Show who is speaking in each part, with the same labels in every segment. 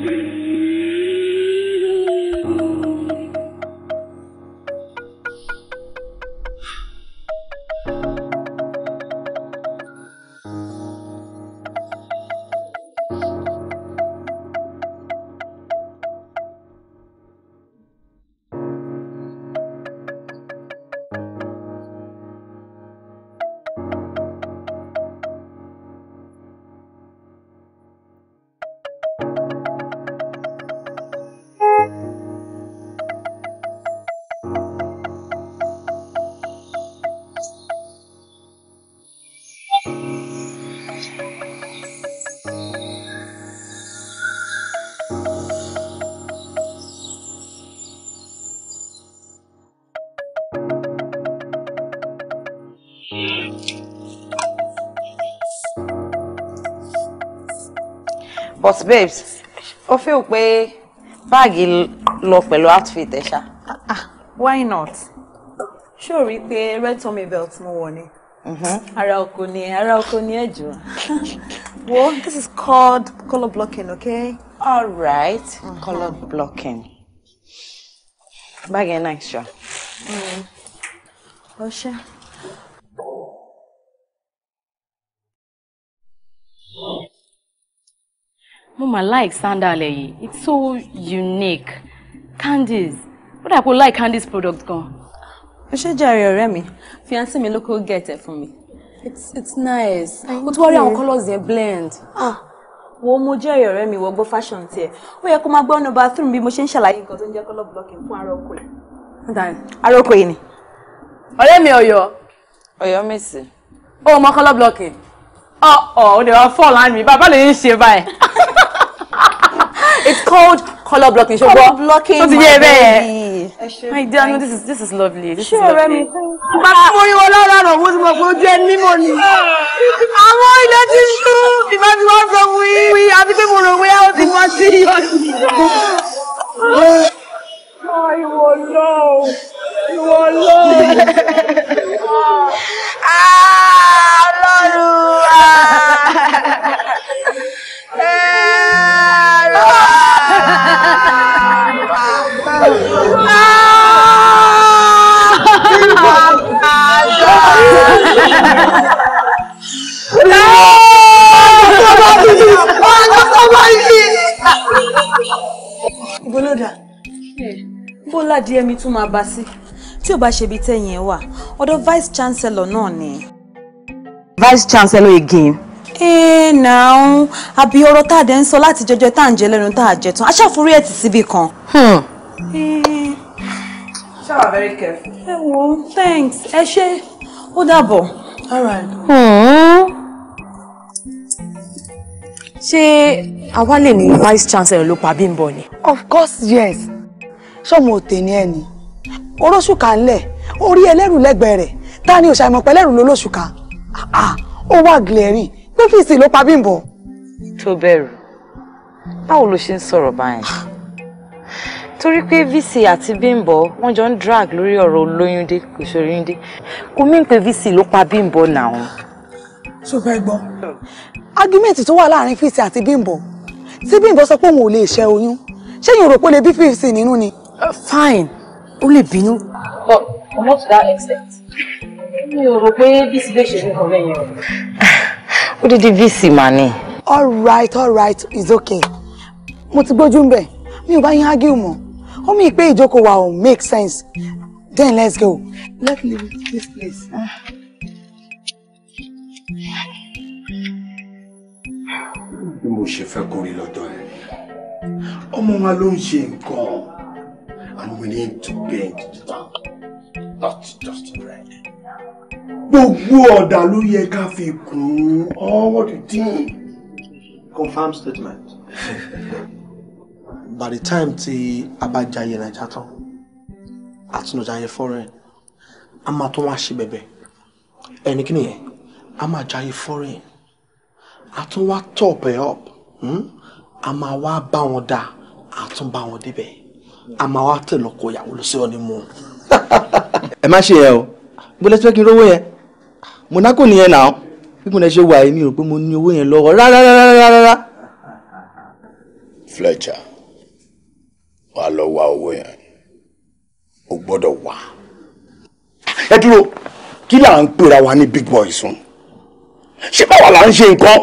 Speaker 1: Jesus. but babes ó feel pé báàgì lọ pẹ̀lú outfit sha? Ah, why not? Sure, o rí red Tommy belt mo wọ̀ Mhm. ara oko ni ara oko ni ẹ jù. well this is called color blocking okay. all right mhm. mm -hmm. colour blocking. báàgì ẹ̀ náà ṣá. ọṣẹ. Mm. mo mà like sandal ẹ̀ it's so unique candies what I pé like candies product gan. o ṣe jàre ọ̀rẹ́ mi fiancé mi ló kó gẹ̀ẹ́tẹ̀ fún mi. it's it's nice o tún wá rí àwọn colours yẹn blend. ah wo mo jẹ́ ọ̀rẹ́ mi wọ́gbọ́ fashion tiẹ̀ ó yẹ kó máa gbọ́ ọ̀nà bathroom bí mo ṣe ń ṣàlàyé nǹkan tó ń jẹ́ colour blocking fún ara oko yìí. ara oko yìí ni. ọ̀rẹ́ mi ọ̀yọ́. ọ̀yọ́ mèsì. ó mọ colour blocking. ọ̀ ọ̀ ò dẹ̀ wá fọ́ọ̀lù àmì bàbá lè ń ṣe báyìí. it's called color blocking color blocking my baby my dear no this is this is lovely this sure, is lovely. bá a mú ìwọ lọ́rọ̀ ọ̀rọ̀ owó tí mo kó jẹ́ mímọ́ ni àwọn ilé ti ṣú ìbá tí wọ́n sọ wí wí àti pé mo rò wí àwọn tí wọ́n ti yọ sí. ìwọ lọ ìwọ
Speaker 2: ah,
Speaker 1: Bólódà, bólá di ẹmi tún máa bá sí. Tí ò bá ṣe ibi tẹ́yìn ẹ wà, ọ̀dọ̀ Vice Chancellor náà ni. Vice Chancellor again ee nàá àbí ọ̀rọ̀ tá a dẹ̀ ń sọ láti jẹjọ tá à ń jẹ lẹ́nu tá a jẹ tán aṣáforí ẹ̀ ti síbi kan. Hmm. Eh. very careful. ẹ wo thanks ẹ ṣe ó dàbọ̀. Hmm. ṣé àwa lè ní vice chancellor ló pa Bímbọ́ ni. of course yes ṣọmọ òtẹ ni ẹ ní oróṣùkà ńlẹ orí ẹlẹ́rù lẹ́gbẹ̀ẹ́ rẹ̀ ta ni òṣàìmọ̀pẹ́ lẹ́rù lólóṣùkà ah, ah, ó wà glẹ́rì lọ́fíìsì ló pa Bímbọ́. tó bẹ̀rù báwo ló ṣe ń sọ̀rọ̀ báyìí torí pé VC àti Bímbọ́ wọ́n jọ ń drag lórí ọ̀rọ̀ olóyúndé kò ṣòyúndé kò mí pé VC ló pa Bímbọ́ náà. tó fẹ́ gbọ́ argument tó wà láàrin VC àti Bímbọ́ tí Bímbọ́ sọ pé òun ò lè ṣẹ́ oyún ṣé yìí rò pé ó lè bí VC nínú ni. fine ó lè bínú. but not to that extent mi ò rò pé bísí lè ṣe nǹkan bẹ́ẹ̀ yẹn o ó dídí vc mà all right all right it's okay mo ti gbójú ń mi ò bá yín argue mọ́ ó mi pé ìjókòó wa ò make sense then let's go Let me leave this place. Uh.
Speaker 3: bí mo ṣe fẹ́ kórè lọ́dọ̀ ẹ̀ ọmọ wa ló ń ṣe nǹkan
Speaker 4: i'm willing to
Speaker 3: bend down not just bread. gbogbo ọ̀dà ló yẹ ká fi all oh, what you did.
Speaker 5: Confirm statement. By the time tí a bá jayé Naija tán, a foreign, a máa tún wá ṣe bẹ̀bẹ̀. Ẹni kí nìyẹn? A máa jayé foreign. A tún
Speaker 3: wá
Speaker 4: top ẹ̀ up. Hmm? A máa wá bá wọn dá, a tún bá wọn débẹ̀.
Speaker 5: A máa wá tẹ̀ lọ́kọ̀ ìyàwó lọ sí ọ ní mu. Ẹ má ṣe yẹn o, bó lẹ́sẹ̀ kí n rówó yẹn, Monaco nìyẹn náà bí mo lè ṣe wà èmi rò pé mo ní owó yẹn lọ́wọ́ rárá rárá rárá. Fletcher wà á
Speaker 4: lọ
Speaker 1: wá owó yẹn o gbọ́dọ̀ wá. ẹ dúró kí là ń pera wa ní big boy sùn ṣé báwa là ń ṣe nǹkan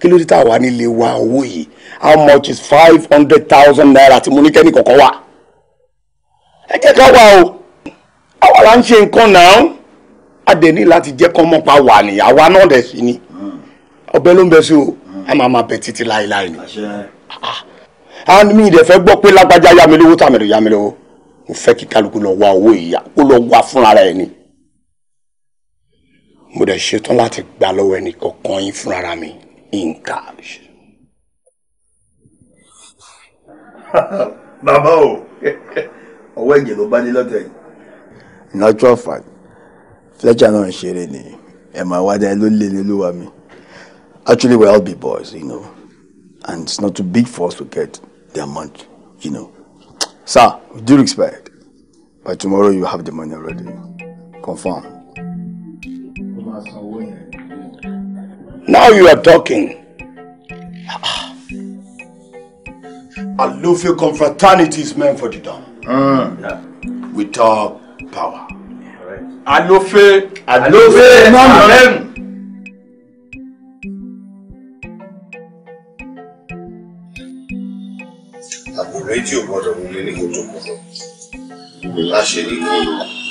Speaker 1: kí ló dé tá a wà nílé wa owó yìí how much is five hundred thousand naira tí mo ní kẹ́ni
Speaker 6: kọ̀ọ̀kan wà ẹ jẹ́ ká wá o àwa là ń ṣe nǹkan náà a dẹ̀ ní láti jẹ́ kán mọ́pa wà ní àwa náà dẹ̀ sí ni ọbẹ̀ ló ń bẹ sí o a máa máa bẹ títí láéláé ni a mi ìdẹ̀ fẹ́ gbọ́ pé lágbájá yá mi lówó tàmẹ̀dọ̀ yá mi lówó mo fẹ́ kí kálukú lọ wá owó ìyá kó lọ wá fúnra rẹ̀ ni mo
Speaker 1: dẹ̀ ṣetán láti gbà lọ́wọ́ ẹnì kọ̀ọ̀kan yín fúnra mi
Speaker 7: nǹkan.
Speaker 4: bàbá
Speaker 1: o ọwọ́ ẹ̀jẹ̀ ló bá ní lọ́tẹ̀ yìí.
Speaker 6: in actual
Speaker 4: Fletcher náà ń ṣeré ni ẹ máa wá dá ẹ ló lé lélúwa mi actually we all be boys you know and it's not too big for us to get the amount you know
Speaker 3: sir with due respect by tomorrow you have the money already confirm.
Speaker 1: now you are talking. Alufia confraternity
Speaker 4: is meant for the dumb. Mm. Yeah. With all power
Speaker 2: alofe alofe nọọmù. àpò rédíò gbọ́dọ̀ wọlé ní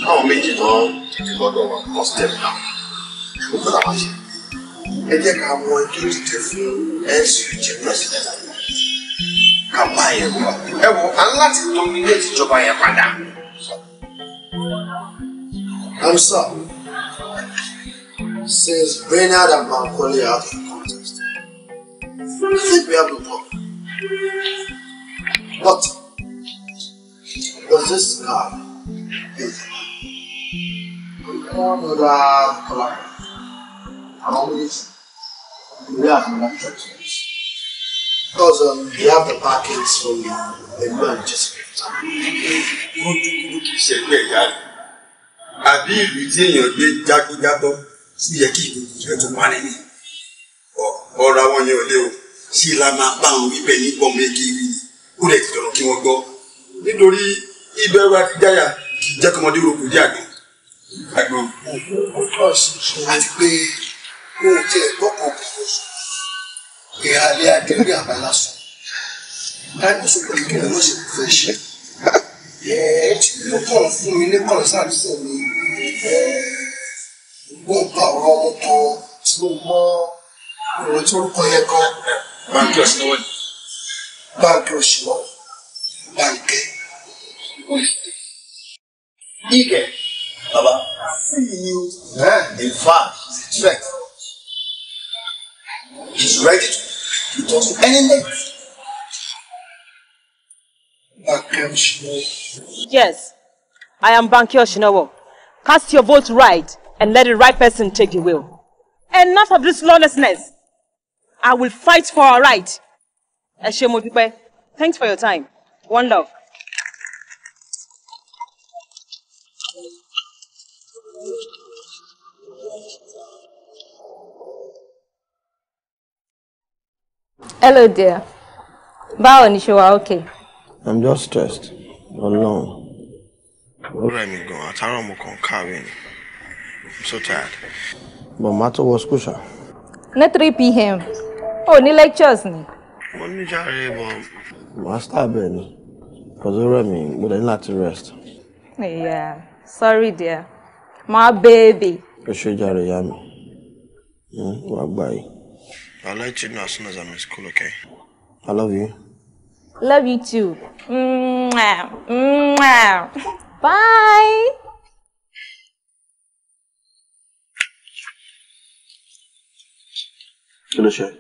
Speaker 3: àwọn méjì tó tètè lọ́dọ̀ wọn kọ step down ṣùgbọ́n tó làwọn ṣe ẹ jẹ́ ká mọ ẹjọ́ títẹ fún suj ìjọba yẹn padà.
Speaker 7: I'm sorry. since Brainerd and Macaulay are out of contest,
Speaker 3: I think we have a problem. But does this guy with one other collaborator among these we have another churches? Because um, we have the packets from the man
Speaker 4: just Good, good, good, àbí ìlú tí
Speaker 6: èèyàn gbé jágójátọ́ sí yẹ kí ìlú rẹ̀ tó parí ni ọ̀rọ̀ àwọn yẹn ò lé o sí la máa bá àwọn wípé ní gbọ́n méjì rí ni ó lè ti dọ̀rọ̀ kí wọ́n gbọ́ nítorí ìbẹ̀rù àti jáyà kì í jẹ́ kí ọmọdé rògbò dé àgbọn. àgbọn.
Speaker 1: àti pé kó o tiẹ̀ gbọ́kàn kúrò
Speaker 3: ìhàlẹ́ àdéhùn àbálásùn táyà sọ̀rọ̀ ìgbìmọ̀ lọ́sẹ̀ fẹ́ ṣe ẹ̀ẹ́dì ló kàn fún mi ní kọ̀ǹsáàtì mi gbọ́ nǹkan ọ̀rọ̀ ọmọ kan tí mo mọ ìròyìn tí orúkọ
Speaker 1: yẹn gan. báńkì ọ̀sìnwó ni. báńkì ọ̀sìnwó báńkì. ike baba see you eh? in fact he's a threat he's ready to, to talk to any lady. Yes, I am Banky Oshinowo. Cast your vote right and let the right person take the wheel. Enough of this lawlessness. I will fight for our right. Ẹ ṣé Thanks for your time. One love. Hello, dear. Báwo and ṣe wà okay?
Speaker 2: i'm just
Speaker 3: stressed Alone. ó rẹ̀ mí gan àtàrà mo kàn kàwé i'm so tired but matter was wọ school ṣá.
Speaker 1: ní three pm ó ní lectures ni.
Speaker 3: mo ní jare bọ. màá start Cause ni because ó rẹ̀ mí to rest.
Speaker 1: yeah sorry dear my baby.
Speaker 3: ó ṣe jàre ìyá mi hmm, wàá gbà i'll let you know as soon as i'm in school okay. i love you.
Speaker 1: Love you too. Mwah,
Speaker 2: mwah. Bye.
Speaker 3: Kí ló ṣe?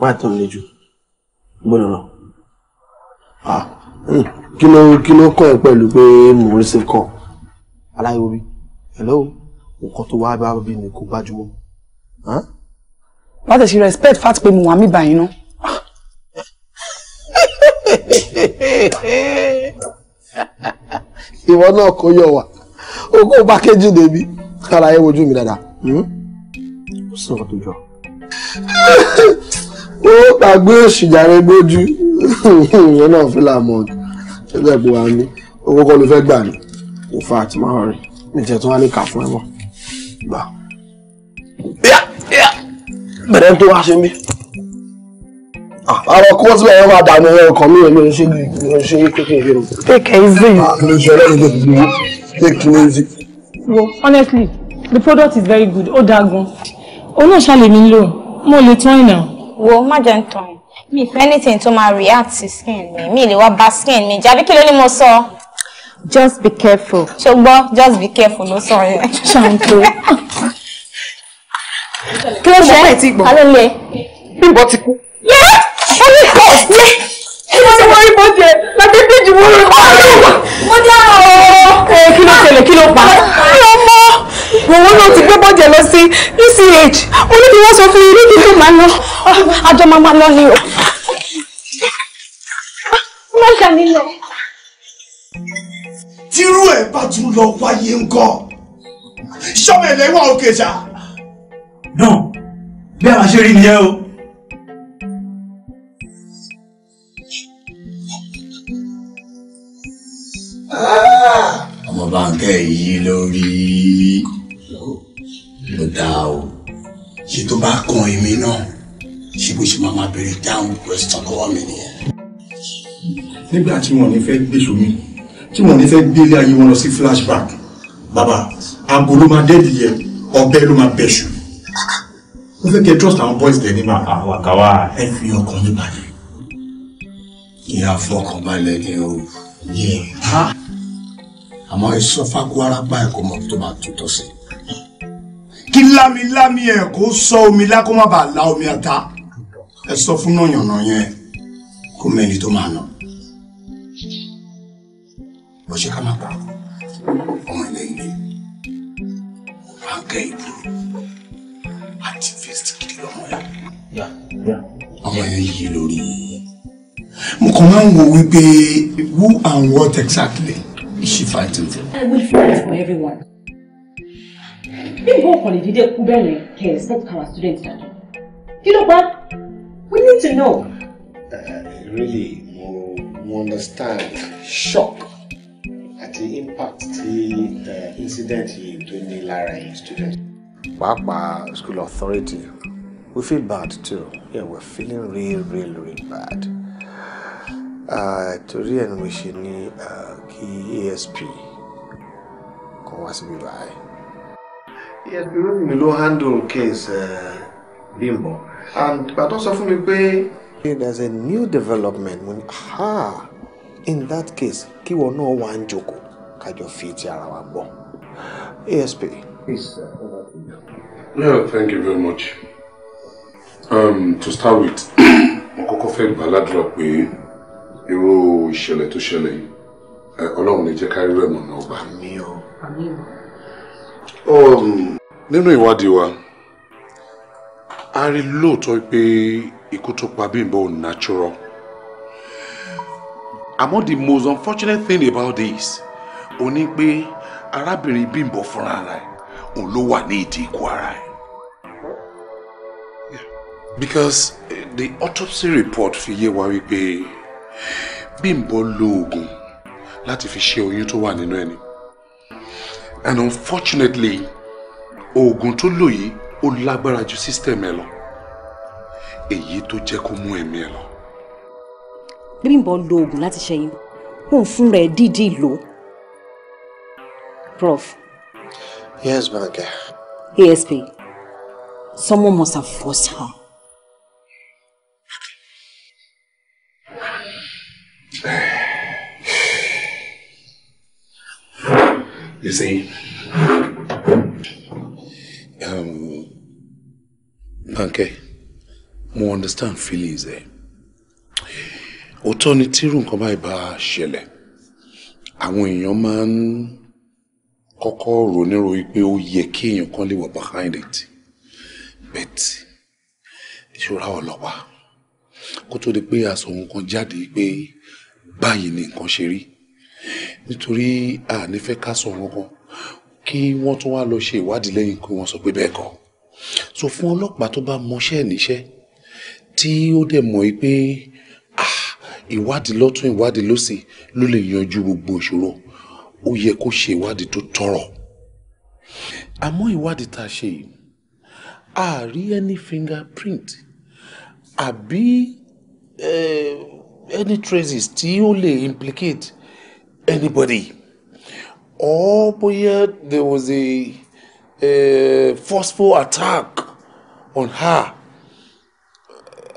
Speaker 4: Wá tán lé jù. Gbọ́dọ̀ lọ. Ah, hmm. Kí ló kí ló kọ́ ẹ pẹ̀lú pé mo receive call? Aláìwo bí.
Speaker 1: Hello? Nǹkan tó wá bá bí ni kò bá juwọ́. Má tẹ̀sí respect fat pé mo wà mí báyìí náà.
Speaker 3: ìwọ náà kò yọ wà o kò bá kéjì débi kára ẹ wojú mi dáadáa ó hmm? sì nǹkan tó jọ. ó gbàgbé òṣì jàre gbójú ìyẹn náà fi là mọ ẹgbẹ́ ìgbò wa ní owó kọ́ ló fẹ́ gbà ní òfa àti máa rìn ní ìjẹ́ tó wá ní kà fún ẹ mọ́ gbà. bẹ̀rẹ̀ tó wá ṣe mí àwọn kó tí wọ́n máa dànù ẹ̀rọ kan mi èmi ṣe
Speaker 1: ṣe kékeré mi. take it easy. àlọ́ ìṣẹ́ ọlọ́run tó ti wo honestly the product is very good ó dáa gan òun náà ṣàlè mi lò mo lè tán ìnà. wo má jẹ́ ń tán mi ìfẹ́ anything tó máa react to skin mi mi lè wá bà skin mi jẹ́ àbí kí ló ní mo sọ. just be careful. ṣùgbọ́n just be careful ló sọ yẹn. ṣàǹtó. kí ló ṣe é alẹ́ lè. bímbọ ti kú. yes. Holy Ghost! Kí ló ṣe wọ́n ibò jẹ? Láti bíjì wọ́n rẹ̀ wọ́n rẹ̀ wọ́n. Mo dá ọ̀rọ̀. Ẹ kí ló ṣẹlẹ̀ kí ló pa? Mi ò mọ. Òun náà ti gbé bọ́jẹ̀ lọ sí UCH. Mo ní kí wọ́n sọ fún mi níbi tó máa lọ. Àjọ máa máa lọ ni o. Má ṣà nílẹ̀. Tírú ẹ̀ bá tún lọ wáyé ńkọ́. Ṣọ́mẹ̀lẹ̀ wà òkè Náà bí a máa ṣe rí nìyẹn
Speaker 2: o.
Speaker 3: báńkẹ́ yìí lórí ló dá o ṣe tó bá kan èmi náà
Speaker 4: ṣe bó ṣe máa máa bèrè dáhùn question lọ́wọ́ mi nìyẹn. nígbà tí wọn ò ní fẹ́ gbé sómi tí wọn ò ní fẹ́ gbé ilé ayé wọn lọ sí flashback bàbá
Speaker 7: aago ló máa dẹ́ẹ̀dì yẹ ọbẹ̀ ló máa bẹ̀ṣù mo fẹ́ kí ẹ trust àwọn boys dẹ̀ ní ma àwọn àkàwà ẹ fi ọkàn mi balẹ̀. ìyá fọkàn balẹ̀
Speaker 3: ni o àmọ́ ìsọfagó arápá ẹ̀ kò mọ tó máa
Speaker 6: tó tọ́ sí. kí lámilámi ẹ̀ kó sọ omi lá kó má bàa la omi ata ẹ sọ fún nàyànnà yẹn kó mẹ́ni tó máa nà
Speaker 2: bó ṣe ká má pa ọmọ ilẹ̀ ilé ránkẹ́ ìlú activist gidi lọ́mọ
Speaker 1: yá ọmọ yẹn yí lórí mo kàn máa ń wo wípé who and what exactly. Is she fighting with I will fight for everyone. Bímbọ́ ọkọ̀ lè dídé kú bẹ́ẹ̀ yẹn kẹ́ ẹ̀ our students na do. Kí ló We need to know.
Speaker 3: Uh, really, we understand shock at the impact the uh, incident yìí tó ní lára students. Pàápàá school authority we feel bad too. Yeah, we're feeling real, real, real bad. Uh, torí ẹ̀ ni mo ṣe uh, ESP, kan wá síbí báyìí. asp lónìí ló handle case uh, Bimbo, and bàtọ́ sọ fún mi pé. there's a new development mo ní in that case kí wọn náà wá ń jókòó kájọ fi ti ara wa gbọ́ asp. please uh,
Speaker 7: yeah thank you very much um, to start with mo kọ́kọ́ fẹ́ gbàládùra pé irú ìṣẹ̀lẹ̀ tó ṣẹlẹ̀ yìí ọlọ́run lè jẹ́ ká rírọ̀ ẹ̀mọ̀ náà gbà. Um, nínú ìwádìí wa a rí lóòótọ́ pé ikú tó pa Bímbọ́ ò natural àmọ́ the most unfortunate thing about this ó ní pé arábìnrin Bímbọ́ fúnra rẹ̀ òun ló wà ní ìdí ikú ara ẹ̀. because eh, the autopsy report fi yé wa wípé Bímbọ́ lo oògùn láti fi ṣe oyún tó wà nínú ẹni and unfortunately oògùn tó lò yìí ó lágbára ju system ẹ lọ èyí tó jẹ́ kó mú ẹ̀mí ẹ lọ.
Speaker 1: Bímbọ lo oògùn láti ṣẹ́yún òun fún rẹ̀ dídì lò. Prof. Yes, Banke. ASP, someone must have forced her.
Speaker 7: you see. Um, Panke, mo understand feelings ẹ. Òótọ́ ni tírú nǹkan báyìí bá ṣẹlẹ̀. Àwọn èèyàn máa ń kọ́kọ́ rò nírò pé ó yẹ kí kan lè wà behind it. But ìṣòro ọlọ́pàá kó tó di pé àsọ̀hún kan jáde pé báyìí ni nǹkan ṣe rí nítorí a ní fẹ́ ká sọ wọn kan kí wọ́n tún wá lọ ṣe ìwádìí lẹ́yìn kí wọ́n sọ pé bẹ́ẹ̀ kọ́ so fún ọlọ́pàá tó bá mọṣẹ́ níṣẹ́ tí ó dẹ̀ mọ̀ yìí pé ìwádìí lọ́tún ìwádìí lọ́sì ló lè yanjú gbogbo ìṣòro ó yẹ kó ṣe ìwádìí tó tọrọ àmọ́ ìwádìí tá a ṣe yìí a rí any fingerprint àbí eh, any traces tí ó lè implicate anybody or bóyá there was a, a forceful attack on her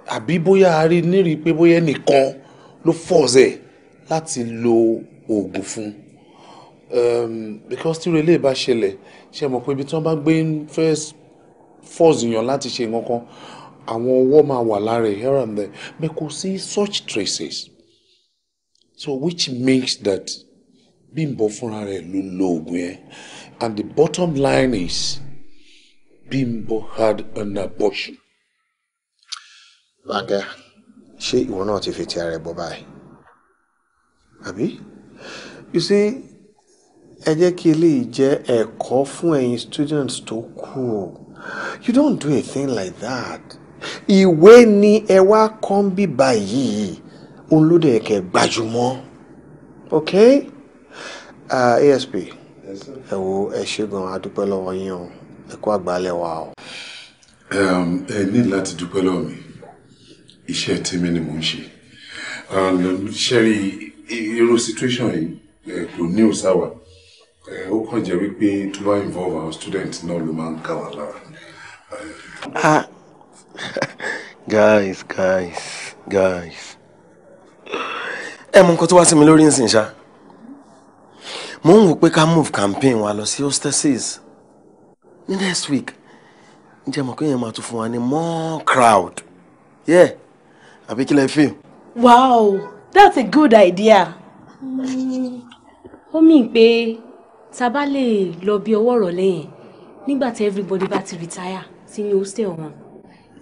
Speaker 7: àbí bóyá a rí nírí pé bóyá ẹnìkan ló force ẹ láti lo oògùn fún um, because tí relé bá ṣẹlẹ̀ ṣe mọ̀ pé ibi tí wọ́n bá gbé fẹ́ force yàn láti ṣe nǹkan kan àwọn ọwọ́ máa wà lára ẹ̀ here and there but kò sí such traces so which means that Bimbo fúnra rẹ̀ ló lo yẹn and the bottom line is Bimbo had an abortion.
Speaker 3: Bàgá ṣé ìwọ náà ti fi ti ara ẹ bọ báyìí àbí you see ẹ jẹ́ kí eléyìí jẹ́ ẹ̀kọ́ fún ẹ̀yin students tó kù o you don't do a thing like that ìwé ni ẹ wá kọ́ ń bí báyìí òun ló dẹ̀ kẹ́ gbajúmọ̀ ok uh, ah, asp ẹ wo ẹ ṣé gan
Speaker 7: adúpẹ́ lọ́wọ́ yín o ẹ kó àgbálẹ̀ wa o. ẹ ní láti dúpẹ́ lọ́wọ́ mi iṣẹ́ tèmi ni mò ń ṣe ah, ṣẹ́rí irú situation yìí kò ní òsáwà ó kàn jẹ́ wípé tó bá involve our student náà ló máa ń kà wá lára.
Speaker 5: Ah.
Speaker 7: guys guys guys
Speaker 4: ẹ mú nǹkan tó wá sí mi lórí nsìn ṣá mo ń wò pé ká move campaign wa lọ sí hostesses ní next week ǹjẹ́ mọ̀ pé èèyàn máa tún fún wa ní more crowd yeah àbí kí lẹ feel.
Speaker 1: wow that's a good idea. ó mì pé tá bá lè lọ bí ọwọ́ ọ̀rọ̀ lẹ́yìn nígbà tí everybody bá ti retire sí ní hostel wọn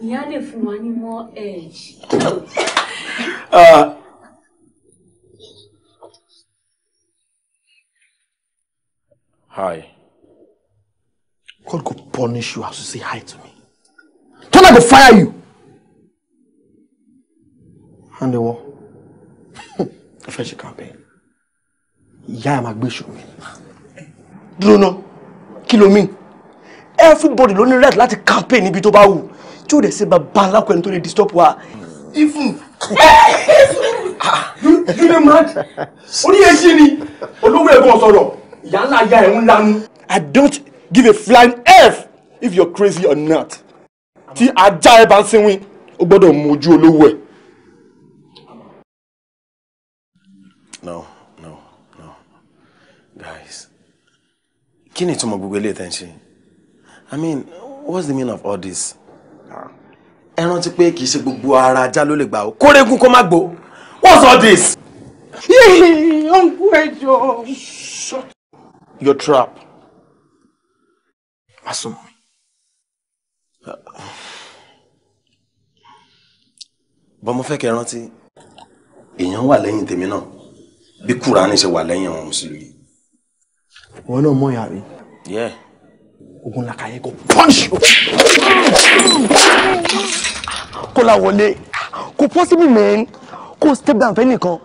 Speaker 2: ìyá lè fún wa ní more edge.
Speaker 1: Ah,
Speaker 7: Hi.
Speaker 4: God could punish you as you say hi to me. Tọ́lá go fire you.
Speaker 3: And the war. The fẹ́ campaign.
Speaker 1: Yeah, I'm a gbé ìṣòro mi. Dúró Everybody ló read right láti campaign níbi bitobau. bá wù. Tí ó dẹ̀ ṣe bàbá aláko ẹni tó lè disturb wa. Even. You dey mad? Oníyẹn ṣí ni, ìyá ńlá ya ẹ̀ lanu. I don't give a flying F if you're crazy or not. tí ajá ẹ bá ń sinwin ó gbọ́dọ̀ mojú olówó ẹ̀.
Speaker 4: No, no, no. Guys, kí ni ìtumọ̀ gbogbo eléyìí tẹ́ ń ṣe? I mean, what's the meaning of all this? Ah, ẹ rántí pé kì í ṣe gbogbo ara ajá ló lè gbà ó. Kórégún kó má gbó. What's all this?
Speaker 1: Uncle Ejo. Shut
Speaker 4: your trap. Asomọ. Bọ́ mo fẹ́ kẹ́ rántí, èèyàn wà lẹ́yìn tèmi náà bí Kùránì ṣe wà lẹ́yìn àwọn Mùsùlùmí. Wọ́n náà mọ̀ yàrá. Yeah. Ogun lakaye go
Speaker 1: punch you. Kọ́lá wọlé, kò possible man, kò step down fẹ́ nìkan,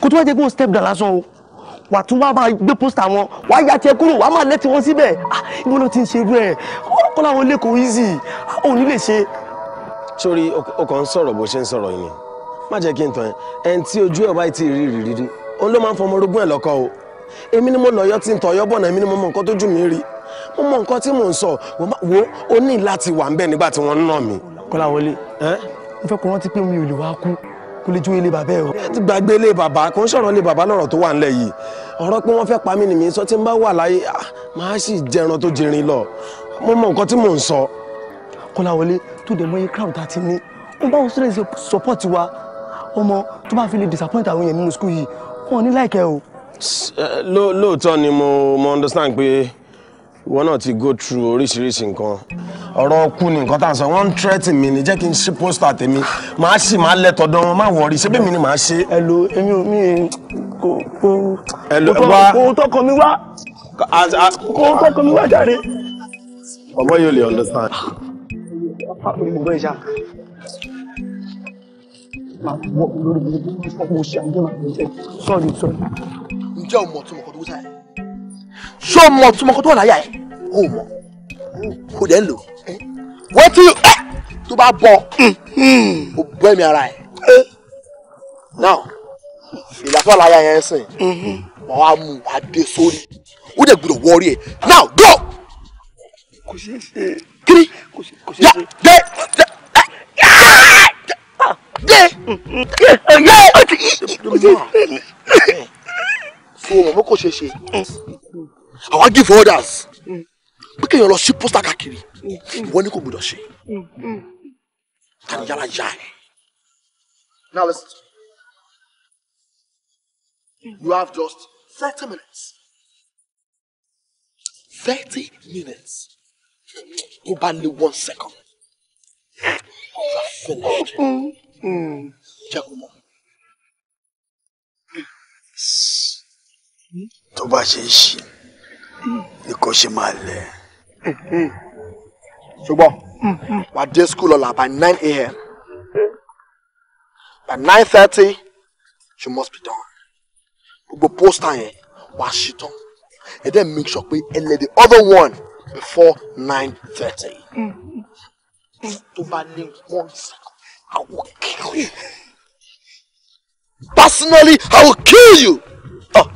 Speaker 1: kò tó wá jẹ́ pé step down lásán o wà tún wá máa gbé pósítà wọn wà á ya tiẹ̀ kúrò wà á máa lẹ́tí wọn síbẹ̀ ibo ah, ló ti ń ṣe irú ẹ̀ kọ́ làwọn lẹ́kọ̀ọ́ easy ò ní lè ṣe. sórí
Speaker 4: o kàn ń sọ̀rọ̀ bó ṣe ń sọ̀rọ̀ yìí ni má jẹ́ kí n tàn ẹ́ ẹni tí ojú ẹ̀ báyìí ti rí rí rí rí òun ló máa ń fọmọ orogún ẹ̀ lọ́kọ o èmi ni mo lọ́yọ́ tí ń tọ̀yọ́ bọ̀nà èmi ni mo mọ nǹkan tó jù mí rí mo mọ nǹkan tí mò ń sọ wo ó ní láti wà ń bẹ̀ nígbà tí wọ́n ń nà mí. kọ́lá wọlé
Speaker 1: mo fẹ́ kó rántí pé mi ò lè wá kú kuliju ilé bàbá ẹ o.
Speaker 4: gbàgbé ilé bàbá kò ń sọ̀rọ̀ ilé bàbá lọ́rọ̀ tó wà nílẹ̀ yìí ọ̀rọ̀ pé wọ́n fẹ́ pa mí nìmí sọ tí n bá wà láyé ah, màá sì jẹran tó jẹrin lọ mo mọ nǹkan tí mò ń sọ.
Speaker 1: kọ́láwọlé tó dẹ̀ mọ́yé crowd tá a ti ní ó bá wọn sọ́dọ̀ support wa ọmọ tó bá fi lè disappoint àwọn èèyàn nínú school yìí wọn ò ní láìkẹ́ o.
Speaker 4: lóòótọ́ ni mo mo understand pé ìwọ náà ti go through oríṣiríṣi nǹkan ọ̀rọ̀ ọkú ni nǹkan tá à ń sọ wọ́n ń tírẹ́tì mi ni jẹ́ kí n ṣe pósítà tèmi màá sì máa lẹ́tọ̀ dán wọn má wọrí ṣé bẹ́ẹ̀ mi ni màá ṣe. ẹ̀lò èmi ò mí kò kò kò tọkọ mi wá kò tọkọ mi wá jáde. ọmọ yóò lè understand.
Speaker 6: ọgbọ́n ìṣá
Speaker 1: sorry sorry. ǹjẹ́ o mọ̀ tí mo kọ́ tó sáyẹn ṣó mọ túmọ̀ kó tó wà láyà ẹ̀ ó mọ̀ kò dẹ̀ ń lò wọ́n ti tó bá bọ̀ ó bọ́ ẹ̀mí ara ẹ̀ now ìlàfà láyà yẹn sìn mhm. wọ́n wá mú adé sórí ó dẹ̀ gbọ́dọ̀ wọ́ọ́rí ẹ̀ now go. kò ṣeé ṣe kiri ya de de de ya o ti. so mọ̀ mọ́ kò ṣeé ṣe àwa give orders pé kéèyàn lọ sí pósítà káàkiri mm. Mm. ìwọ ni kò gbọdọ̀ ṣe mm. tani yàrá yá ẹ. now listen to me
Speaker 3: you have just thirty minutes thirty
Speaker 1: minutes tó bá lé one second you are finished jẹ́ kó mọ̀.
Speaker 3: tó bá ṣe é ṣe ni kò ṣe máa lẹ̀. ṣùgbọ́n mm, mm. wà á dé school ọ̀la by nine a.m. by nine thirty she must be done. gbogbo poster yẹn wà á ṣe tán and then make sure pé ẹ lẹ̀ the other one before nine thirty. Mm, tó bá ní one second I will kill you. Personally, I will kill you. Oh.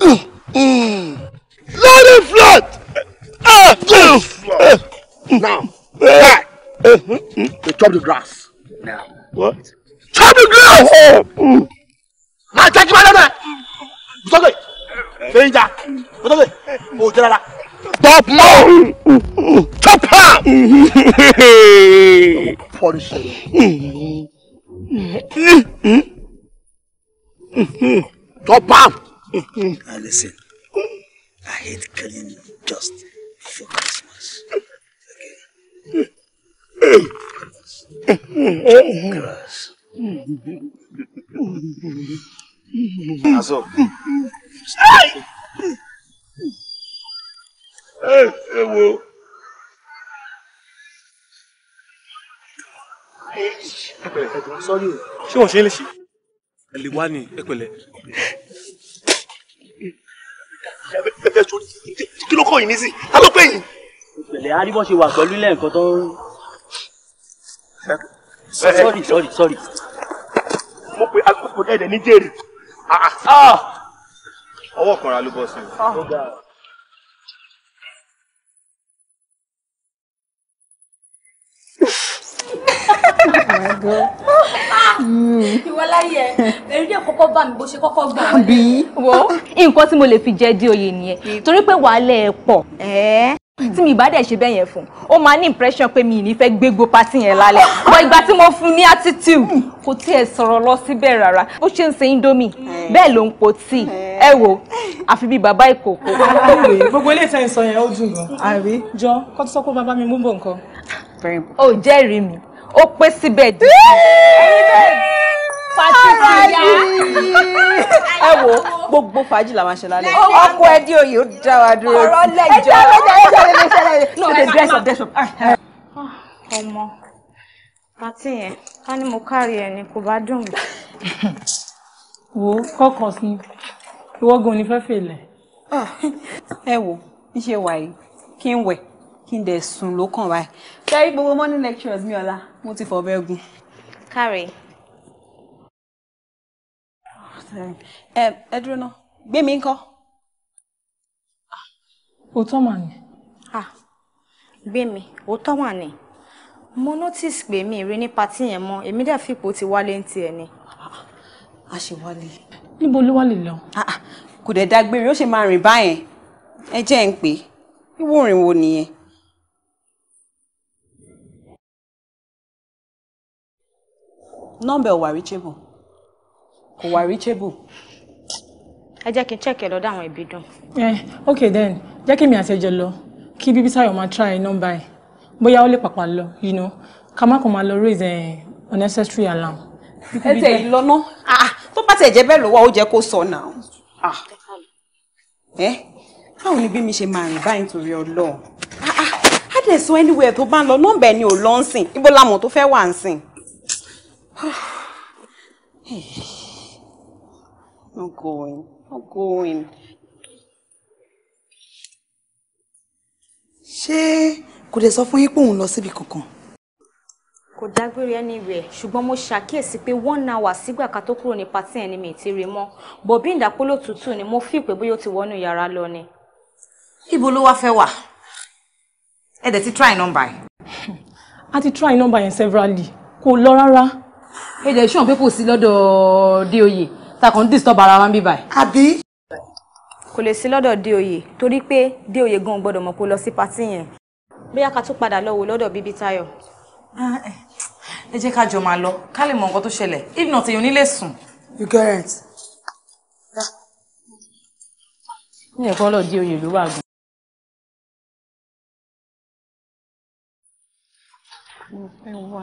Speaker 1: Mm. Mm. Let it flat. Uh, uh, now, guy, eh, eh, hmm, you chop the grass. Now. What? Chop the grass! Oh, oh, my hmm. Now, take my daughter. Stop it. Danger. Stop it. Oh, get out Stop now! Hmm, chop her! I'm punish you. Chop her! Now listen. I hate killing just for Christmas.
Speaker 2: Okay? Grass. Aso. Ay! Ay, ewo.
Speaker 5: Ẹ pẹ̀lẹ́, ẹ jọ̀ọ́, sọ́rí o. Ṣé wọ́n ṣe é léṣe? Ẹ lè wá ní ẹ pẹ̀lẹ́
Speaker 1: bẹ́ẹ̀ sọ kí ló kọ́ yìí nísì ta ló pè yín. ìpìlẹ̀ arúgbó ṣe wà pẹ̀lú ilé nǹkan tó ń. sọ́ọ̀rì sọ́ọ̀rì sọ́ọ̀rì. mo pe akókò ẹ̀dẹ̀ ní jèrè.
Speaker 5: Ah, ah. Ah! ọwọ́ kanra ló bọ́ sí mi.
Speaker 1: Oh my God. Mm. ìwọ láyé ẹrí ẹ kọ́kọ́ bá mi bó ṣe kọ́kọ́ gbà wọlé. wo nǹkan tí mo lè fi jẹ di oyè nìyẹn torí pé wàhálà ẹ pọ̀ tí mi bá dẹ̀ ṣe bẹ́yẹn fún ó máa ní impression pé mi ì ní fẹ́ gbégbó pátì yẹn lálẹ́ wọ ìgbà tí mo fún ní attitude kò tiẹ̀ sọ̀rọ̀ lọ síbẹ̀ rárá bó ṣe ń ṣe indomie bẹ́ẹ̀ ló ń po tíì ẹ wo àfi bíi bàbá ìkòkò. gbogbo ilé ìtẹ́ ìsọ yẹn ó dùn gan àbí jọ kó tó sọ pé bàbá mi mú bò nǹkan. ò jẹ́rìí mi ó pé síbẹ̀ dì ẹ wo gbogbo fàájì la máa ṣe lálẹ́ ọkọ ẹ dí òye ó dá wa dúró ọ̀rọ̀ lẹ́jọ́ ẹjọ́ ẹjọ́ ẹjọ́ ẹjọ́ ẹjọ́ ẹjọ́ dress up dress up. Ah, ah. ọmọ pàtí yẹn ká ní mo kárí ẹ ni kò bá dùn mí. wo kọkàn sí ìwọ́gun ni fẹ́fẹ́ ilẹ̀. Ah, ẹ wo iṣẹ́ wàyí kí n wẹ̀ kí n dẹ̀ sùn lókàn báyìí
Speaker 6: ṣẹ́rí gbogbo morning
Speaker 1: lectures mi ọ̀la mo ti fọ̀ bẹ́ẹ̀ gùn. káre. ẹ ẹ dúró náà gbé mi ńkọ́. òótọ́ mà ní. gbé mi òótọ́ mà ní mo notice pé mi rí ní patí yẹn mọ́ èmi dẹ̀ fipò ti wálé ń tiẹ̀ ni. a ṣe wálé. níbo ló wálé lọ. Ah, ah, kò dẹ̀ dágbére ó ṣe máa rìn báyẹn ẹ jẹ́ ń pè é ìwúrin wo nìyẹn. nọmba ụwara ichebu kò wàrí ichebu. ẹ jẹ́ kí n check ẹ lọ́dọ̀ àwọn ẹbí dùn. ẹ eh, ok then jẹ́ kí mi àti lọ kí bíbí Táyọ̀ máa try nọmba ẹ̀ bóyá ó lè pàpà lọ you know ká má kàn máa lọ raise eh, unnecessary alarm. ẹ tẹ̀ ẹ lọ́nà ah, tó bá tẹ̀ jẹ́ bẹ́ẹ̀ lọ́wọ́ ó jẹ́ kó sọ náà. ẹ ah. eh, báwo ni bí mi ṣe máa rìn báyìí torí Ọlọ́run ah, á sọ anywhere tó bá ń lọ nọmba ẹ ni ò lọ ibo lamọ̀ tó fẹ́ wà ń sìn. I'm going. I'm going. Ṣé kò dẹ̀ sọ fún yín pé òun lọ síbi kankan? Kò dágbére ẹni rẹ̀ ṣùgbọ́n mo ṣàkíyèsí pé one hour sígbà ká tó kúrò ní patí ẹni mi ti rí mọ́. Bọ̀bí ìdápólò tútù ni mo fi pé bóyá ó ti wọnú yàrá lọ ni. Ibo ló wá fẹ́ wà? Ẹ dẹ̀ ti try number ẹ̀. A ti try number yẹn severally. Kò lọ rárá ẹ dẹ̀ ṣùgbọ́n pé kò sí lọ́dọ̀ dé oyè takàn disturb ara wa ń bí báyìí. àbí. kò lè sí lọ́dọ̀ dé oyè torí pé dé oyè e gan gbọ́dọ̀ mọ̀ kó lọ sí patí yẹn bóyá ká tún padà lọ wò lọ́dọ̀ bíbí Táyọ̀. Ah, eh, ẹ jẹ́ ká jọ máa lọ ká lè mọ nǹkan if not èèyàn nílé sùn. you get it. ní ẹ̀kọ́ lọ dé oyè ló wà gan. ẹ wà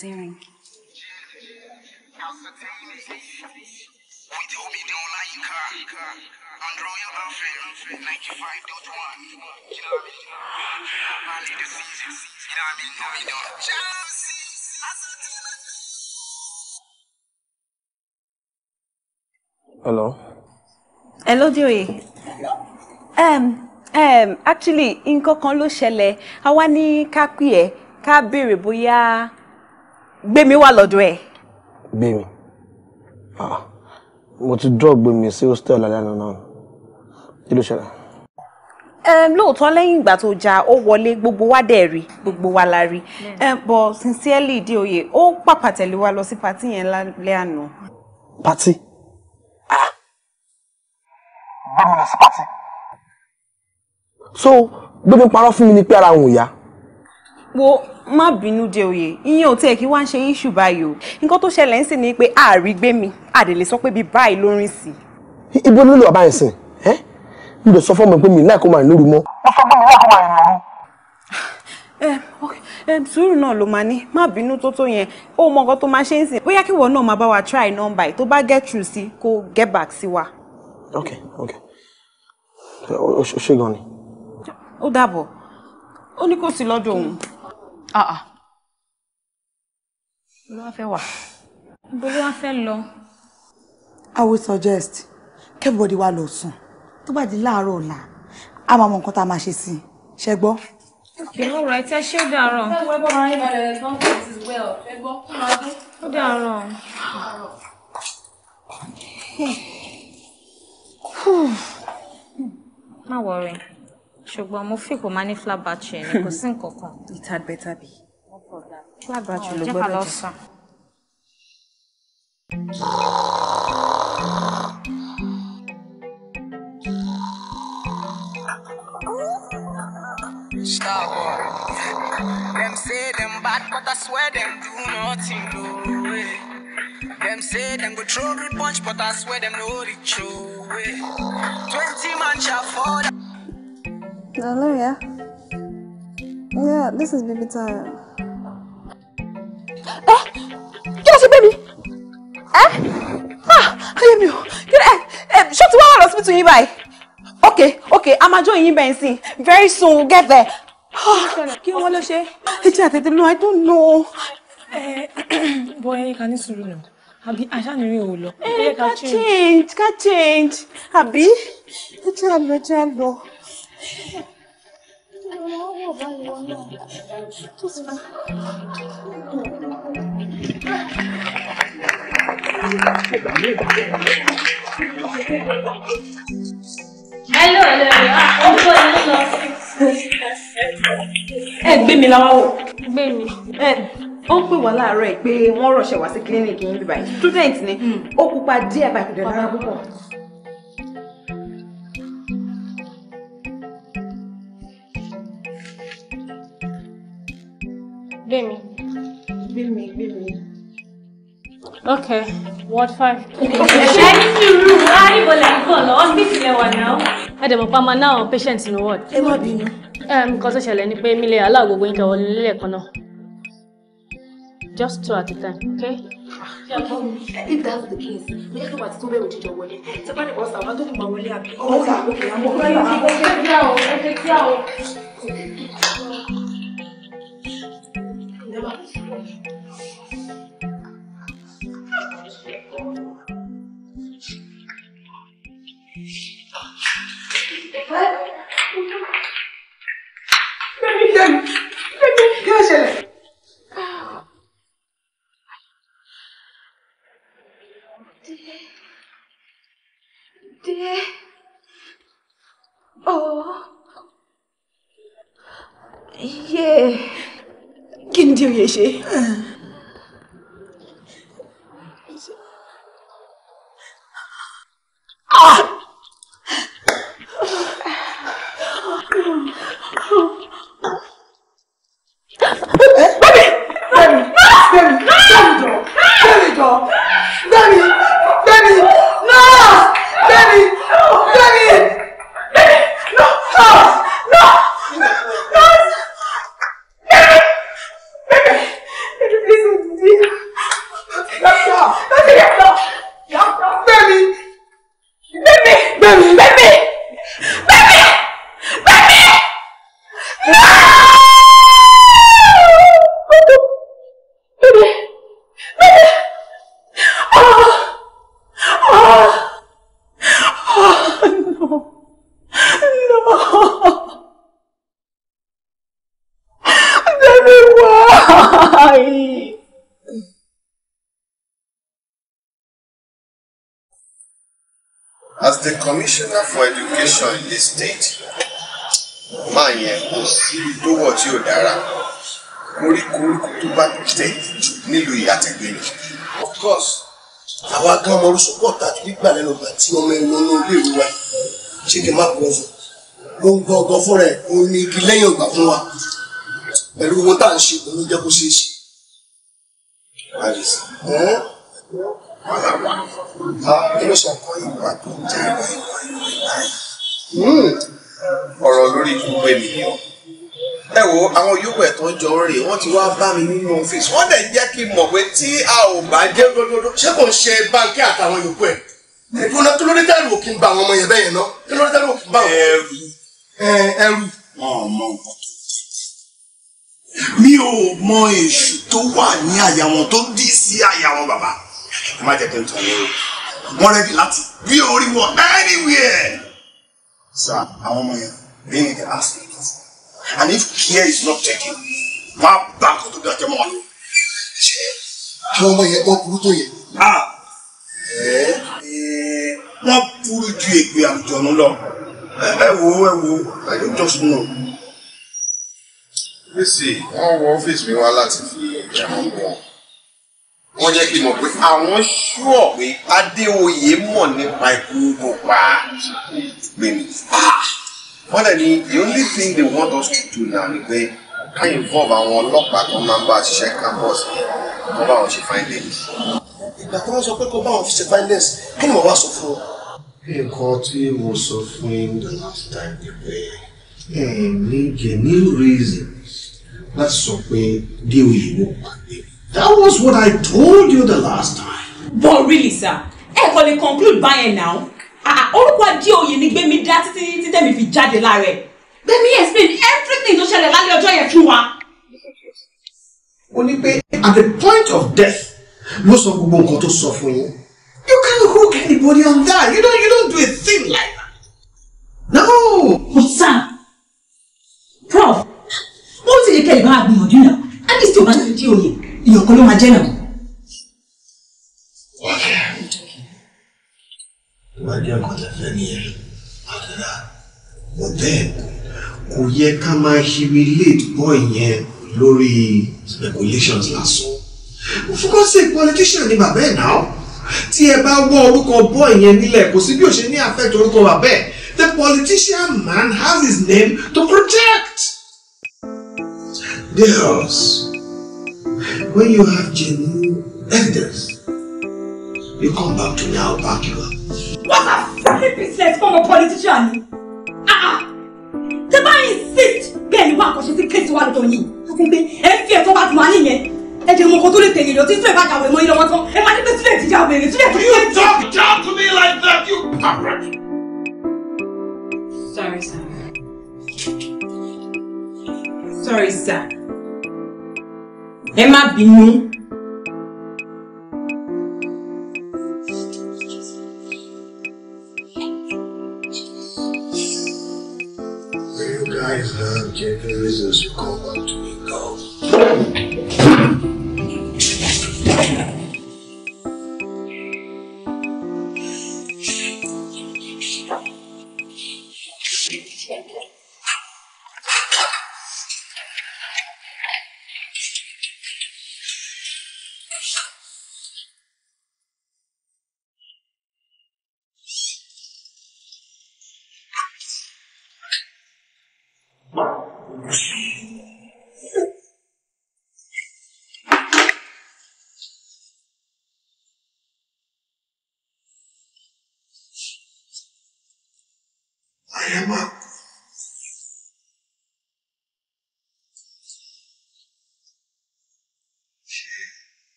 Speaker 1: daring. With Omido Laika, Android
Speaker 2: FM 95.1. You know what I mean? I
Speaker 6: Hello.
Speaker 1: Hello, Joey. Um, um, actually, nǹkan kan ló ṣẹlẹ̀, a wá ní ká pè ẹ́ ká béèrè bóyá Gbémi wà lọ́dọ̀ ẹ̀.
Speaker 5: Gbémi
Speaker 3: ah, mo ti drop Gbémi sí hostel alẹ́ náà
Speaker 4: kí ló ṣẹlẹ̀.
Speaker 1: lóòótọ́ lẹ́yìn ìgbà tó jà ó wọlé gbogbo wa dẹ̀ rí gbogbo wa la rí but sincerely ìdí òye ó pàpà tẹ̀lé wa lọ sí pàtí yẹn lálẹ́ àná.
Speaker 5: pàtí ah! Gbémi lọ
Speaker 1: sí
Speaker 3: pàtí. so Gbémi parọ́ fún mi ni pé ara òun ò
Speaker 1: wo má bínú de oyè ìyẹn ò tẹ́ kí wá ń ṣe issue báyìí o nǹkan tó ṣẹlẹ̀ ń sìn ni pé ààrí gbé mi àdèlè sọ pé bíi báyìí ló rìn sí. ibo ló lọ yẹn sìn ẹ n lè sọ fún ọmọ pé mi láì kó máa lóru mọ. ó sọ pé mi láì kó máa lóru. ẹ sùúrù náà ló máa ní má bínú tó tó yẹn ó mọ nǹkan tó máa ṣe ń sìn bóyá kíwọ náà máa bá wa try nọ́mbà tó bá get through sí kó get back sí wa.
Speaker 5: ok ok ó ṣe gan ni.
Speaker 1: ó dàbọ̀ ó ní kò sí lọ́dọ̀ òun. Ah, ah. Bọ́lá wá fẹ́ wà. Bọ́lá wá fẹ́ lọ. I will suggest body wa lọ sùn tó bá di láàárọ̀ ọ̀la a máa mọ nǹkan tá a máa ṣe sí i ṣe around. Ìwọ rẹ̀ tẹ́ ṣé dàárọ̀. Ó around.
Speaker 2: Hmm. Hmm.
Speaker 1: Má worry ṣùgbọ́n mo fi kò máa ní flat batch ẹ̀ ní kò sí nǹkan kan. it had better be. no batch ló gbọ́dọ̀ jẹ́. Star say them bad, but I swear them do nothing, no way. Them say them go throw good punch, but I swear them no reach, no Twenty man shall fall.
Speaker 4: Hello, uh, yeah? Oh, yeah, this is
Speaker 1: baby time. Eh? Kí ló ṣe baby? Eh? Ah, ayé mi o. Eh, shut eh, ṣé ti wá wà lọ́sibítù yín bye. Okay, okay, I'm enjoying jó yín bẹ́ẹ̀ Very soon, we'll get there. Ah, kí wọ́n ló ṣe? Ẹ I don't know. Bọ́ ẹyin kan ní sùúrù nù. Àbí aṣáànírín ò lọ. Eh, ẹ ká change, ká change. Àbí? Ẹ jẹ́ àlọ́, ẹ jẹ́ àlọ́. 我
Speaker 2: 我把你忘了，肚子疼。
Speaker 1: hello hello hello ah, oh, ẹ gbé mi láwá wò. gbé mi. ẹ ó pè wá láàárọ̀ ẹ̀ pé wọ́n rọ̀ṣẹ̀ wá sí kílíníkì yín bíbáyìí student ni hmm. ó pupa díẹ̀ báyìí kò dẹ̀ dára púpọ̀.
Speaker 2: Gbémi. Gbémi, Gbémi. Ok, Ward five. Ṣé ní sùúrù Aríbọ̀lá ń bọ̀ lọ? Hospital lẹ wà náà.
Speaker 1: Ẹ dẹ̀ mọ̀ pa máa ná àwọn patient ní ward. Ẹ má bínú. Nǹkan tó ṣẹlẹ̀ ni pé mi lè aláàgbo gbóyún kẹwọ́ lélẹ̀ kan náà. Just two at a time, okay? If that's the case, ní ẹ̀sùn àti túnbẹ̀ òjì jọ wọlé. Ṣé bá nìkan sàwọn tó kù máa wọlé àbí? Ọ̀sà, òkè,
Speaker 2: àmọ́. Ẹ jẹ́ kí á o, ẹ jẹ́ kí á o. Yeah
Speaker 1: kí ni
Speaker 2: Ah! commissioner for education in this state máa yẹn kò sí tó wọ̀ tí ò dára
Speaker 3: koríkoríko tó bá tẹ̀ jù nílùú ìyàtẹ̀gbẹ́ ni. of course àwa gan ọmọ orí sọpọ́ọ̀tà àti gbígbà lẹ́nu ọgbà tí ọmọ ẹ̀rọ inú iléèwé wa ṣé kí n má bọ́ ọ sùn ló ń gbọ́ngàn fúnra ẹ̀ òun ni igi lẹ́yìn ọgbà fún wa pẹ̀lú owó tá à ń ṣe òun ló jẹ́ kó ṣeé ṣe. wàhálà wà á kí ló ṣàkóyè ìwà
Speaker 2: tó ń jẹ́ ìwà ìwà.
Speaker 3: Hmm. ọ̀rọ̀ lórí gbogbo ènìyàn ẹ wo àwọn yòókù ẹ̀ tó ń jọ rè wọ́n ti wá bá mi nínú ọ́fíìsì wọ́n dẹ̀ ń jẹ́ kí n mọ̀ pé tí a ò bá jẹ́ lódodo ṣé kò
Speaker 6: ń ṣe báńkì àtàwọn yòókù ẹ̀ ìfúnná kí ló dé dẹ́rù òkè ń ba àwọn ọmọ yẹn bẹ́ẹ̀ yẹn ná kí ló dé dẹ́rù òkè ń ba àwọn. ẹrù ẹrù. wọn ò mọ nǹkan tó
Speaker 3: jẹ mi ò mọ èṣù tó wà ní àyà wọn tó dì sí àyà wọn bàbá ẹ má jẹ kí n tọ́ ni wọn rẹ́dí láti bí orí wọn anywhere. Sir, I want yẹn they need to ask them and if care is not taken
Speaker 6: máa bá kó tó dájọ́ mọ́ wọn.
Speaker 3: àwọn ọmọ yẹn wọ́n burú tó yẹ.
Speaker 6: Ah! Eh, eh, wọ́n burú ju èpè àlùjọ̀nù lọ
Speaker 1: Eh. wo ẹ wo I don't just know. bísí see.
Speaker 3: wọ office mi wá láti fi ẹ̀rọ mú wọn wọ́n jẹ́ kí n mọ̀ pé àwọn ṣúọ̀ pé Adéoyè mọ̀ nípa ikú pupa gbèmí. Ah! wọ́n dẹ̀ ní the only thing they want us to do now ni pé ká involve àwọn ọlọ́pàá tó máa ń bá a ṣiṣẹ́ campus kó bá wọn ṣe findings. ìgbà tí wọ́n
Speaker 1: sọ pé kó bá wọn ṣe findings kí ni mo wá sọ fún ọ.
Speaker 3: nǹkan tí mo sọ fún yín the last time ni pé ẹ hmm, ní genuine reasons láti sọ pé Adéoyè wọ́n pàdé
Speaker 1: That was what I told you the last time. But really, sir, ẹ kò lè conclude báyẹn now. all ah, what Orúkọ ajé me that. Gbémi dá títí títí tẹ̀mí fi jáde lára ẹ̀. me explain everything tó ṣẹlẹ̀ lálẹ́ or joy fún wa. Ó Only pay at the point of death ló sọ gbogbo nǹkan tó sọ fún You can't hook anybody on that. You don't, you don't do a thing like that. No. But sir, Prof, mo ti lè kẹ́ ìbá gbìyànjú náà. At least o bá ti di oyè iyọ̀ kan ló máa jẹ́ náà.
Speaker 2: wájú ẹ̀kọ́ tẹ fẹ́ nìyẹn àdúrà
Speaker 3: mo bẹ́ẹ̀ kò yẹ ká máa humiliate boy yẹn lórí speculations lásán fúkọ́ sí politician ni bàbá ẹ̀ náà tí ẹ bá wọ orúkọ boy yẹn nílẹ̀ kò sí bí ó ṣe ní affect orúkọ bàbá ẹ̀ the politician man has his name to protect. Deus. When you have genuine evidence,
Speaker 1: you come back to me, I'll back you up. What a fucking business from a politician! Ah, ah! Tẹ́ bá insist bẹ́ẹ̀ ni wọ́n àkọ́ṣe sí kéésì wa lọ́dọ̀ yìí. Àti pé ẹ fi ẹ̀tọ́ bá ti wá níyẹn. Ẹ jẹ́ ọmọkọ tó lè tẹ̀yìn lọ tí sílẹ̀ bá jàwé mọ́ yín lọ́wọ́ tán. Ẹ máa ní pé sílẹ̀ ti jàwé rè sílẹ̀ You talk down to me like that, you parrot! Sorry, sir. Sorry, sir ẹ má bínú. You guys have genderism, you call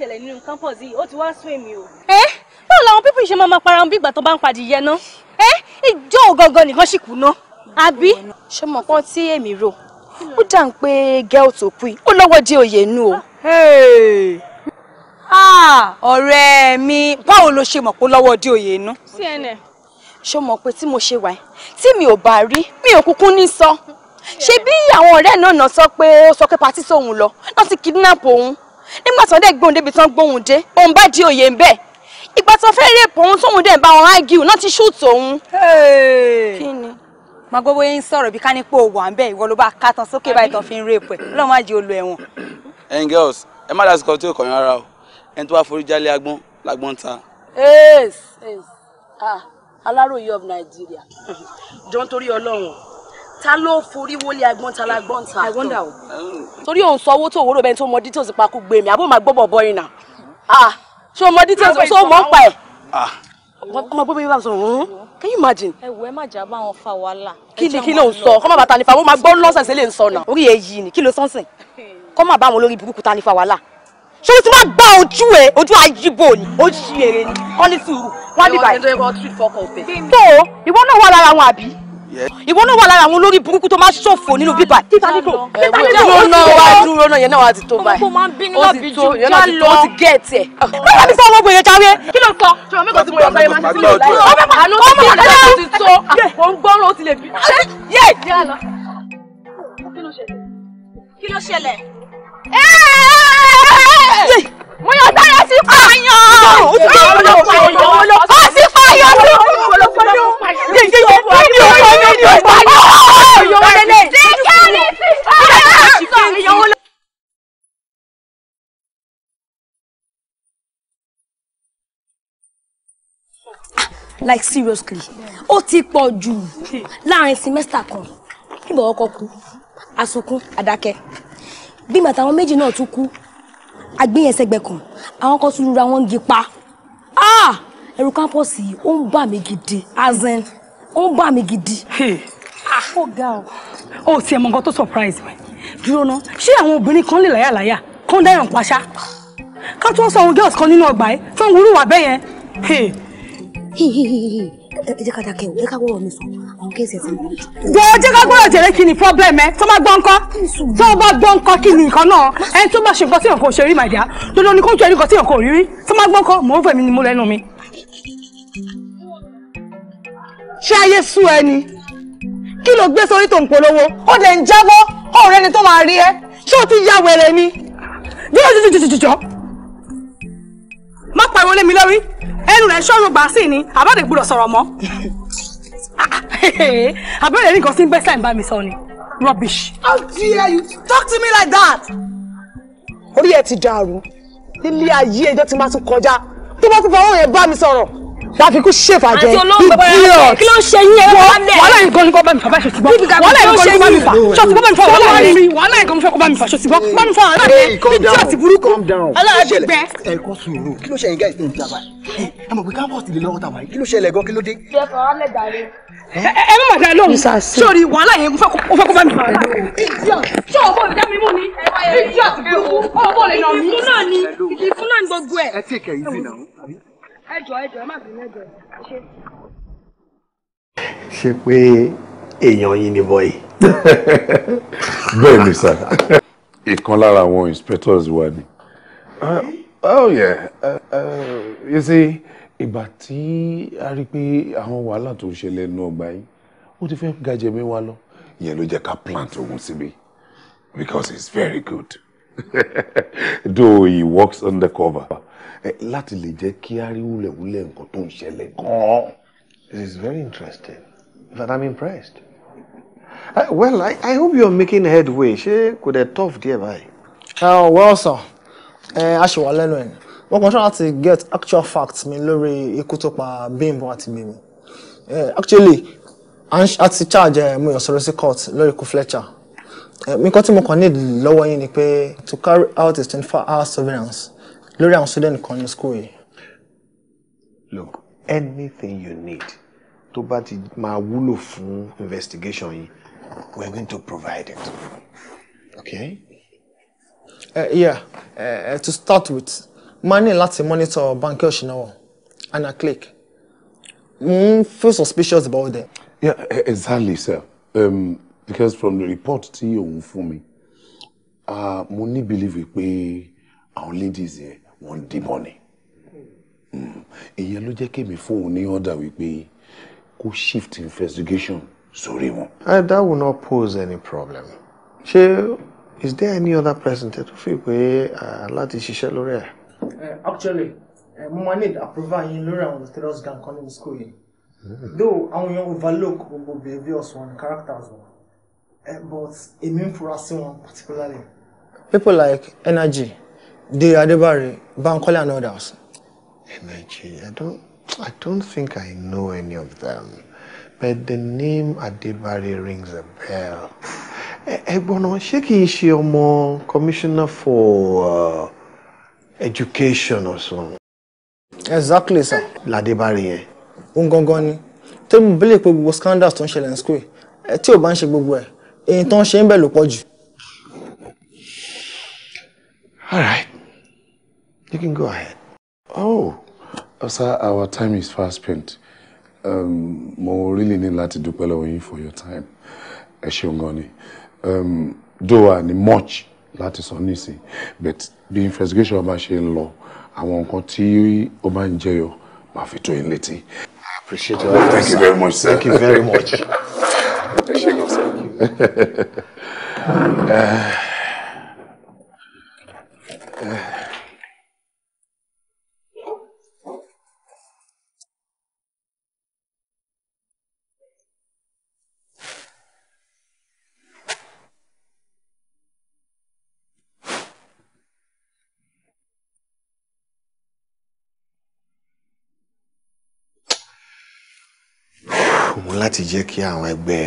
Speaker 1: ṣẹlẹ̀ nínú campus yìí ó ti wá sún èmi o. ẹ eh? báwo làwọn pípọ̀ ìṣe máa máa para wọn bí ìgbà tó bá ń padì yẹ ná ẹ eh? ìjọ ògangan nìkan sì kú ná àbí. ṣé mo pọ́n tí èmi rò ó dà ń pé gẹ́ọ̀ tó pui ó lọ́wọ́ dé òye inú o. Ah, ọ̀rẹ́ mi báwo lo ṣe mọ̀ pé ó lọ́wọ́ dé òye inú. cnn ṣó mọ̀ pé tí mo ṣe wà tí mi ò bá rí mi ò kúkú ní sọ ṣe bí àwọn ọ̀rẹ́ náà náà sọ pé ó sọ pé patí sóhun lọ náà ti kidnap òun nígbà tí wọ́n dẹ̀ débi tí wọ́n dé òun bá di òye ń ìgbà tí wọ́n fẹ́ rèpò òun tóun dẹ̀ ń bá wọn ágìw náà ti ṣúùtù òun. kí ni. màá gbọ́ bóyá ń sọ̀rọ̀ bí kánípò wà ń bẹ̀ ìwọ ló bá ká tán sókè báyìí tán fi ń rèpò ẹ̀ lọ́ọ́ má olú ẹ̀wọ̀n.
Speaker 4: ẹ̀yin girls ẹ má dàsí kan tí ò kàn rárá o ẹni tó bá forí jálé agbọ́n lágbọ́n ta.
Speaker 1: ace ace ah aláròye of Nigeria jọ ń torí Ọlọ́run ta ló forí wọlé agbọ́n ta la ta. i wonder o. torí òun sọ tó òwúrò bẹ́ẹ̀ tó mọ details pa gbé mi àbó máa gbọ́ bọ̀ bọ́ iná. ṣé o mọ details ṣé o mọ̀ ń pa ẹ̀. ọmọ gbọ́ bẹ́ẹ̀ bá sọ hùn can you imagine. ẹ ẹ má jà bá wọn fa wàhálà. kí ni kí ló ń sọ kọ́ má bàtà nífa wọ́n máa gbọ́ nọ́ọ̀sẹ̀sẹ̀ lè sọ náà. orí ẹ yìí ni kí ló sọ́nsìn kọ́ má bá wọn lórí burúkú ta nífa wàhálà ṣé o ti wá gbá ojú ẹ ojú ayibo ni ó ṣì èrè ni kọ́ sùúrù wọ́n á bí ìwọ náà wà lára wọn àbí ìwọ náà wà lára àwọn olórí burúkú tó máa ṣòfò nínú bíbá títa nígbò. ẹwẹ dúró náà wá dúró náà yẹn náà wá ti tó báyìí ó ti tó yẹn náà ti tó ó ti gẹ̀ẹ́tì ẹ̀. báwo ni sọ́wọ́ gbòòyàn jáwé. kí ló sọ jọ̀wọ́ mi kò ti gbọ́dọ̀ báyìí máa ti sílẹ̀ láyé. àná ó mọ̀ ọ́n ó ti tó kò ń gbọ́rọ̀ ó ti lè bí. kí ló ṣẹlẹ̀? mo yọ táyà sí pààyàn. ó ti pààyàn ó ti pààyàn ó like seriously ó ti pọ̀ jù láàrin semester kan níbo ọkọ kú asunkun adákẹ́ bí màtà àwọn méjì náà tún kú agbẹ́yẹsẹ̀gbẹ̀ kan àwọn kan tún lura wọn gi pa ah! ẹ̀rù kámpọ̀sì ó ń bà mí gidi azen ó ń bà mí gidi. Ah. ó ga o. ó ti ẹ̀ mọ nǹkan tó surprise mi dúró ná ṣé àwọn obìnrin kan lè láyàláyà kó ń dáyàn paṣá ká tó sọ àwọn girls kan nínú ọgbà ẹ tó ń wúrúwà bẹ́ẹ̀ yẹn. ẹ jẹ́ ká dákẹ́ o ẹ ká wọ́rọ̀ mi sọ àwọn kéèsì ẹ̀ ti mọ̀. jọ jẹ́ ká gbọ́dọ̀ jẹ́rẹ́ kí ni problem ẹ tó bá gbọ́ nǹkan tó bá gbọ́ nǹkan kí ni nǹkan náà ẹni tó bá ṣe nǹkan tí nǹkan kò ṣe rí màdìá dandan ni kó ń ṣe nǹkan tí nǹkan kò rí rí tó bá gbọ́ nǹkan mò ń fẹ̀mí ni mo lẹ́nu mi ṣé ayé sú ẹ ni kí ló gbé sórí tó ń polówó ó dẹ̀ ń jábọ́ ọ̀rẹ́ ni tó máa rí ẹ ṣé o ti ya wẹ̀rẹ̀ ni jọjọjọjọjọjọ má pariwo lé mi lórí ẹnu rẹ̀ ṣọ́run gbà ni àbáde gbúdọ̀ sọ̀rọ̀ mọ́ àbẹ̀rẹ̀ nìkan sí ń bẹ́sà ń bá mi sọ ni rubbish. How dare you talk to me like that? orí ẹ ti dàrú nílé ayé ẹjọ́ ti máa tún kọjá tó bá tún fọwọ́ yẹn bá mi sọ̀rọ̀ wàfikún ṣèfà jẹ idiot kí ló ń ṣe yín ẹ wàhálà yìí gan ni kò bá mi fà báyìí wàhálà yìí gan ni kò bá mi fà ṣòtìbọ bá mi fà wàhálà yìí wàhálà yìí gan ni kò bá mi fà ṣòtìbọ bá mi fà wàhálà yìí idiot burúkú aláàjẹgbẹ. ẹ kọ́ sùúrù kí ló ṣe yín gáàsì ní ìjàmbá ẹ mọ̀ pé káwọ́ ti lè lọ́wọ́ tàwa yìí kí ló ṣẹlẹ̀ gan kí ló dé. ẹ ẹ má dá lóhùn sórí wàhálà yẹn o fẹ́ kó bá mi fà wàhálà yìí idiot dá mi mú ni idiot burúkú ọ̀bọ̀ lè nà mí. ìdí fúnà ni gbogbo ẹ̀. ẹ tí kẹ́ ìdí náà ẹ jọ ẹ jọ ẹ má bínú ẹ jọ ẹ ṣe.
Speaker 3: ṣe pé èèyàn yín ni bọ́ọ̀yì.
Speaker 7: bẹ́ẹ̀ ni sà ìkan lára àwọn inspectors wa ni. Ah, oh yeah uh, uh, you see ìgbà tí a rí i pé àwọn wàhálà tó ń ṣẹlẹ̀ nínú ọgbà yìí ó ti fẹ́ gajẹ̀ mi wá lọ. ìyẹn ló jẹ́ ká plant ogun síbi because it's very good. though he works undercover eh, láti lè jẹ́ kí á rí wúlẹ̀wúlẹ̀ nǹkan tó ń ṣẹlẹ̀ gan-an.
Speaker 3: This is very interesting but I'm impressed. Uh, well, I, I hope you are making headway. Ṣé kò dẹ̀ tough díẹ̀ báyìí?
Speaker 5: Uh, well, sir, uh, a ṣì wà lẹ́nu ẹ̀ ni. Wọ́n kàn ṣọ́ láti get actual facts mi lórí ikú tó pa Bímbọ́ àti Mímí. Actually, a ti charge Muyo Sorosi court lórí ikú Fletcher nǹkan tí mo kàn need lọ́wọ́ yín ni pé to carry out a twenty four hour surveillance lórí àwọn student kan ní school yìí. look anything you
Speaker 3: need tó bá ti máa wúlò fún investigation yìí we are going to provide
Speaker 5: it okay. Uh, yeah uh, to start with máa ní láti monitor banki òṣìnáwó and her clique mo mm, ń feel suspicious about them.
Speaker 7: yeah e, exactly sir. Um, because from the report tí òun fún mi mo ní believe pé àwọn ladies yẹn wọ́n ń díbọn ni hmm. ìyẹn ló jẹ́ kémi fóun ní order wípé kó shift investigation sórí wọn. that will not pose any problem
Speaker 3: ṣé is there any other person tẹ́ fi pé láti ṣiṣẹ́ lórí
Speaker 2: ẹ̀.
Speaker 5: Eh, actually eh, mo máa need approval yín lórí àwọn mysterious gang kan ní school yìí hmm. though àwọn èèyàn overlook gbogbo behaviours wọn characters wọn Eh, but a ń for us wọn particularly. People like Energy, the Adebari, Bankole and others. Energy, I don't, I don't think I know
Speaker 3: any of them, but the name Adebari rings a bell. Ẹ̀gbọ́n eh, náà ṣé kìí ṣe ọmọ commissioner for uh,
Speaker 5: education or so? Exactly sir. Ládébárè yẹn. Òun gangan ni. Tẹ́mi bílẹ̀ pé gbogbo scandals tó ń ṣẹlẹ̀ ní school eh, ẹ̀ tí èyí tó ń ṣe ń bẹ̀ ló pọ̀ jù. all right
Speaker 7: you can go ahead. oh sir our time is fast spent um, mo really ní láti dúpẹ́ lọ́wọ́ yín for your time ẹ ṣeun gan ni um, though a ní much láti sọ nísìn but bí investigation bá ṣe ń lọ àwọn nǹkan tí ó bá ń jẹyọ máa fi tó yín létí. I appreciate your help. Thank you very much, sir. Thank you very much.
Speaker 3: láti jẹ́ kí àwọn ẹgbẹ́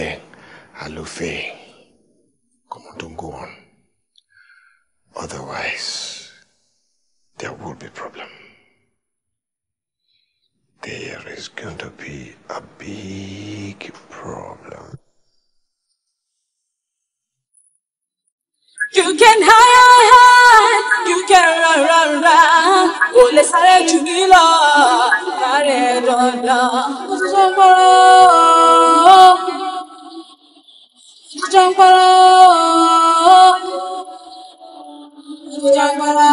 Speaker 3: Alufe, come on, don't go on. Otherwise, there will be problem. There is going to be a big problem.
Speaker 2: You can hide, hide. you can run, run, run. Ó lè sáré jù mí lọ, sáré dandan. Don't sọ fọ́rọ́. Jangbara Jangbara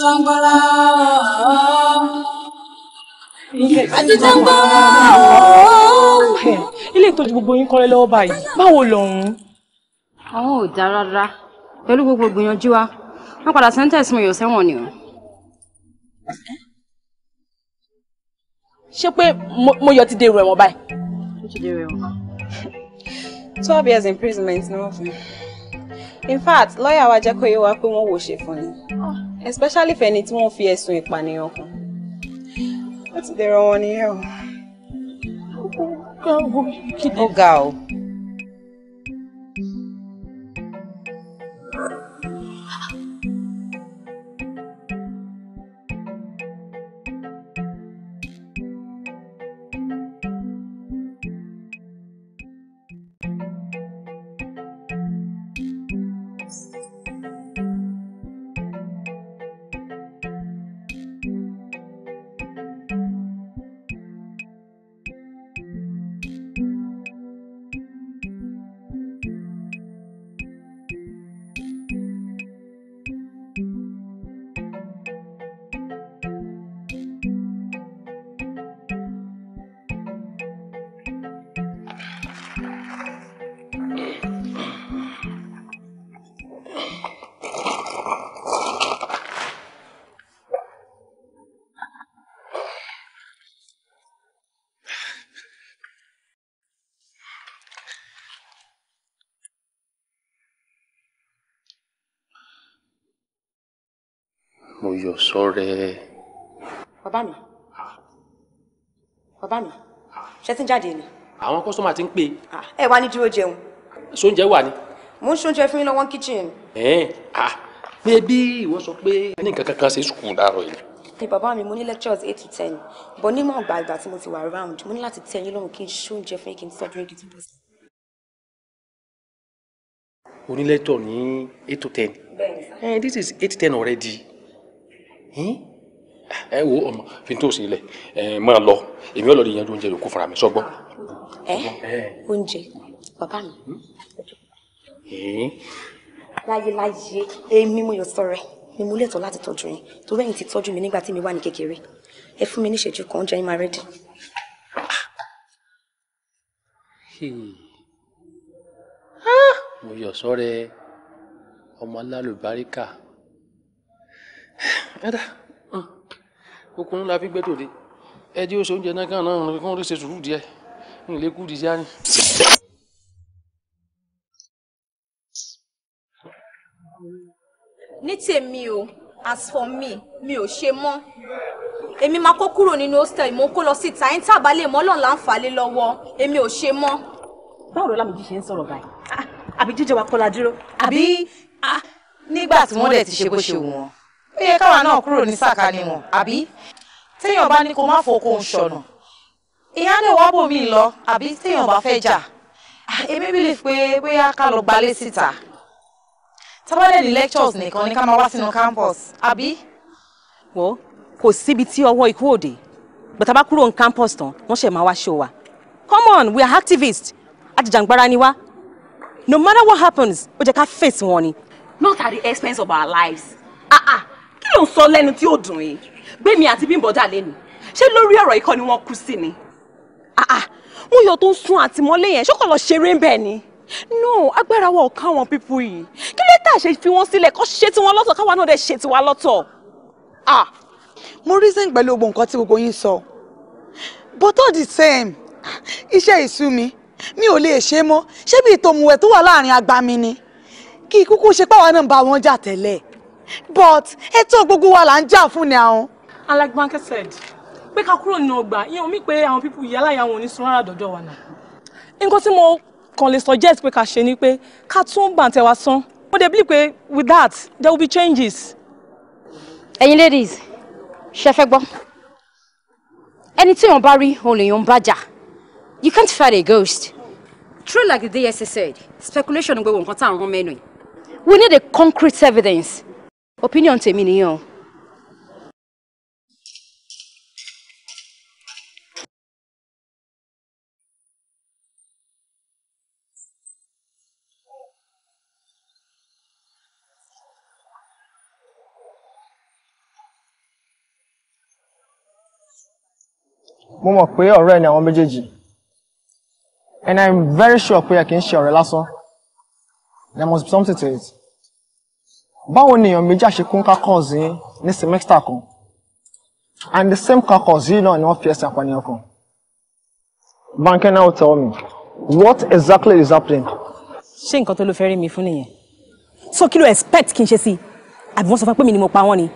Speaker 2: Jangbara
Speaker 1: Jangbara. Ilé ìtọ́jú gbogbo yín kọ́lé lọ́wọ́ báyìí. Báwo lọ́hùn
Speaker 5: Àwọn ò dá rárá. Pẹ̀lú gbogbo gbìyànjú
Speaker 1: wa, wọ́n padà sẹ́ńtẹ̀sì mi yóò sẹ́wọ̀n ni o. Ṣé pé mo yọ ti dèrò ẹ̀wọ̀n báyìí? happened to years imprisonment ni wọ́n In fact, lawyer wa jẹ́ kó yé wa pé wọ́n wò fún ni. Ah. Especially fẹ́ni tí wọ́n fi ẹ̀sùn ìpànìyàn kàn. Ó ti dèrò wọn nìyẹn o. Ó ga o.
Speaker 4: mo yọ sọ́rẹ́.
Speaker 1: bàbá mi bàbá mi ṣe ti ń jáde ni.
Speaker 4: àwọn kọ́sọ́mà ti ń pè.
Speaker 1: ẹ wá ní dúró jẹun. sóúnjẹ wà ni. mo ń sóúnjẹ fún yín lọ́wọ́ kíchìn.
Speaker 4: ẹ ah pé bí ìwọ sọ pé ní nǹkan kankan ṣe sùkúù láàárọ̀ yìí.
Speaker 1: ní bàbá mi mo ní lectures eight to ten bọ̀ nímọ̀ ọgbà tí mo ti wà round mo ní láti tẹ́ yín lọ́rùn kí n sóúnjẹ fún yín kí n tọ́jú yín kí n tún
Speaker 4: onílẹ̀tọ̀ ní eight to ten. bẹ́ẹ̀ ni sir. this is eight to ten already. Hmm? ẹ wo ọmọ fi tó sí ilẹ̀ ẹ máa lọ èmi ọlọ́ọ̀dẹ yẹn oúnjẹ yòókù fúnra mi sọgbọ́.
Speaker 1: ẹ oúnjẹ bàbá mi láyéláyé hmm? hmm? èmi mo yọ sọ̀rọ̀ ni mo lẹ́tọ̀ọ́ láti tọ́jú yín torí ẹ̀yin ti tọ́jú mi nígbà tí mi wà ní kékeré ẹ fún mi ní ìṣẹ́jú kan oúnjẹ yín máa rẹ́dì.
Speaker 4: Ah! mo yọ sọ̀rọ̀ ọmọ alálùbáríkà ẹ̀dá okùnrin la fi gbẹ́tò dé ẹ jẹ́ oṣù oúnjẹ náà kàn náà kàn rí ṣe sùúrù díẹ̀ ní ilé kú di jáni.
Speaker 1: ní tèmi o as for me mi ò ṣe mọ́ èmi máa kó kúrò nínú hostel mo kó lọ síta ẹ̀ ń tàbá lè mọ́ lọ́n láǹfààní lọ́wọ́ èmi ò ṣe mọ́. báwo lọ́la méjì ṣe ń sọ̀rọ̀ báyìí àbí jíjọba kọ́lá dúró àbí ah, nígbà tí wọ́n dẹ̀ ti ṣe bó ṣe wù wọ́n ó yẹ káwa náà kúrò ní sàkání wọn àbí téèyàn bá ní kó má fokó ń ṣọ̀nà ìyá náà wá bòmí lọ àbí téèyàn bá fẹ́ jà èmi bí lè pé bóyá ká lọ gbalé síta tábàdé ní lectures nìkan ni ká máa wá sínú campus àbí. wo kò síbi tí ọwọ́ ikú òde gbọ́tà bá kúrò ní campus tán wọ́n ṣẹ̀ máa wá ṣó wa come on we are activists ajìjàngbara ni wá no matter what happens ó jẹ́ ká face wọn ni. not at the expense of our lives. Ah, ah kí ló ń sọ lẹ́nu tí ò dùn yìí gbẹ̀mí àti bímbọ dà lẹ́nu ṣé lórí ọ̀rọ̀ ikọ́ ni wọ́n kú sí ni wọ́n yọ tó ń sun àtìmọ́lé yẹn ṣọ́kọ̀ lọ ṣeré ń bẹ̀ ni no agbára wa ò ká wọn pípọ̀ yìí kí ló tà ṣe fi wọ́n sílẹ̀ kó ṣe tiwọn lọ́tọ̀ káwa náà dẹ̀ ṣe tiwa lọ́tọ̀ mo reason pẹ̀lú gbogbo nǹkan tí gbogbo yín sọ but all the same iṣẹ́ ìsú mi mi ò lè ṣe mọ́ ṣé bí ìtòmùwẹ̀ tó wà láàrin agba mi ni kí ikúkú ṣe páwa náà bá wọn jà tẹ́lẹ̀ but ètò gbogbo wa là ń jà fún ni àwọn. and like Banke said pé ká kúrò nínú ọgbà ìyẹn omi pé àwọn pípù yìí aláya wọn ò ní sun rárá dọ̀dọ̀ wa náà. nǹkan tí mo kàn lè suggest pé ká ṣe ni pé ká tún bàǹtẹ̀ wa san mo dey believe pé with that there will be changes. ẹ̀yin ladies ṣe fẹ́ gbọ́ ẹni tí wọ́n bá rí òun lèèyàn ń bá you can't fight a ghost. true like the DSS said speculation gbogbo nǹkan tá à ń rán mẹ́nu yìí we need a concrete evidence opinion tèmi nìyẹn o.
Speaker 5: mo mọ̀ pé ọ̀rẹ́ ni àwọn méjèèjì and i'm very sure pé ẹ kì í ṣe ọ̀rẹ́ lásán there must be something to it báwo ni èèyàn méjì àṣekún kakọ́ọ̀sì yín ní semester kan and the same kakọ́ọ̀sì yìí náà ni wọ́n fi ẹ̀sìn àpànìyàn kan. Banke now tell me what exactly is happening.
Speaker 1: ṣé nǹkan tó ló fẹ́ rí mi fún nìyẹn so kí ló expect kí n ṣe sí i àbí wọ́n sọ fún pé mi ni mo pa wọ́n ni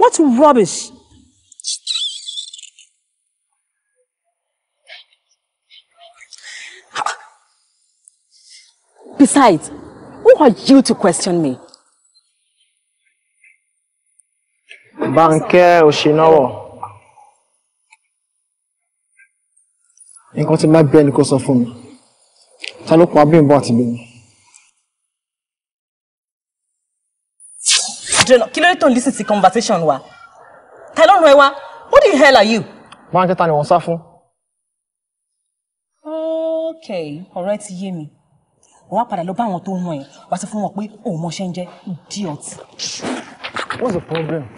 Speaker 1: what rubbish. Besides, who are you to question me?
Speaker 5: Bánkẹ́ Òṣìnáwọ̀. Nǹkan tí máa bí ẹni kó sọ fún mi. Ta ló kún abíyìnbọn àti bèbí?
Speaker 1: Jọ̀nà, kí ló dé tó ń lísì sí conversation wa? Ta ló nu ẹ wá? Who the hell
Speaker 5: are you? Bánkẹ́ ta ni wọ́n sá fún?
Speaker 1: Ok, ọ̀rọ̀ ẹ ti yé mi. Wọ́n á padà lọ bá àwọn tó ń mọ̀ ẹ́, wá sọ fún wọn pé òun mọṣẹ́ ń jẹ́ idiot. What's the problem?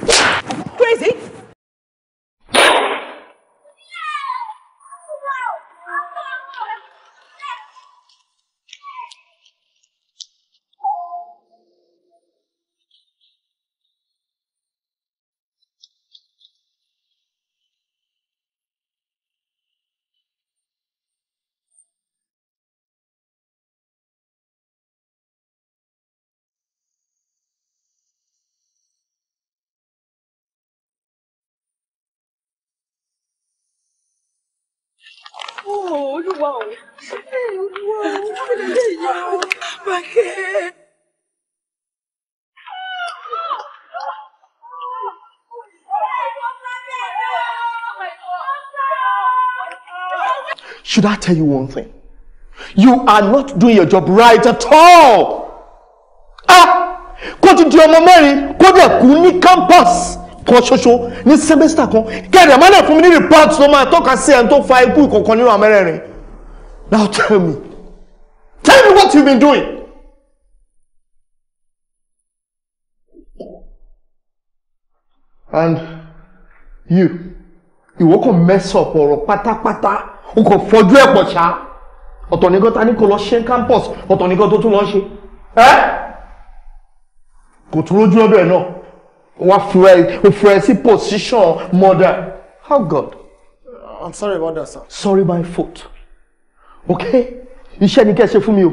Speaker 2: gbọ́ o. ẹ wo kí ló dé yìí
Speaker 1: Should I tell you one thing? You are not doing your job right at all. Ah! Kó ti di ọmọ mẹ́rin kó dẹ̀ kú ní campus kan ṣoṣo ní sẹ́mẹ́sítà kan kẹ́rẹ̀ má lè fún mi ní report tó máa tọ́ka sí ẹni tó fa ikú ìkọ̀kan nínú àmẹ́rẹ̀rin. Now tell me. Tell me what you've been doing. And you, you kò mess up ọ̀rọ̀ pátápátá, o kò fojú ẹ̀ pọ̀ ṣá. Ọ̀tọ̀ nìkan ta ni kò lọ ṣe campus, ọ̀tọ̀ nìkan tó tún lọ ṣe. Kò tún lójú ọdọ̀ ẹ̀ náà. Wá fúrẹ́ o fúrẹ́ position mother. How God?
Speaker 5: I'm sorry about that, sir. Sorry my fault
Speaker 1: ok iṣẹ́ ni kẹ́ ṣe fún mi o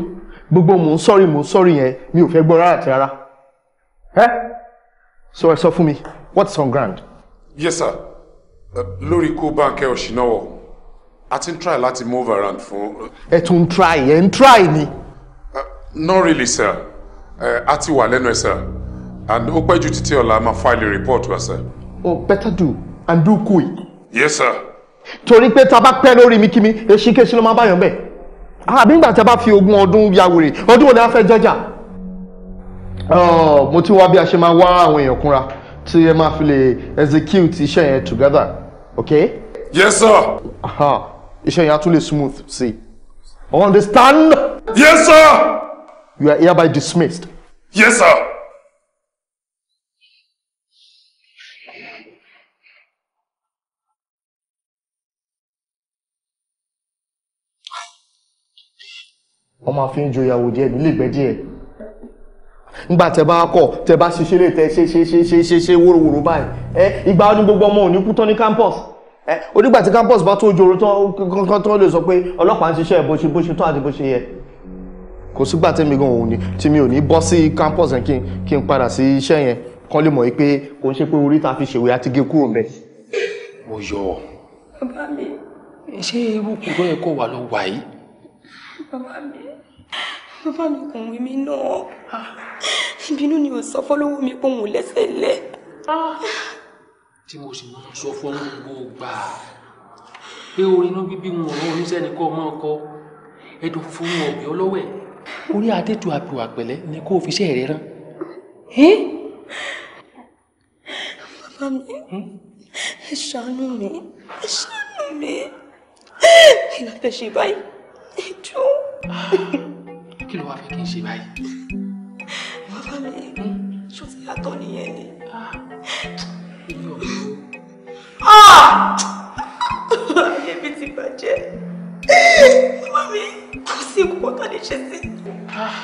Speaker 1: gbogbo mò ń sọ́rí mò ń sọ́rí yẹn mi ò fẹ́ gbọ́ rárá àti rárá ẹ so ẹ sọ fún mi what's on ground.
Speaker 7: yes sir uh, lórí kó báńkẹ́ ọ̀ṣìnáwọ̀ a ti ń try láti move around fún. Uh,
Speaker 3: ẹ tún ń try ẹ ń try ni. Uh,
Speaker 7: not really sir uh, a ti wà lẹ́nu ẹ̀ sir and ó pẹ́ ju títí ọ̀la máa file a report wa sir.
Speaker 1: oh better do and do quick.
Speaker 7: yes sir
Speaker 1: torí pé tá a bá pẹ́ lórí mi kí mi èsìkéṣi ló máa bá yàn bẹ́ẹ̀ àbí nígbà tí a bá fi ogún ọdún ya wèrè ọdún wo ni a fẹ́ jọjà mo ti wá bí a ṣe máa wá àwọn èèyàn kúnra tí ẹ máa fi lè execute iṣẹ́ yẹn together ok. yes sir. iṣẹ́ yẹn á tún lè smooth sí i understand. yes sir. you are hereby dismissed. yes sir. wọ́n máa fi ń joyàwó díẹ̀ nílé ìgbẹ́ díẹ̀ nígbà tẹ bá kọ̀ tẹ bá ṣiṣẹ́ lè tẹ ṣe ṣe ṣe ṣe ṣe ṣe wóróworó báyìí ẹ ìgbà ọdún gbogbo ọmọ òní kú tán ní campus ẹ onígbà tí campus bá tó joro tán kankan tán lè sọ pé ọlọ́pàá ń ṣiṣẹ́ bó ṣe bó ṣe tán àti bó ṣe yẹ kò sígbà tẹ́mi gan òní tí mi ò ní bọ́ sí campus yẹn kí n
Speaker 5: kí n padà sí iṣẹ́ yẹn kán lè mọ̀ pé kò ń ṣe pé orí ta fi ṣèwé àti gé kúrò mẹ́. mo yọ ọ. bàbá mi ṣé irú kúrò ẹ̀kọ́
Speaker 4: wà ló wà yìí
Speaker 1: bàbá mi bàbá mi kò wí mí náà ìbínú ni ò sọ fọlọ́wọ́ mi pé òun lẹ́sẹ̀ lẹ̀. tí mo sì máa sọ fún gbogbo gbà pé orin inú bíbí wọn ọ̀rọ̀ oníṣẹ́ nìkan máa kọ
Speaker 5: ẹ̀dùn fún ọ̀bẹ ọlọ́wẹ̀ orí adétò àbíwà pẹ̀lẹ́ ni kó o fi ṣe ẹ̀rẹ́ rán.
Speaker 2: bàbá mi ẹ
Speaker 1: ṣàánú mi ẹ ṣàánú mi kí ló fẹ́ ṣe báyìí ẹ kí ló wá fẹ́ kí n ṣe báyìí. bàbá mi ṣó ti yàtọ̀ nìyẹn ni. mi ò lò ó. ayé mi ti bàjẹ́ bàbá mi kò sí ìkókó tó lè ṣe sí. Ah!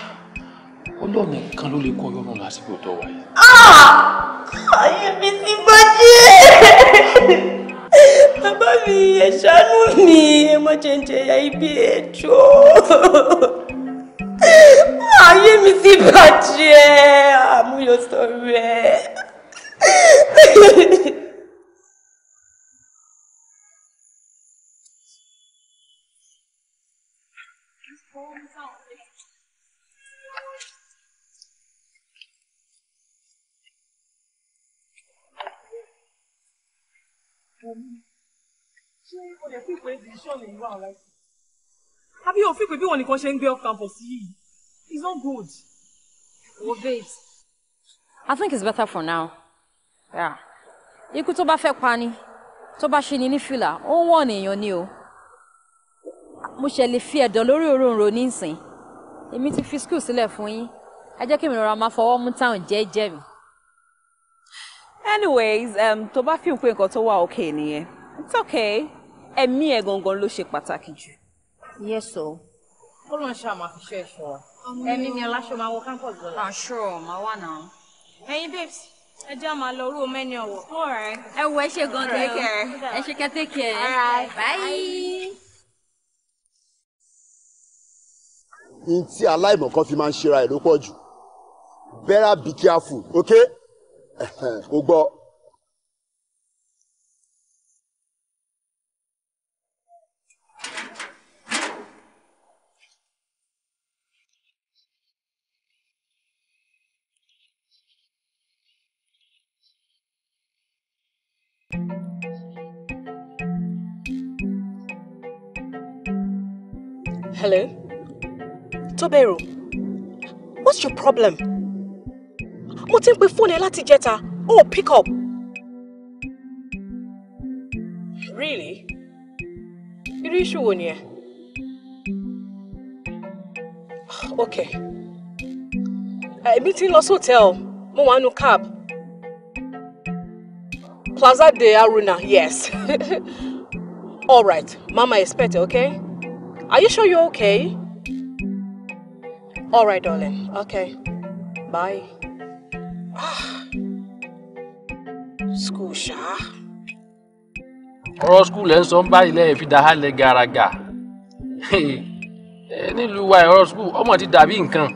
Speaker 4: ọlọ́run nìkan ló lè kọ́ yọrùn lásìkò tó wáyé.
Speaker 1: Ah! ayé mi ti
Speaker 2: bàjẹ́
Speaker 1: bàbá mi ẹ ṣàánú mi ẹ má jẹ́ ń ibi ẹ ayé mi ti bàjẹ́ àmúyọ sọ̀rọ̀ ẹ.
Speaker 2: Thank you. Have you ever fi ìpè decision yìí
Speaker 1: wà off campus it's not good. wo I think it's better for now. Yeah. ikú tó bá fẹ́ pa ni tó bá ṣe ni ní fìlà ó ń wọ̀n èèyàn ni o mo ṣe lè fi ẹ̀dọ̀ lórí òróǹro nísìn èmi ti fi skul sílẹ̀ fún yín ẹ jẹ́ kí mi rọra máa fọwọ́ mú táwọn jẹ́ẹ́jẹ́ mi. anyways um, tó bá fi hàn pé nǹkan tó wà it's okay ẹ̀mí ẹ̀ gangan ló ṣe pàtàkì jù. yes o. ó lóun ṣe àmọ́ àfiṣọ́ ẹ̀ṣọ́ ẹ̀mí mi aláṣọ máa wọ campus lọ́la. àṣọ ah, máa wà náà. ẹ̀yin babes ẹ jẹ́ àmà lọ orú omẹ́ni ọ̀wọ̀.
Speaker 6: ẹ wọ ẹ ṣe gan tẹ o ẹ ṣe kẹtẹ kẹ ẹ báyìí. n tí aláìmọ̀kan fi máa ń ṣera ẹ̀ ló pọ̀ jù better be careful okay o gbọ́.
Speaker 1: Hello? Tobero, what's your problem? I think ń phone fóònù ẹ láti jẹta, pick up. Really? Irú issue wo nìyẹn? Okay. Èmi meeting lost hotel. sí hòtẹ́ẹ̀lì, mo wà cab. Plaza de Aruna, yes. All right, Mama expect it, okay? Are you sure you're okay? All right, darling. Okay. Bye. Ah. School, ṣá.
Speaker 4: Ọ̀rọ̀ school and somebody left sọ ń báyìí lẹ́yìn fi dá hálẹ̀ gàràgà. Nílùú wa ọ̀rọ̀ school ọmọ ti dàbí nǹkan.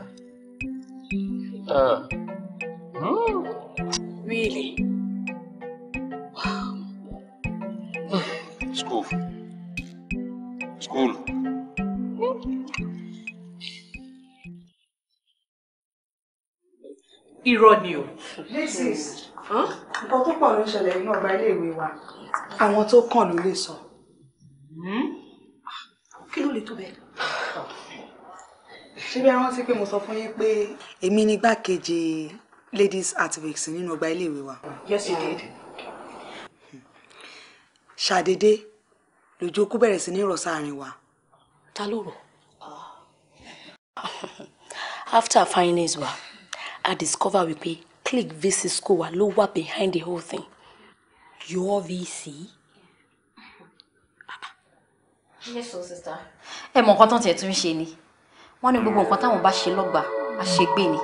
Speaker 2: Hmm. Really? Wow. Hmm. School. School.
Speaker 1: irọ́ ni o. Mrs. nǹkan tó pọ̀ ló ń ṣẹlẹ̀ nínú ọgbà iléèwé wa àwọn tó kàn ló lè sọ. Hmm? kí ló lè tó bẹ́ẹ̀. ṣé bí a rántí pé mo sọ fún yín pé. èmi ni igbákejì ladies activists nínú ọgbà iléèwé wa. yes you did. Hmm. ṣàdédé lójú okú bẹ̀rẹ̀ sí ní rọ̀ sáàrin wa. ta ló rọ̀ after finance, wa. Well. I discover wípé click vc school wa ló wà behind the whole thing. your vc. yes so sister. ẹ mọ nǹkan tán tiẹ̀ tún ń ṣe ni wọ́n ní gbogbo nǹkan táwọn bá ṣe lọ́gbà àṣegbè ni.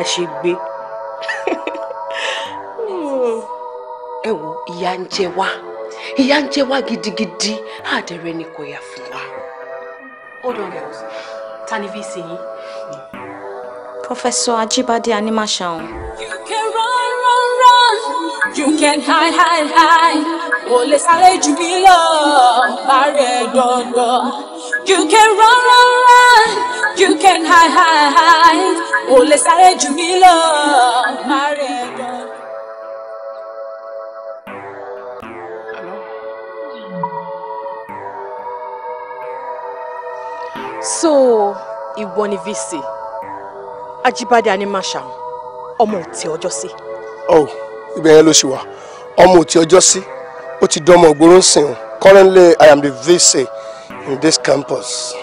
Speaker 1: àṣegbè. ẹ wo ìyà ń jẹ wá ìyà ń jẹ wá gidigidi àdẹrẹ ni kò yà fún wa. hold on girls ta ni Professor Ajibade Animashaun. You can run, run, run. You can hide, hide, hide. Ó lè sáré jù mí lọ, bàrẹ̀ dandan. You can run, run, run. You can hide, hide,
Speaker 2: hide. Ó lè sáré jù mí lọ, bàrẹ̀ dandan.
Speaker 1: so ìwọ ni vc Ajíbádé Animashaun ọmọ òtí ọjọ́ sí.
Speaker 3: oh ibẹ̀ yẹn ló ṣì wà ọmọ òtí ọjọ́ sí ó ti dánmọ̀ gbóró ń sìn currently i am the vc in this campus.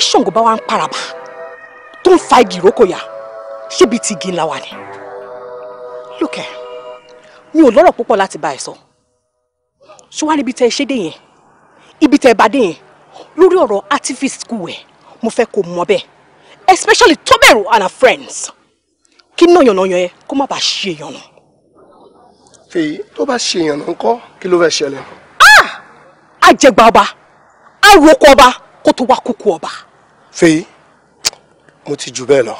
Speaker 1: bí ṣòǹgó bá wá ń paraba tó ń fa igi ìrókò yá ṣébi ti igi ńlá wa ni. lókè mi ò lọ́rọ̀ púpọ̀ láti bá ẹ sọ ṣé wàá tẹ ṣe dé yẹn ibi tẹ bá dé yẹn lórí ọ̀rọ̀ activist school ẹ̀ mo fẹ́ kó mọ bẹ́ẹ̀ especially Tobero and her friends kí náyànnáyàn ẹ kó má bàa ṣe èèyàn nù. fèyí tó bá ṣe èèyàn náà ńkọ́ kí ló fẹ́ ṣẹlẹ̀. àjẹgbà ah! ọba àròkọ ọba kó tó wá kúkú ọba
Speaker 3: fèyí mo ti jù bẹ́ẹ̀ lọ.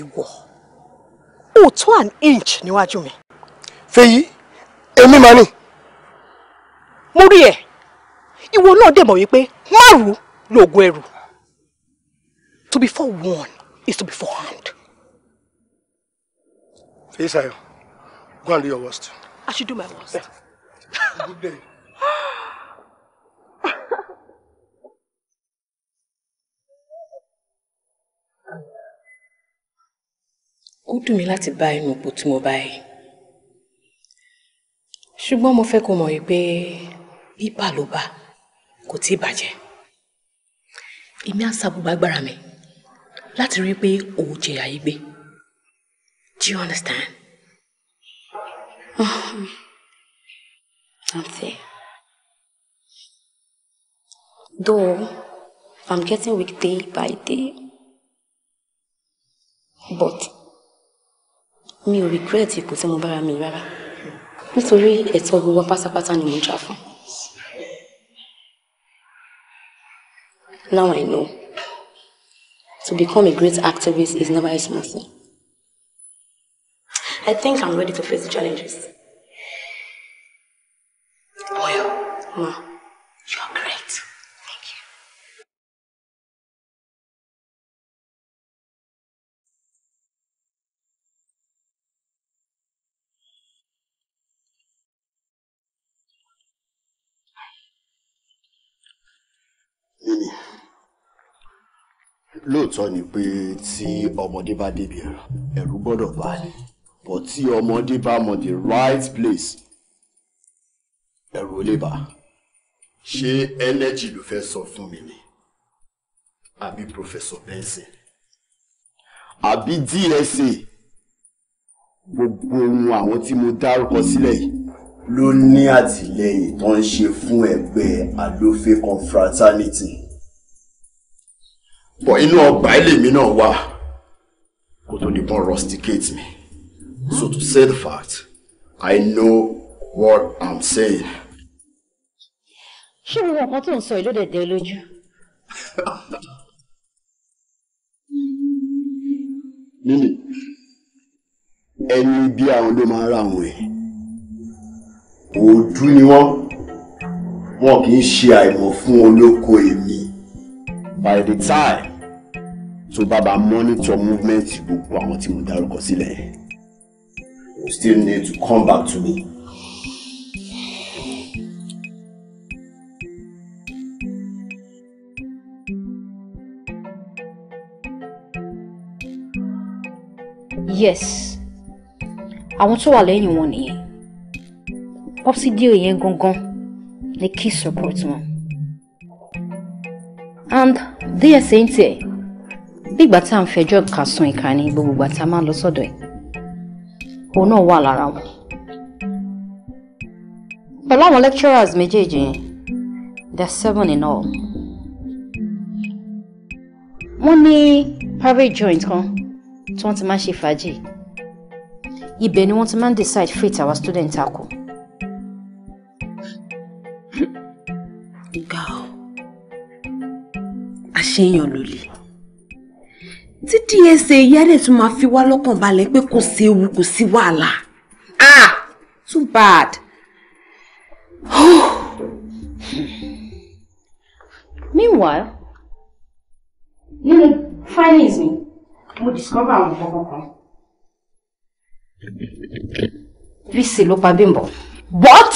Speaker 1: ìwọ ò tó an inch níwájú mi. fèyí èmi máa ní. mo rí ẹ ìwọ náà dẹ̀ mọ̀ wípé márùn lóògùn ẹrù to be forewarned is to be forehand. fèyí sayo go and do your worst. I should do my worst. Yeah. Good day. ó dùn mí láti bá inú ipò tí mo bá yìí ṣùgbọ́n mo fẹ́ kó mọ̀ yìí pé bíbà ló bá kò tí ì bàjẹ́ èmi á sa gbogbo mi láti rí i pé òun jìyà yìí gbé do you understand? Auntie, though I'm getting weak day by day, but mi ò regret ipò tí mo bára mi rárá nítorí ẹ̀tọ́ gbogbo pátápátá ni mo jà fún. Now I know to become a great activist is never a small thing. I think I'm ready to face the challenges. Oya. Oh, yeah. Ma.
Speaker 6: lóòótọ́ ni pé tí ọmọdé bá débi ẹ̀rọ ẹ̀rù gbọ́dọ̀ bá ní but tí ọmọdé bá mọ the right place ẹ̀rù ò lè bá ṣé
Speaker 1: energy ló fẹ́ sọ fún mi ni àbí professor benson
Speaker 6: àbí dsa gbogbo ohun àwọn tí mo dárúkọ sílẹ̀ yìí ló ní àtìlẹ́yìn tó ń ṣe fún ẹgbẹ́ àlófẹ́ confraternity bọ̀ inú ọgbà ẹlẹ́mí náà wà kó tó nípọn rusticate mi so to say the fact I know what I'm saying.
Speaker 1: ṣé gbogbo nǹkan tó ń sọ yìí ló dẹ̀ dé lójú.
Speaker 6: Níní ẹni bí àwọn ló máa ń ra àwọn ẹ̀ òdú ni wọ́n wọn kì í ṣe àìmọ̀ fún olóko èmi by the time So, Baba, monitor movement gbogbo àwọn tí mo dárúkọ sílẹ̀ you still need to come back to me.
Speaker 1: yes àwọn tó wà lẹ́yìn wọn nìyẹn popsi díò yẹn gangan ni kí support wọn and dsa ń tiẹ̀ bí ìgbà tá à ń fẹjọ́ kàsùn ìkà ni gbogbo ìgbà tá a máa ń lọ sọ́dọ̀ ẹ̀ òun náà wà lára wọn. pẹ̀lú àwọn lecturers méjèèjì yẹn there are seven in all. wọ́n ní private joint kan tí wọ́n ti máa ń ṣe fàájì ibẹ̀ ni wọ́n ti máa ń decide fate our student akọ. ga ọ àṣeyàn ló lè tí dsa yẹ́rẹ̀ tún máa fi wá lọ́kàn balẹ̀ pé kò sí ewu kò sí wàhálà ah too bad. meanwhile nínú findings mi mo discover àwọn kankan kan. bísí ló pa Bímbọ́. what?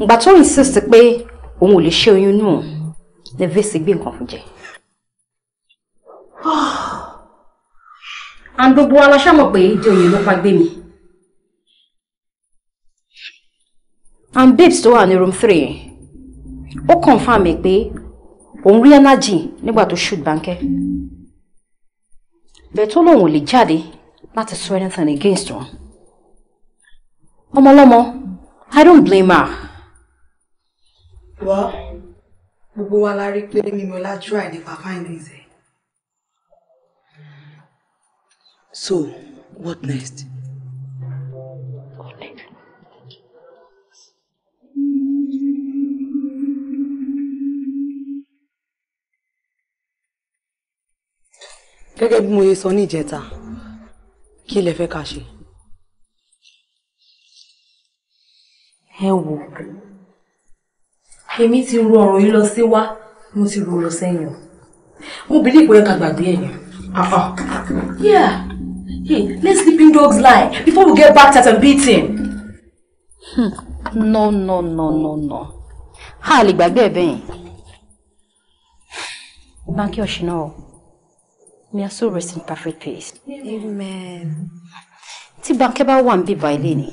Speaker 1: ìgbà tó insist pé òun ò lè ṣe oyún nù nevesi gbé nǹkan fún jẹ. à ń gbogbo aláṣàmọ̀ pé ìdí òye ló pa gbé mi. and babes tó wà ní room three ó confam mi pé òun rí energy nígbà tó shoot Bánkẹ́ bẹ́ẹ̀ tó lòun ò lè jáde láti sọ anything against wọn ọmọlọ́mọ I don't blame her. Well, gbogbo wa la rí pé Mímọ́lá try nípa findings ẹ̀. So, what next? gẹ́gẹ́ bí mo ṣe sọ ní ìjẹta kí lẹ fẹ́ ká ṣe. ẹ wò èmi ti ro ọ̀rọ̀ yìí lọ sí wá mo ti ro lọ sẹ́yìn mo bìlí ìpò yẹn gbàgbé ah, ẹ̀yìn. Ah. yeah sleeping dogs lie before we get back and beat him. Hmm. no no no no no
Speaker 5: a lè gbàgbé ẹ̀ bẹ́yìn.
Speaker 1: Banky Oshino, may her soul rest in perfect peace.
Speaker 5: Amen.
Speaker 1: Tí Banky bá wà ń bí báyìí lé ni,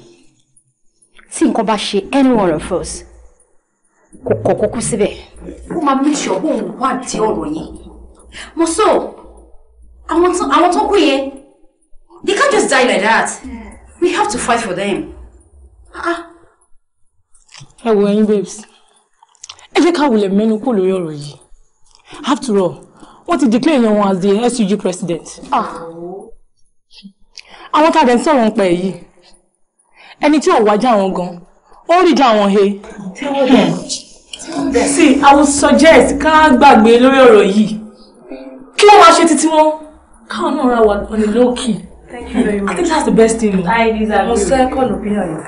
Speaker 1: tí nǹkan bá ṣe any of us, kò kọ síbẹ̀ ó máa mú ìṣọ́ bóun wádìí ọ̀rọ̀ yẹn mo sọ àwọn tó kú yẹn they can't just die like that we have to fight for them. Ah, ah. ẹ wo ẹyin babes ẹ jẹ́ ká wulẹ̀ mẹ́nu kú lórí ọ̀rọ̀ yìí after all wọ́n ti declare yan wọn as the SUG president. Ah. àwọn tá a dẹ̀ ń sọ̀rọ̀ ń pẹ̀ yìí ẹni tí ò wájà àwọn gan ó rí jà àwọn he see i will suggest ká gbàgbé lórí ọ̀rọ̀ yìí kí wọ́n máa ṣe títí wọn káwọn náà ra wà on a low key. Thank you I think that's the best thing. I disagree. Your second opinion.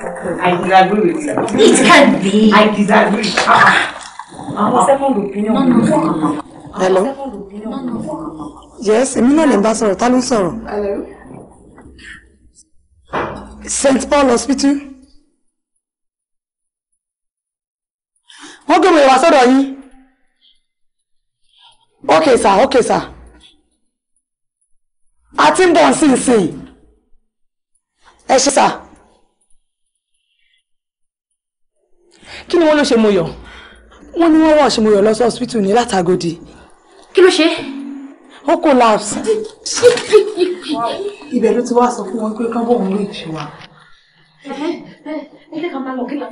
Speaker 1: I disagree with you. It can be. I disagree. Your
Speaker 5: ah. second
Speaker 1: opinion. No, no. Hello. No, no. Yes, èmi náà lè bá sọ̀rọ̀. Ta ló ń sọ̀rọ̀? Hello. St. Paul Hospital. wọ́n gbèrò ìwà sọ́dọ̀ yín ókè sà ókè sà àti ń bọ̀ nsìnsìn ẹ ṣe sà kí ni wọ́n ló ṣe mo yọ̀ wọ́n ní wọ́n wọ̀ ṣe mo yọ̀ lọ sí hospital ní látàgòdì kí ló ṣe ó collapse ibẹ̀ ló ti wá sọ fún wọn pé kábọ̀ òun lè ṣe wa
Speaker 2: ẹgbẹ́ kan máa lọ kí lọ.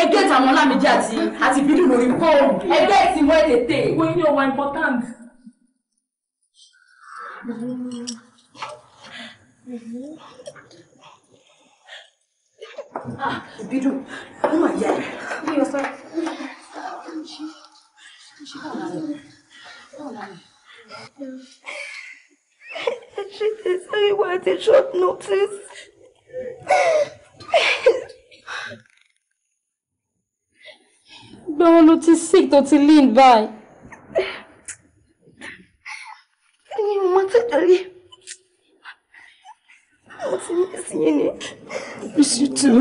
Speaker 2: ẹgbẹ́ tàwọn ọlámídé àti
Speaker 1: àti bídùn lórí fóònù ẹgbẹ́ tí wọ́n tètè. wọ́n yín ọwọ́ important. Ah, bídùn ó mà yá ẹ. mi ò sọ. She did say why did short notice
Speaker 2: gbọ́n wọn ló ti sick tó ti lean báyìí.
Speaker 1: ẹni mo máa tẹ̀lé rí mo ti ní sí yín ni. miss you too.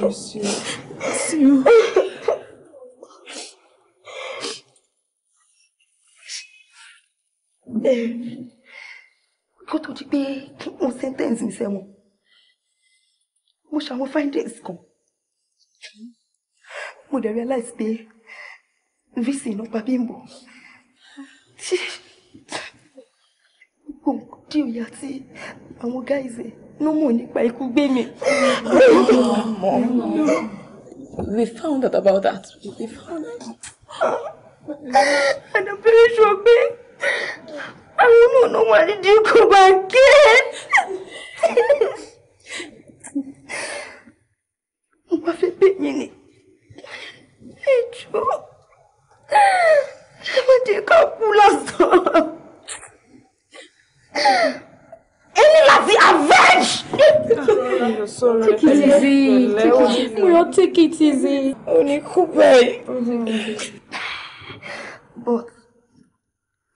Speaker 1: miss you. miss you. tó di pé mo sentence mi sẹ́wọ̀n mo ṣàwọn findings kan mo dẹ̀ realize pé vc iná pa Bímbọ́ tí gbogbo nǹkan tí àwọn guys ló mọ̀ nípa ikú gbé mi. we found out about that we
Speaker 2: found out. and i'm very sure pé àwọn náà ló wà nídìí kò bá gé. wá fẹ́ bẹ̀ yín ni ẹ jọ̀ọ́ ẹ má jẹ́ ká kú lásán
Speaker 1: ẹni láti avenge. take it easy Muyo take it easy. o ní kú bẹ́ẹ̀. but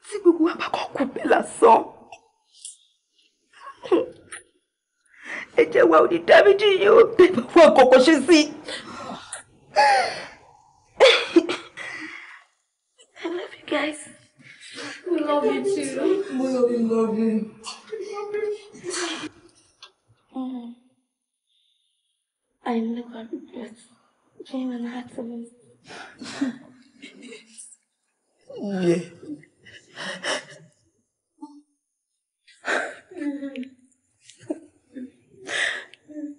Speaker 1: tí gbogbo wa ẹ̀jẹ̀ wa ò ní dámíjì yìí ó bẹ̀rẹ̀ fún àkókò ṣe sí i. I love you guys. We love you too.
Speaker 2: We love you, love you. Mm. I know I regret being an activist. yeah. Mm-hmm.
Speaker 1: Moyo.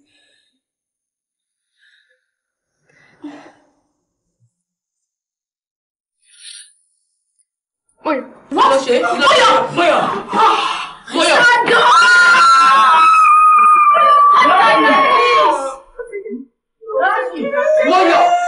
Speaker 2: What? Moyo. Moyo. Moyo. Moyo. Moyo. Moyo.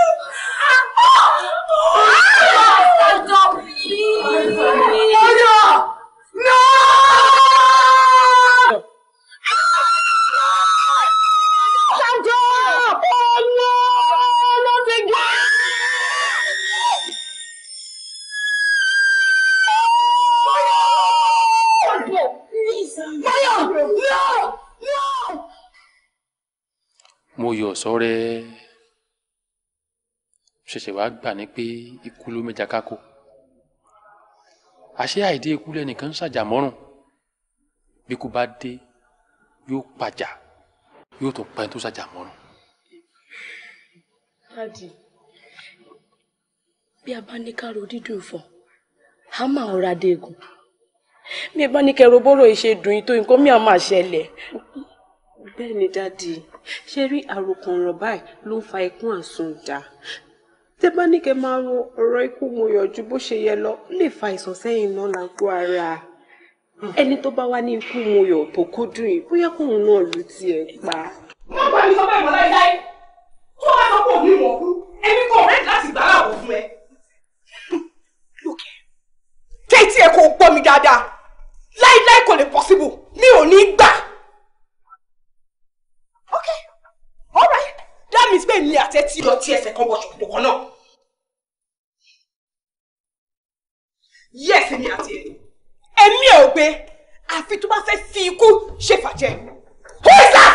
Speaker 4: mo yọ sọ́rẹ́ ṣẹ̀ṣẹ̀ wá gbà ní pé ikú ló mẹ́ja kákò àṣé àìdé ikú lẹ́nìkan ń ṣàjàmọ́rùn bí kú bá dé yóò pàjà yóò tún pa ẹni tó ṣàjàmọ́rùn.
Speaker 1: dáàdì bí a bá ní káàró dídùn fọ a máa ọ̀rá déègùn bí a bá ní kẹrọ bọ́rọ̀ ìṣe dùn yìí tó nǹkan mi à máa ṣẹlẹ̀. bẹ́ẹ̀ ni dáàdì ṣe rí àròkàn ọ̀rọ̀ báyìí ló ń fa ikú àsundà tẹ bá ní kẹ máa ro ọ̀rọ̀ ikú mo yọjú bó ṣe yẹ lọ ó lè fa ìsọ̀sẹ́yìn náà lágbo ara ẹni tó bá wá ní ikú mo yọ tó kó dùn yìí bóyá kóun náà lù tiẹ̀ pa. wọ́n gbà mí sọ bẹ́ẹ̀ mọ́ láíláí tó bá sọ pé òun ìwọ̀n èmi àti ẹtí lọ tí ẹsẹ̀ kan wọ ṣòkòtò kan náà. yes èmi àti ẹ èmi ò gbé àfi tó bá fẹ́ fi ikú ṣe fàjẹ́ who is that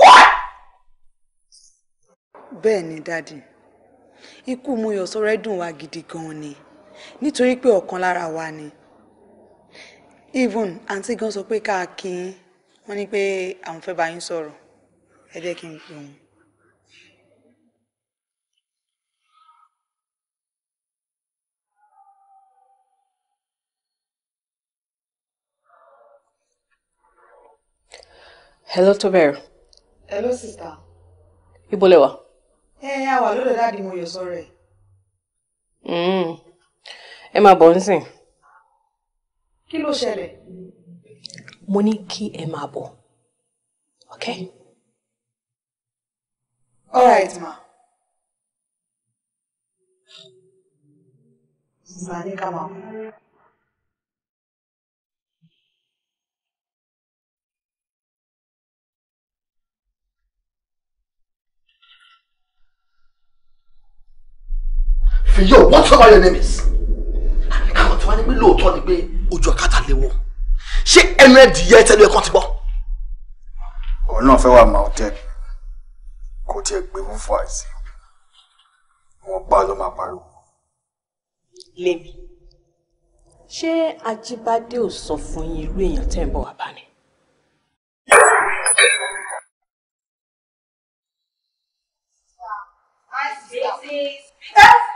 Speaker 1: what. bẹ́ẹ̀ ni dádì ikú Muyọ̀sọ́rẹ́ dùn wá gidi gan-an ni nítorí pé ọ̀kan lára wa ni even àǹtí gan sọ pé ká kí wọ́n ní pé àwọn fẹ́ bá yín sọ̀rọ̀ ẹ jẹ́ kí n pè wọ́n. Hello, Tobere. Hello, sister. Ibo lẹ wà? Ẹ a wà lọ́dọ̀ dáàdi mo yọ sọ́rọ̀ ẹ̀. Mm. Ẹ máa bọ̀ nísìn. Kí ló ṣẹlẹ̀? Mo ní kí ẹ máa Okay? All right, ma. Sister, ní ká Yo, whatever your name is. Káwọn tí wọ́n ní pé lóòótọ́ ni pé ojú àkàtà léwọ́. Ṣé ẹnu ẹ̀dìyẹ tẹ́lẹ̀ ẹ̀kan ti bọ́? Ọ̀rọ̀ náà fẹ́ wà máa tẹ́ kó tiẹ̀ gbé fún fún àìsí. Wọ́n gbá ló máa pariwo. Lémi, ṣé Ajíbádé ò sọ fún yín irú èèyàn tẹ́ ń bọ̀ wá bá ni? Yes.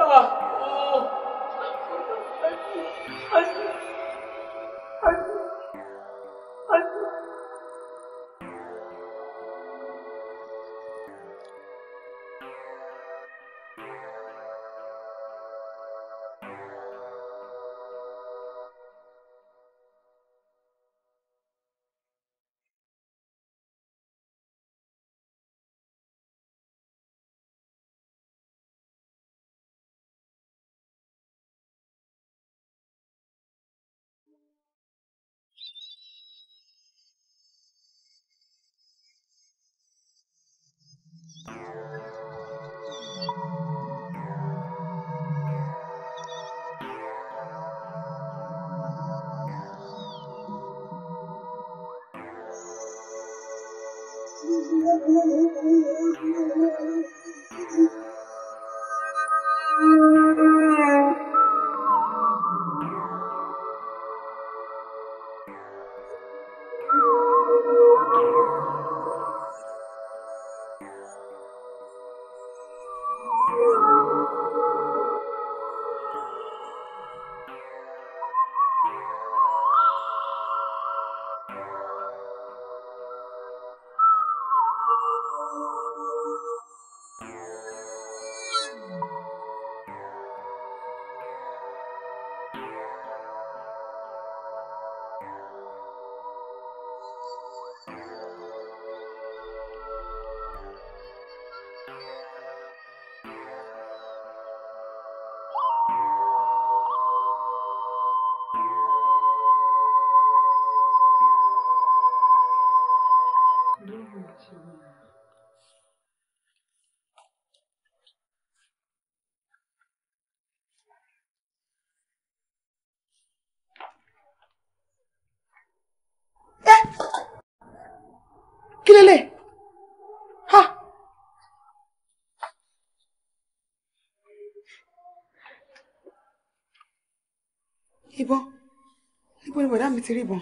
Speaker 1: 啊！mi ti rí ìbọn.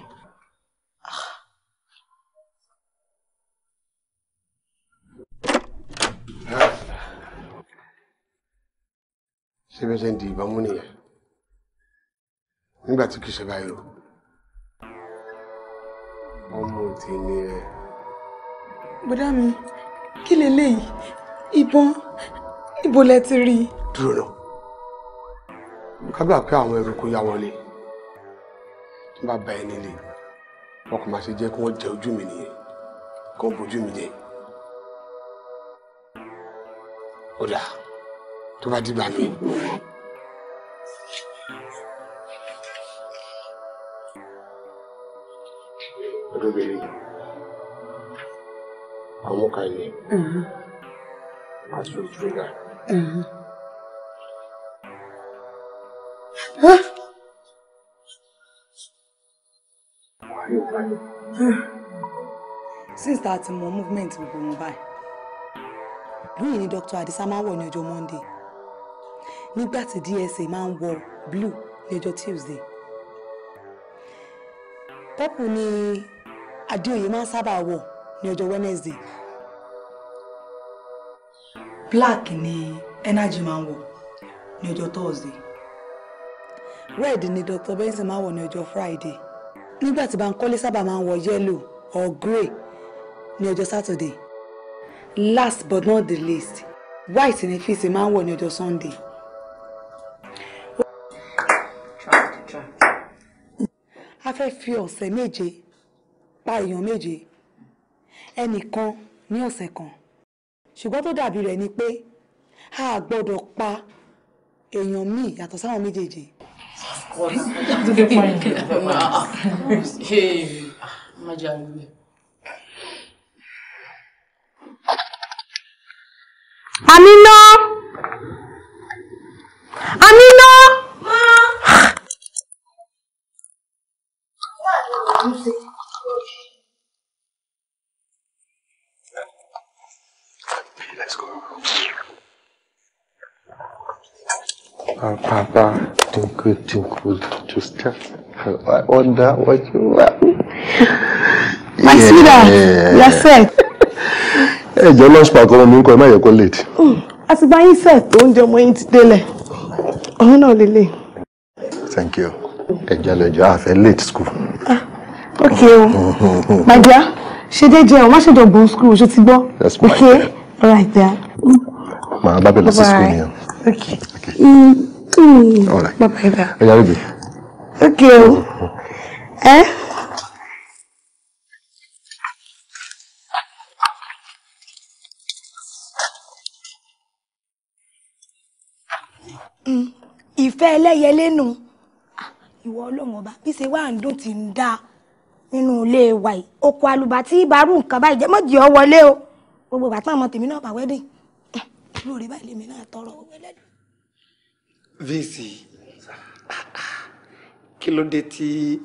Speaker 3: ṣé bí ó ṣe ń di ìbọn mú nìyẹn
Speaker 6: nígbà tí kì í ṣe báyìí o ọmọ òtí ni ẹ.
Speaker 1: bùdá mi kí leléyìí ìbọn ibo lẹ ti rí i.
Speaker 3: dúró náà kábíyà pé àwọn eruku yá wọlé n bá ba ẹni lè wọn kò máa ṣe jẹ́ kí wọ́n jẹ ojú mi nìyẹn kí wọ́n bójú mi jẹ. ó dà
Speaker 2: tó bá dìgbà mi. obìnrin
Speaker 3: àwọn kan ní àti òṣùwọ̀n náà.
Speaker 1: lọ. since tá a movement gbogbo wọn báyìí lóyìn ni Doctor, Adisa máa ń wọ̀ on ọjọ́ Monday got the DSA man ń blue ní ọjọ́ Tuesday purple ni Adéoyè máa ń sábà wọ̀ ní Wednesday black ni energy man ń wọ̀ ní Thursday red ni Dr. Benson máa ń wọ̀ ní ọjọ́ Friday nígbà tí Bankole sábà máa ń wọ yellow or grey ní ọjọ́ Saturday last but not the least white ni fíìsì máa ń wọ̀ ní ọjọ́ Sunday. a fẹ́ fi ọ̀sẹ̀ méje pa èèyàn méje ẹnìkan ní ọ̀sẹ̀ kan ṣùgbọ́n tó dàbí rẹ̀ ni pé a gbọ́dọ̀ pa èèyàn míì yàtọ̀ sáwọn méjèèjì What? Do they
Speaker 2: Amina! Amina! Let's go.
Speaker 7: Uh, Papa too good, too
Speaker 3: I wonder what you want. My yeah. sweetheart, you are set. Ẹ jẹ́ lọ́sùpá kọ́ ọmọ mi ń kọ́ ẹ má yẹ kó late.
Speaker 1: Àtìgbà mm. yín sẹ̀ tó ń jẹ ọmọ yín ti délẹ̀. Ọ̀hún náà lélẹ̀.
Speaker 3: Thank you. Ẹ̀jẹ̀ lẹ́jọ́ àfẹ́ late school. Ah,
Speaker 1: okay o. My dear, ṣe dé jẹun, má ṣe dọ̀gbọ̀n school, ṣe ti gbọ́. Yes, my dear. Okay, all right there. Màá bá bẹ̀rẹ̀ sí school yẹn. Okay. okay. Mm. Mm. All right. Bye-bye. Bye. Hey, Larry.
Speaker 2: Okay. Eh?
Speaker 1: ìfẹ́ ẹlẹ́yẹlé nù ìwọ You ọba bí ṣe wá ń dùn tí ń dá nínú ilé wa yìí oko àlùbà tí ìbárù nǹkan báyìí jẹ́ mọ́jì ọ wọlé o gbogbo bàtà ọmọ tèmi náà bá wẹ́dìn lórí báyìí lèmi náà tọrọ owó ẹlẹ́dùn
Speaker 6: vc kí ló dé tí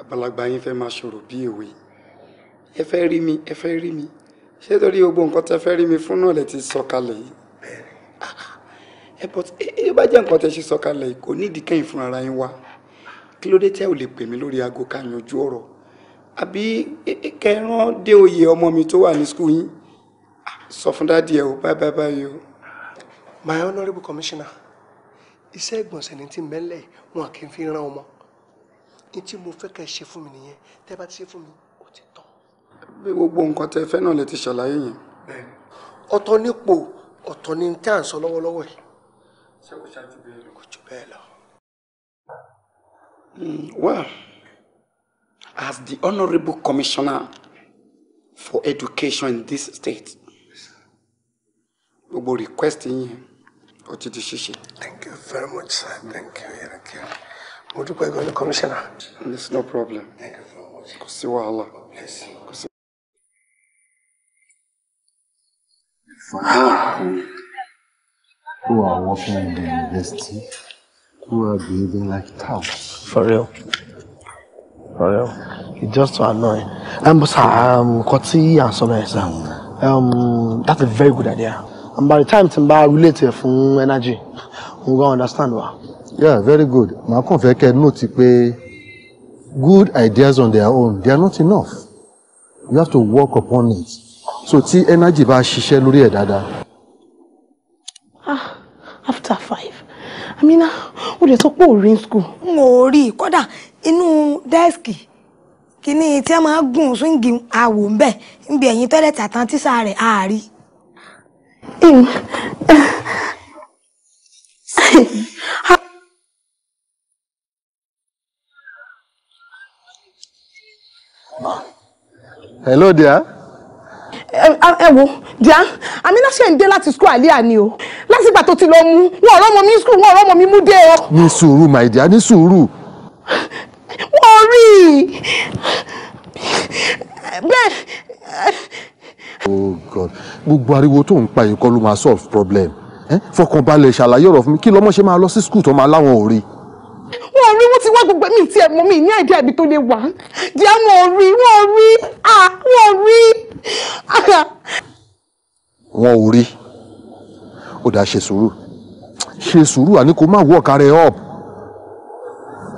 Speaker 6: àgbàlagbà yín fẹ́ máa ṣòro bí òwe ẹ fẹ́ rí mi ẹ fẹ́ rí mi ṣé torí gbogbo nǹkan tẹ fẹ́ rí mi fún náà lẹ ti sọ kalẹ̀ yìí
Speaker 1: ẹ bọ́ ẹ bá jẹ́ nǹkan tẹ ṣe sọ kalẹ̀ yìí kò nídìí kẹ́yìn fún ara yín wá kí ló dé tẹ́ ò lè pè mí lórí aago ká yanjú ọ̀rọ̀ àbí eh, eh, kẹrán dé oyè ọmọ mi tó wà ní skul yín ah, sọ fún dádì ẹ o bye bye bye o.
Speaker 3: my honourable commissioner iṣẹ́ ìgbọ̀nsẹ̀ ni ti mẹ́lẹ̀ wọn kì í fi ran ọmọ ní tí mo fẹ́ kẹ́ ṣe fún mi nìyẹn tẹ́ bá ti ṣe fún mi ó ti tán.
Speaker 1: bí gbogbo nǹkan tẹ fẹ́ náà lè ti ṣàlàyé yẹn. ọ̀tọ̀ nípò ọ̀tọ̀ ni tí à ń sọ lọ́wọ́lọ́wọ́ yìí.
Speaker 5: ṣé kò ṣáájú bẹ́ẹ̀ lọ. kò jù bẹ́ẹ̀ lọ.
Speaker 1: Hmm, well as the honourable commissioner for education in this state gbogbo request yẹn ó ti di ṣíṣe.
Speaker 3: thank you very much sir thank you thank you mo dúpẹ́ gan ni commissioner. there's no problem kò sí wàhálà
Speaker 7: who are working in the university
Speaker 3: who are behaving like touts. for real for real it's just so annoying. Um, sir, um,
Speaker 5: um, that's a very good idea and by the time tí n bá relate ẹ̀ energy we go understand wa.
Speaker 3: yeah very good màá kàn fẹ́ kẹ́ note pé good ideas on their own they are not enough you have to work upon it so tí energy ba ṣiṣẹ́ lórí ẹ̀ dáadáa.
Speaker 1: ah after five amina o lè sọ pé o rí in school. n ò rí i kódà inú dẹ́sìkì kínní tí a máa gùn sóńgì àwò ń bẹ̀ ń bí ẹ̀yìn tọ́lẹ̀tì àtàntí rẹ̀ àárí hello dear. ẹ wo dear Amina ṣe ń dé láti school àlíà ni o lásìgbà tó ti lọ mú wọn ọ̀rọ̀ ọmọ mi school wọn ọ̀rọ̀ ọmọ mi mú dé o.
Speaker 3: ní sùúrù my dear ní sùúrù.
Speaker 1: wọ́n rí i bẹ́ẹ̀
Speaker 3: oh god gbogbo ariwo tó ń pa yìí kọ́ ló máa solve problem eh?
Speaker 4: fọkànbalẹ̀ ṣàlàyé ọ̀rọ̀ fún mi kí lọ́mọ ṣe máa lọ sí skul tó máa láwọn ò rí.
Speaker 1: wọn ò rí wọn ti wá gbogbo mi tiẹ̀ mọ́ mi ní àìdí àbí tó lè wà díẹ̀ wọn ò rí wọn ò rí wọn ò rí.
Speaker 6: wọn ò rí ó dá ṣe sùúrù
Speaker 3: ṣe sùúrù àní kó má wọ̀ kárẹ̀ up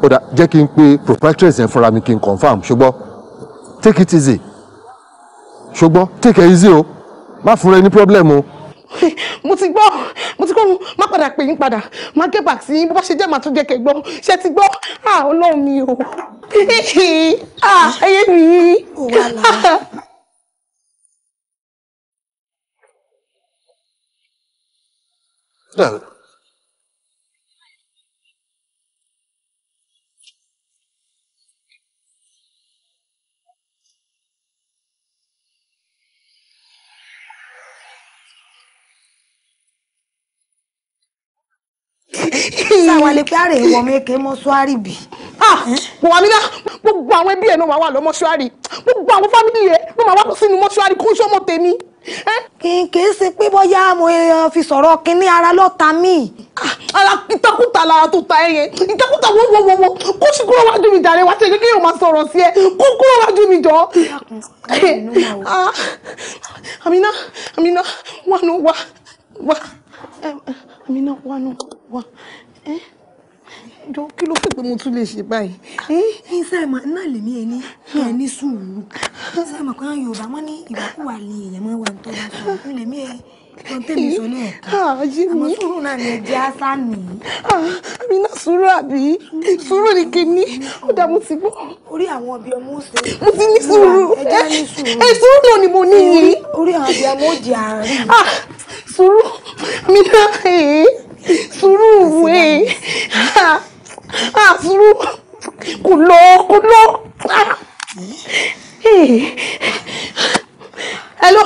Speaker 3: ó dá jẹ́ kí n pe proprietress yẹn fúnra mi kí n confam ṣùgbọ́n take it easy ṣùgbọ́n take it easy o má fún rẹ ní problem o.
Speaker 1: mo ti gbọ́ mo ti gbọ́ má padà pè yín padà má gé back sí bó bá ṣe jẹ́ màá tún jẹ́ kẹ́ gbọ́ ṣe ti gbọ́ à ọlọ́run mi o ayé mi. Now, sáwálé pé àrè ìwọ̀n mi mọ́ṣúárì bì. mo ah, wà nílẹ̀ gbogbo àwọn ẹbí ẹ̀ náà máa wà lọ mọ́ṣúárì gbogbo àwọn fámìlì ẹ̀ ló máa wà lọ sínú mọ́ṣúárì kó iṣẹ́ ọmọ tèmi. kì í kì í ṣe pé bóyá mo eh, fi sọ̀rọ̀ kinní ara lọ́ta mi. Ah, ara ìtakùtà lára tó ta ẹ yẹn ìtakùtà wo wo wo wo kó sì kúrò wájú mi jàre wá ṣe kékeré yóò máa sọ̀rọ̀ sí ẹ kó kúrò wájú mi jọ. Ah, Amina Amina wà nù wà Amina wà nù wá ẹ́ jọ kí ló pè pé mo tún lè ṣe báyìí. ẹyin sáà mà náà lèmi ẹni ẹni sùúrù sáà mà kan yorùbá wọn ní ìwàkúwà lè èèyàn máa wà nítorí sọ fún lèmi ẹ wọn tẹ̀lé sọ náà kan ah, àmọ́ sùúrù náà ni ẹjẹ́ àṣà nìyí. mi ah, náà sùúrù àbí sùúrù ni kìíní ó dá mo ti gbọ́. orí àwọn ọbẹ̀ ọmọ ó ṣe. mo ti ní sùúrù ẹ sùúrù náà ni mo ní yìí. orí àwọn ọbẹ̀ ọmọ ó jẹ àárín. Ah, sùúrù mi náà sùúrù wé a sùúrù kò Kulo, kò lọ. hello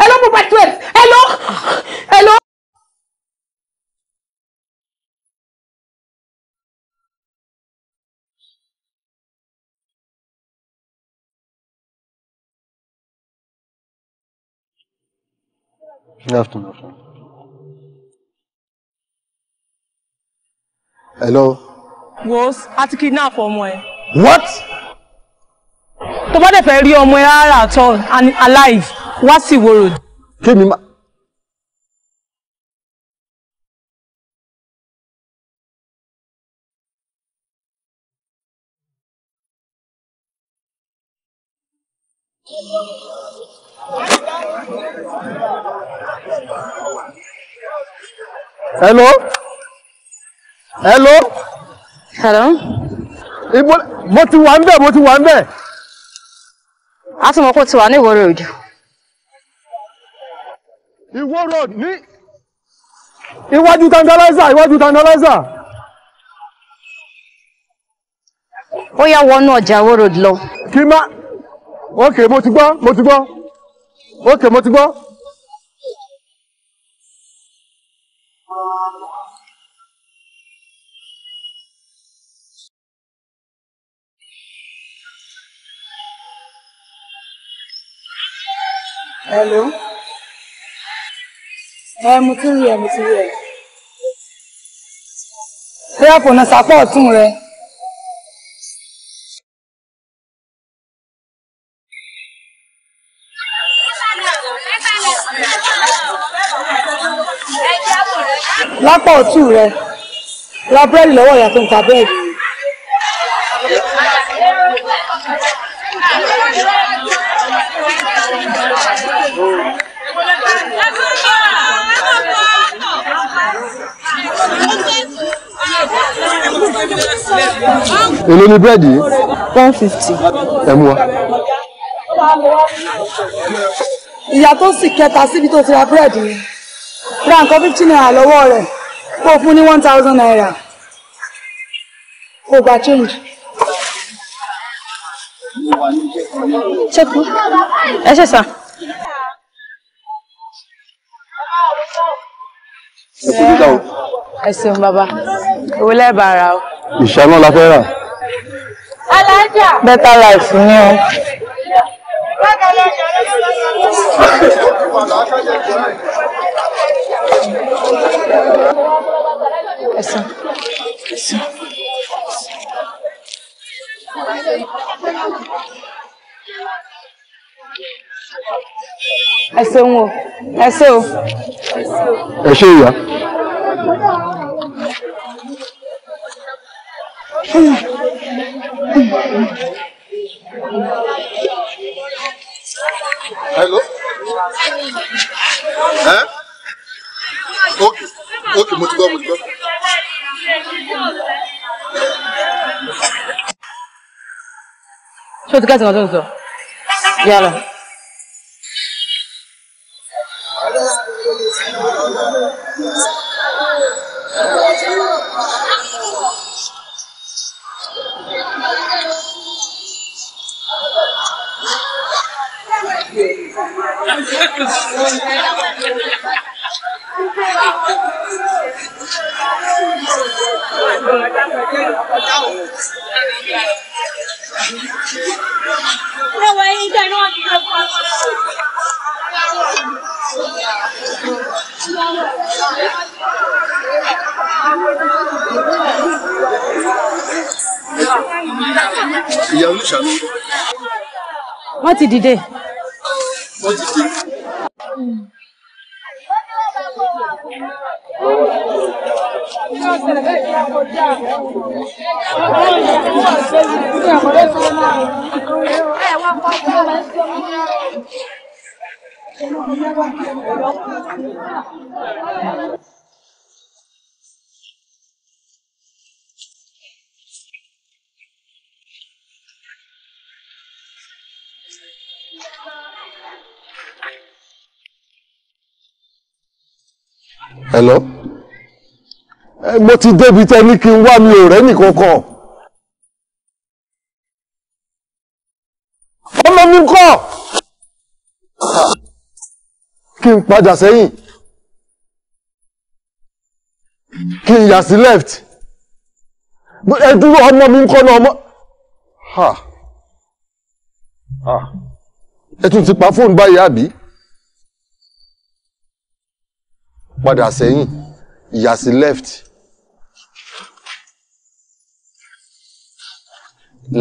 Speaker 1: hello mobile twelve hello hello.
Speaker 2: Good afternoon. hello.
Speaker 1: wo a ti kidnap ọmọ ẹ. what. tó bá dẹ̀ fẹ́ rí ọmọ ẹ rárá àtọ́ alive wá sí ìwòrò. kí ni ma. Hello? hello. hello. ibo mo ti wa ń bẹ̀ mo ti wa ń a ti mọ̀ pé ti wà ní Ìwó road. Ìwó road ní iwájú tandalizer iwájú tandalizer. O ya wọnú ọjà Ìwó road lọ. Kima! Oke ok mo ti gbọ́ mo ti mo ti Hello. Ẹ mo ti rí ẹ, mo ti rí ẹ. Bóyá kò na sapọ̀ ọ̀tún
Speaker 2: rẹ. Lápá ọ̀tún rẹ, ra lọ́wọ́ ìyá tó ń ta bẹ́ẹ̀dì.
Speaker 1: èló ni búrẹ́dì yìí. one fifty. ẹ mú wa. ìyá tó sì kẹta síbi tó ti ra búrẹ́dì yìí ra nǹkan fifty naira lọ́wọ́ rẹ̀ kó fún ní one thousand naira kó gba change. ṣẹ́kù ẹ ṣe sà. ẹ kò ní ká o ẹ ṣeun bàbá owó lẹ́bàárà o.
Speaker 6: ìṣáná la fẹ́ rà.
Speaker 2: alájà.
Speaker 1: better life ni o.
Speaker 2: ẹ ṣeun Thank you
Speaker 1: ẹ ṣeun o o. ẹ ìyá.
Speaker 3: Hello? Hein?
Speaker 2: Ok, ok, mo ti gbọ́, mo ti gbọ́.
Speaker 1: Ṣé o ti kẹ́sì kan tó ń sọ? Yálà.
Speaker 2: 那万一再让你这。ìyá
Speaker 1: olùṣàlù. wọ́n ti dìde.
Speaker 2: wọ́n ti dìde. Hello?
Speaker 3: Mo ti débi tẹ́ ní kí n wá mi ò rẹ́ nìkankan.
Speaker 1: Ọmọ mi kọ́!
Speaker 7: ń padà sẹ́yìn
Speaker 3: kí n yà sí left ẹ dúró ọmọ mi ń kọ́ náà ọmọ ha ha ẹ tún ti pa fóònù báyìí àbí padà sẹ́yìn ìyà sí left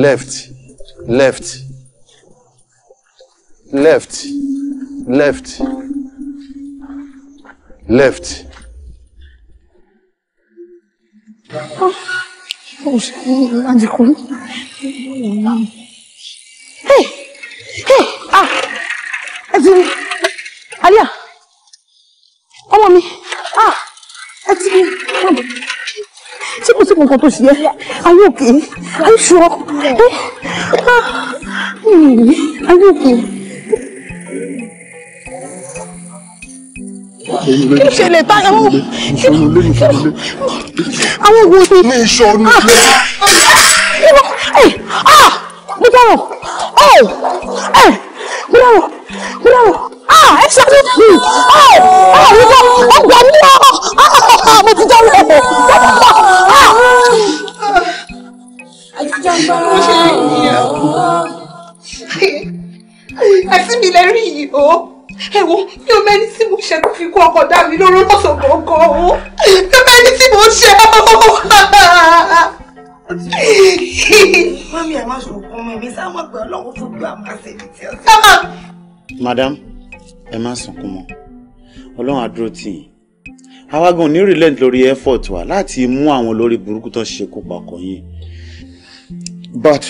Speaker 3: left left left
Speaker 7: left. left left.
Speaker 2: ó ṣe àdìkú ẹ
Speaker 1: ti rí àríyá ọmọ mi ẹ ti rí ọmọ mi ṣé kò sí nǹkan tó ṣe yẹ ayé òkè ayé
Speaker 2: ṣùọ eh, ah, ayé òkè kí ló ṣẹlẹ̀ tá àwọn ìṣọnulé
Speaker 1: ìṣọnulé àwọn wo ni. ní ìṣọnulé. Ah! Ah! mo dárò mo dárò
Speaker 2: mo dárò ah! ẹ ṣàlù mi hmm. mo dárò ọgbà mi mo ti dárò ọ̀pọ̀
Speaker 1: àti mi lè rí yìí o ẹ mi ò mẹ́ni tí mo ṣe tó fi kú ọkọ dá mi lóró lọ́sọ̀ gbọ̀ngàn o mi ò mẹ́ni tí mo ṣe o. mami àwọn aṣòwò kan mọ sáwọn pé ọlọ́run tó gbé àwọn àṣẹ ibi tí ó
Speaker 6: madam ẹ má sunkún mọ́ ọlọ́run á dúró tì yín àwa gan ní relent lórí effort wa láti mú àwọn lórí burúkú tó ṣekú pa ọkọ yín but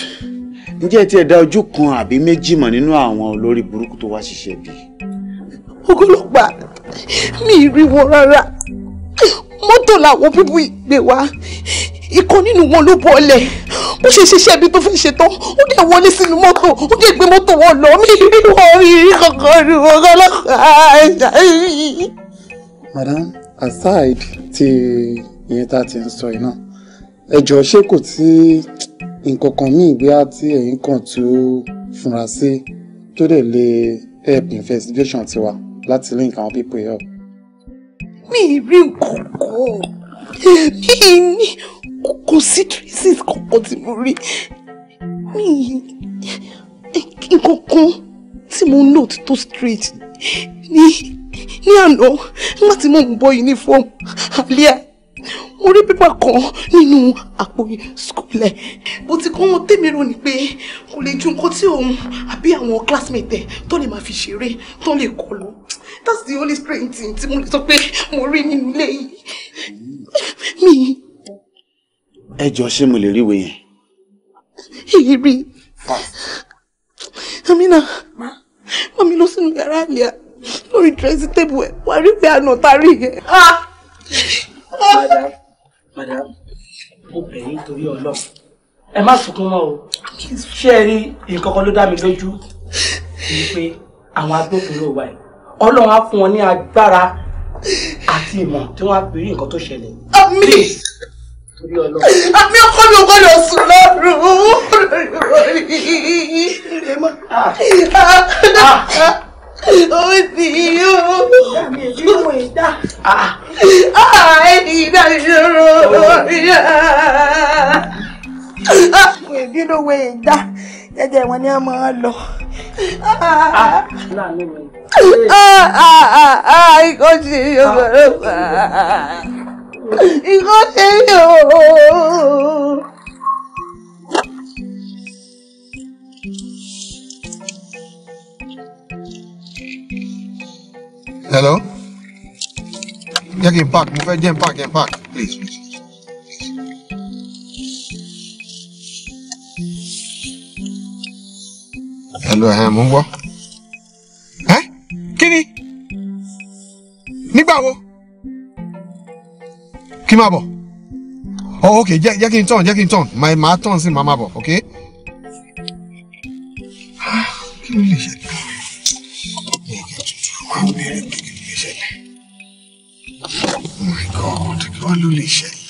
Speaker 6: ǹjẹ́ tí ẹ dá ojú kan àbí méjì mọ̀ nínú àwọn olórí burúkú tó wá ṣiṣẹ́ bíi ọgọlọgba mi rí wọn rárá
Speaker 1: mọ́tò làwọn pípú ìgbé wa ìkan nínú wọn ló bọ́lẹ̀ bó ṣe ṣiṣẹ́ ibi tó fẹ́ ṣe ó dẹ̀ wọlé sínú mọ́tò ó dẹ̀ gbé mọ́tò wọn lọ mí rí wọn rí kankan rí wọn ọgọlọgba ṣáyé.
Speaker 6: madam aside ti ìyẹn tá a ti ń sọ yìí náà ẹ jọ̀ọ́ ṣé kò tí nǹkan kan míì gbé àti ẹ̀yìn kan tó fúnra sí tó dẹ̀ lè help investigation tiwa láti link àwọn pípọ̀ yìí up.
Speaker 1: mi rí kọ̀ọ̀kan mi ní kò sí traces kankan tí mo rí mi nǹkankan tí mo note tó straight ní ní àná nígbà tí mo ń bọ uniform àlẹ́ àti mo rí pépà kan nínú àpò skul ẹ̀ bó ti kọ́ wọn tèmi rò ní pé kò lè ju nǹkan tí òun àbí àwọn classmate ẹ̀ tó lè máa fi ṣeré tó lè kọlu that's the only strange thing tí mo lè sọ pé mo rí nínú ilé yìí mi.
Speaker 6: ẹ jọ ṣé mo lè rí ìwé yẹn.
Speaker 1: èyí rí amina mami lọ sínú yàrá àlìyá lórí dírẹ́sì tébù ẹ̀ wà rí pé àná tá a rí yẹn. Ah! Madam. Ah! madam obìnrin torí ọlọ́run ẹ má sunkún mọ́ o ṣé ẹ rí nǹkan kan ló dá mi lójú ni pé àwọn agbófinró wa yìí ọlọ́run á fún wọn ní agbára àti ìmọ̀ tí wọ́n á fi rí nǹkan tó ṣẹlẹ̀. àmì àmì ọkọ mi ò gbọ́dọ̀ sùn lọ́rùn. Oh, Ah, ó ti yó. ẹni ìdá ìṣòro ìyá. èdè ló wẹ ìdá jẹjẹ wọn ni a Ah, ah, ah, ti yó bọ̀rọ̀ bá.
Speaker 2: I ti yó.
Speaker 3: hello jẹ́ kí n park mo fẹ́ jẹ́ n park n park please. hello ẹ̀hìn mo ń gbọ́.
Speaker 1: ẹ kí ni
Speaker 3: oh okay. jẹ́ jẹ́ kí n turn jẹ́ kí n turn màá turn sí màá máa bọ̀ ok.
Speaker 2: Ah, kí ló lè ṣe Mahoney you music. Oh my god, Goluli oh, Shell.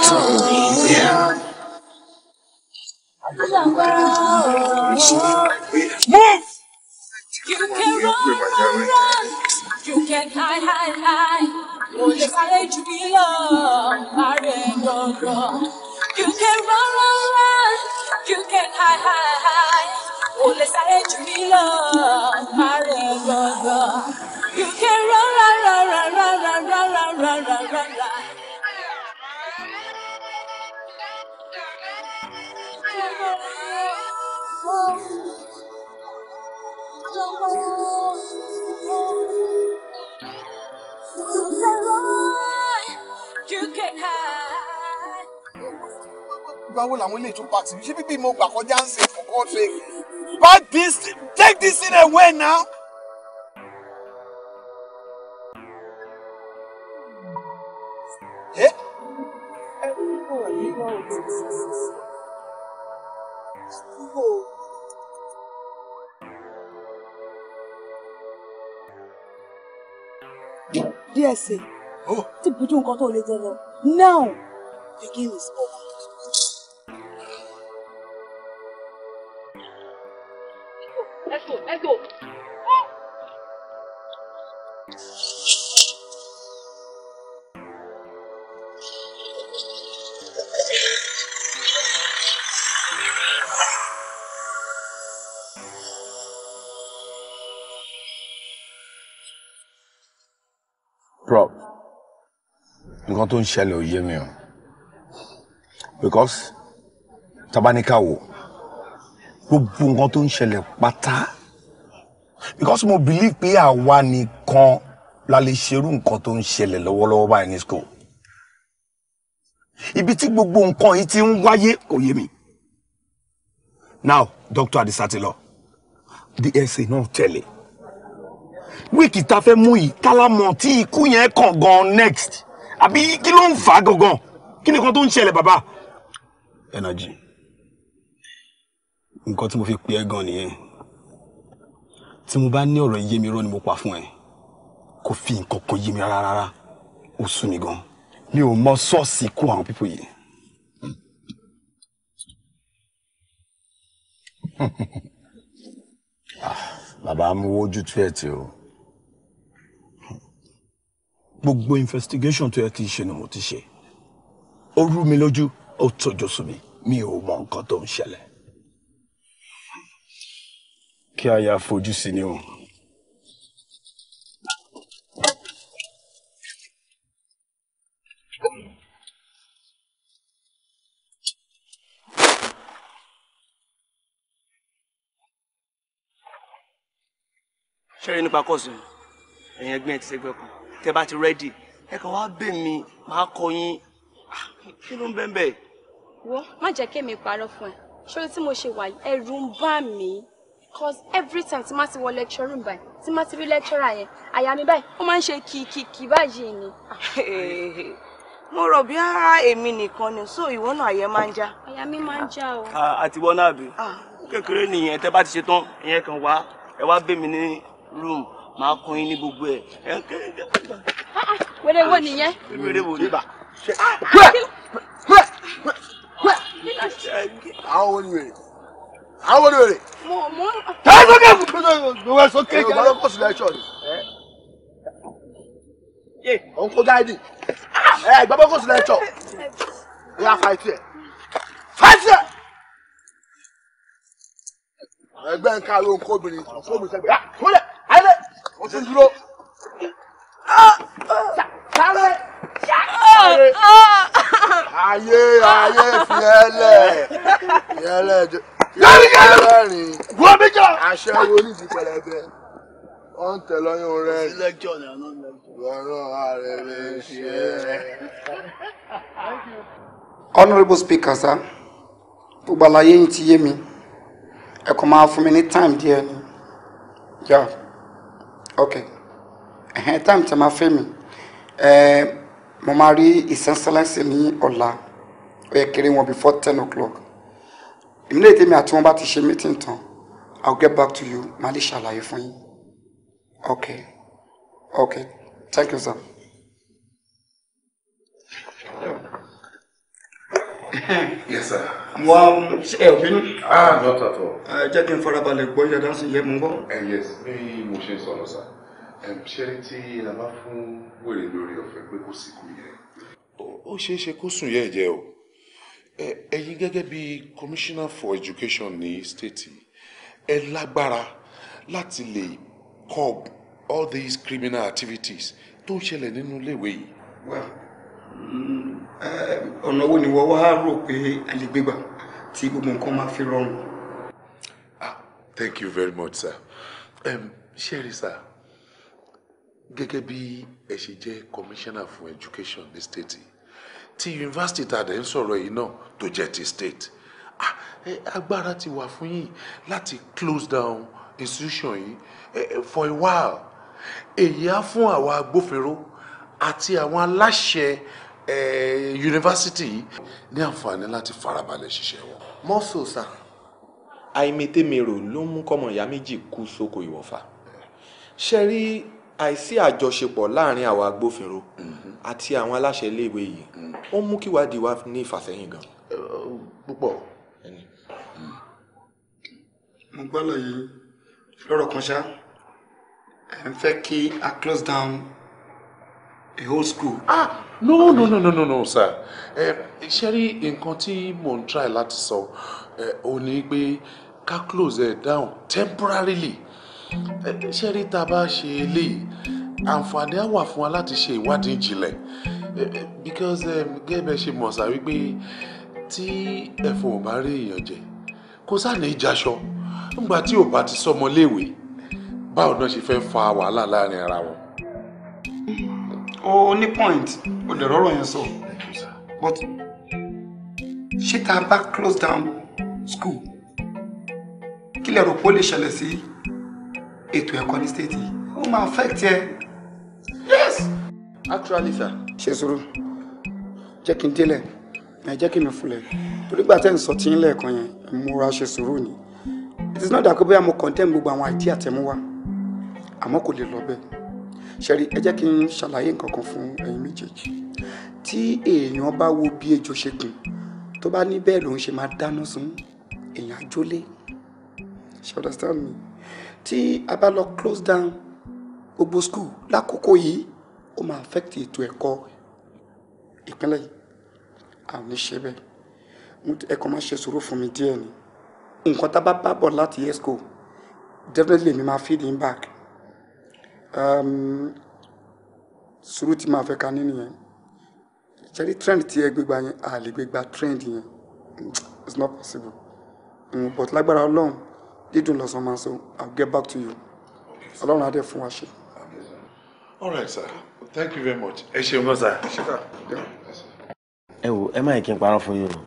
Speaker 2: So, yeah. You can run, run, you can hide, hide, hide. Oh, the courage to be loved, I run run run. You can run, run, run, you can hide, hide, hide.
Speaker 1: Oh, the courage to be loved,
Speaker 2: I run run run. You can run, run, run, run, run, run, run, run, run, run, run.
Speaker 3: Báwo làwọn ilé ìtúpa tì mí? Ṣé bíbí mo gbà kọjá ń sìn for
Speaker 2: God's sake? Bag this, take this thing away now. Eh? Hey school.
Speaker 1: DSA, oh. ti bujú nǹkan tó lè jẹ lọ. Now, the game is over.
Speaker 4: nǹkan tó ń ṣẹlẹ̀ ò yé mi o because Tabanika wo,
Speaker 7: gbogbo nǹkan
Speaker 1: tó ń ṣẹlẹ̀ pátá because mo believe pé àwa nìkan la lè ṣerú nǹkan tó ń ṣẹlẹ̀ lọ́wọ́lọ́wọ́ báyìí ní school
Speaker 4: ibi tí gbogbo nǹkan yìí ti ń wáyé kò yé mi now Doctor, Adisa ti lọ DSA náà tẹ̀lé wíìkì tá a fẹ́ mú yìí tálámọ̀ tí ikú yẹn kàn gan next àbí kí ló ń fà á gangan kí nìkan tó ń ṣẹlẹ̀ bàbá.
Speaker 6: Energy nǹkan tí mo fi pè ẹ́
Speaker 4: gan nìyẹn tí mo bá ní ọ̀rọ̀ yé mi rọ́ ni mo pa fún ẹ kò
Speaker 6: fi nǹkan kan yé mi rárá rárá ó sú mi gan mi ò mọ ṣọ́ọ̀ṣì kú àwọn pípò yìí.
Speaker 4: Ah, bàbá mú ojú ẹ̀ tí o gbogbo investigation tó yẹ kí n ṣe ni mo ti ṣe ó rú mi lójú ó tọjú sí mi mi ò mọ nǹkan tó ń ṣẹlẹ̀. kí a fojú sí ni o.
Speaker 1: ṣé rí nípa kọ́ọ̀sì ẹ̀yìn ẹgbẹ́ ẹ̀ ti ṣẹ́gbẹ́ kan tẹ́ bá ti rẹ́dì ẹ kàn wá bẹ̀ mí máa kọ yín ah, kí ló ń bẹ́ẹ̀ bẹ́ẹ̀. wo má jẹ́ kémi parọ́ fún ẹ ṣórí tí mo ṣe wà yìí ẹ̀rù ń bà mí cause every time tí má ti wọ lecture room báyìí tí má ti rí lecturer yẹn àyà mi báyìí ó máa ń ṣe kìkìkì báyìí ni. Ah. mo rò bí ara èmi nìkan ni so ìwọ náà àyẹ máa ń já. àyà mi máa ń já o. Ah, àtiwọ́ náà bì kékeré nìyẹn
Speaker 4: tẹ́ bá ti ṣe tán ìyẹn kan wá ẹ wá bẹ̀ mí ní room máa kún yín ní gbogbo ẹ.
Speaker 1: wẹ́rẹ́ ah, ah. wo nìyẹn. wẹ́rẹ́ wo nìyẹn. Ah! àwọn wo ni wèrè àwọn wo ni wèrè. mo mo. táyà sókè fún mi. gbogbo ẹ sókè jẹ́ ló kó sílẹ̀ ṣọ́ọ̀dì. òun kó gáàdì ẹ gbọ́ bó kó sílẹ̀ ṣọ́ọ̀ ẹ yà fàìtì ẹ fàìtì ẹ ẹgbẹ́ ń ká ló ń kó obìnrin kó obìnrin sẹ́gbẹ̀ẹ́ kó lẹ̀ o tún dúró. sáré
Speaker 2: sáré
Speaker 3: ayé ayé fiẹlẹ fiẹlẹ jẹ lẹ́rìn wọ́n mi jọ. aṣẹ́wó ní ti pẹlẹbẹ wọ́n ń tẹ̀ lọ́yún rẹ̀. lẹ́jọ́ ni àná
Speaker 6: lẹ́jọ́. speaker sir gbogbo àlàyé yín ti yé mi ẹ máa fún mi ní time díẹ̀ ni. Yeah okay ẹ̀hẹ́n
Speaker 1: time tẹ́ máa fẹ́ mi ẹ̀ẹ́ mo máa rí ìsẹ́nsẹ́lẹ́sì ní ọ̀la ó yẹ kéré wọn before ten o'clock ìmúlẹ̀ ètè mi àti wọn bá ti ṣe meeting tán i will get back to you màá lè ṣàlàyé fún yín okay okay thank
Speaker 6: you sir.
Speaker 7: yes sir. mo á ṣe ah not at all. ẹ eh, jẹ́ kí n farabalẹ̀ gbọ́ yẹ dáńsì yẹ mo ń bọ̀. yes bí mo ṣe ń sọ̀rọ̀ And eh, ṣé tí a bá we're in lórí ọ̀fẹ́ pé kó sì kú yẹ. ó she she kó sùn yẹ ẹ̀jẹ̀ o eh, ẹ̀yin gẹ́gẹ́ bí commissioner for education ní state ẹ lágbára láti lè curb all these criminal activities tó ń ṣẹlẹ̀ nínú iléèwé yìí. well Mm, ọ̀nà wo ni wọ́n wá rò pé a tí gbogbo nǹkan máa fi rọrùn. Ah, thank you very much sir Sherry, sir gẹ́gẹ́ bí ẹ ṣe jẹ́ commissioner for education ní state ti university tàdé ń sọ̀rọ̀ yìí náà tó jẹ́ ti state ah, agbára ti wà fún yín láti close down institution yìí for a while èyí á fún àwọn agbófinró àti àwọn aláṣẹ Eh, yunifásitì yìí ní àǹfààní láti farabalẹ̀ ṣiṣẹ́ wọn. mọ́sọ̀ sà àìmẹtẹ́mẹrò ló mú kọ́mọ ìyá méjì kú sóko ìwọ̀fà ṣe rí àìsí àjọṣepọ̀
Speaker 4: láàrin àwọn agbófinró mhm. àti àwọn aláṣẹ iléèwé yìí mhm. ó mú kí ìwádìí wa ní ìfàsẹ́yìn gan. Eh,
Speaker 1: púpọ̀ hmm. mo gbọ́dọ̀ yìí lọ́rọ̀ kan ṣá ẹ̀ ń fẹ́ kí a close down
Speaker 7: a whole school. Ah! no no no no no no sir eh, ṣe rí nǹkan tí mò ń try láti sọ ò eh, ní pé ká close ẹ down temporarily eh, ṣe rí tá a bá ṣe eléyìí àǹfààní á wà fún wa láti ṣe ìwádìí ìjìnlẹ̀ because gẹ́gẹ́ ṣe mọ̀ sá wípé tí ẹ̀fọn ò bá rí èèyàn jẹ kó sáàní ìjàṣọ nígbà tí ò bá ti sọmọ léèwé báwo náà ṣe fẹ́ fa wàhálà láàrin ara wọn
Speaker 6: o ní point o lè rọrọ yẹn sọ but
Speaker 1: ṣé tá a bá close down school kí lè rò pé ó lè ṣẹlẹ̀ sí ètò ẹ̀kọ́ ní state yìí ó máa affect ẹ yes. actually sir. ṣe sùúrù jẹ́ kí n délẹ̀ ẹ jẹ́ kí n fúnlẹ̀ torí gbà tẹ́ ń sọ tí ń lẹ́ẹ̀kan yẹn múra ṣe sùúrù ni it is not that kó bóyá mo condemn gbogbo àwọn àìdí àtẹ̀múwá àmọ́ kò lè lọ bẹ́ẹ̀ ṣẹ́rí ẹ jẹ́ kí n ṣàlàyé nǹkan kan fún ẹ̀yin méjèèjì tí èèyàn bá wo bí ejò ṣe gùn tó bá ní bẹ́ẹ̀ lòun ṣe máa dáná sun èèyàn àjólé ṣe understand me tí a bá lọ close down gbogbo school lákòókò yìí ó máa affect ètò ẹ̀kọ́ ìpínlẹ̀ yìí àwọn oníṣe bẹ́ẹ̀ ẹ̀kọ́ máa ṣe sùúrù fún mi díẹ̀ ni nǹkan tá a bá bá bọ̀ láti esco definitely mi máa feed him back Um, sùúrù tí màá fẹ́ ka ní nìyẹn ìjẹ́rí trend tí ẹ gbégbá yẹn a lè gbégbá trend yẹn it's not possible mm, but lágbára ọlọ́run dídùn lọ́sàn máa so i'll get back to you ọlọ́run á dẹ̀ fún wa ṣe. all
Speaker 7: right sir thank you very much ẹ ṣeun gan sir.
Speaker 4: ẹ wo ẹ má yẹ kí n parọ́ fún yín o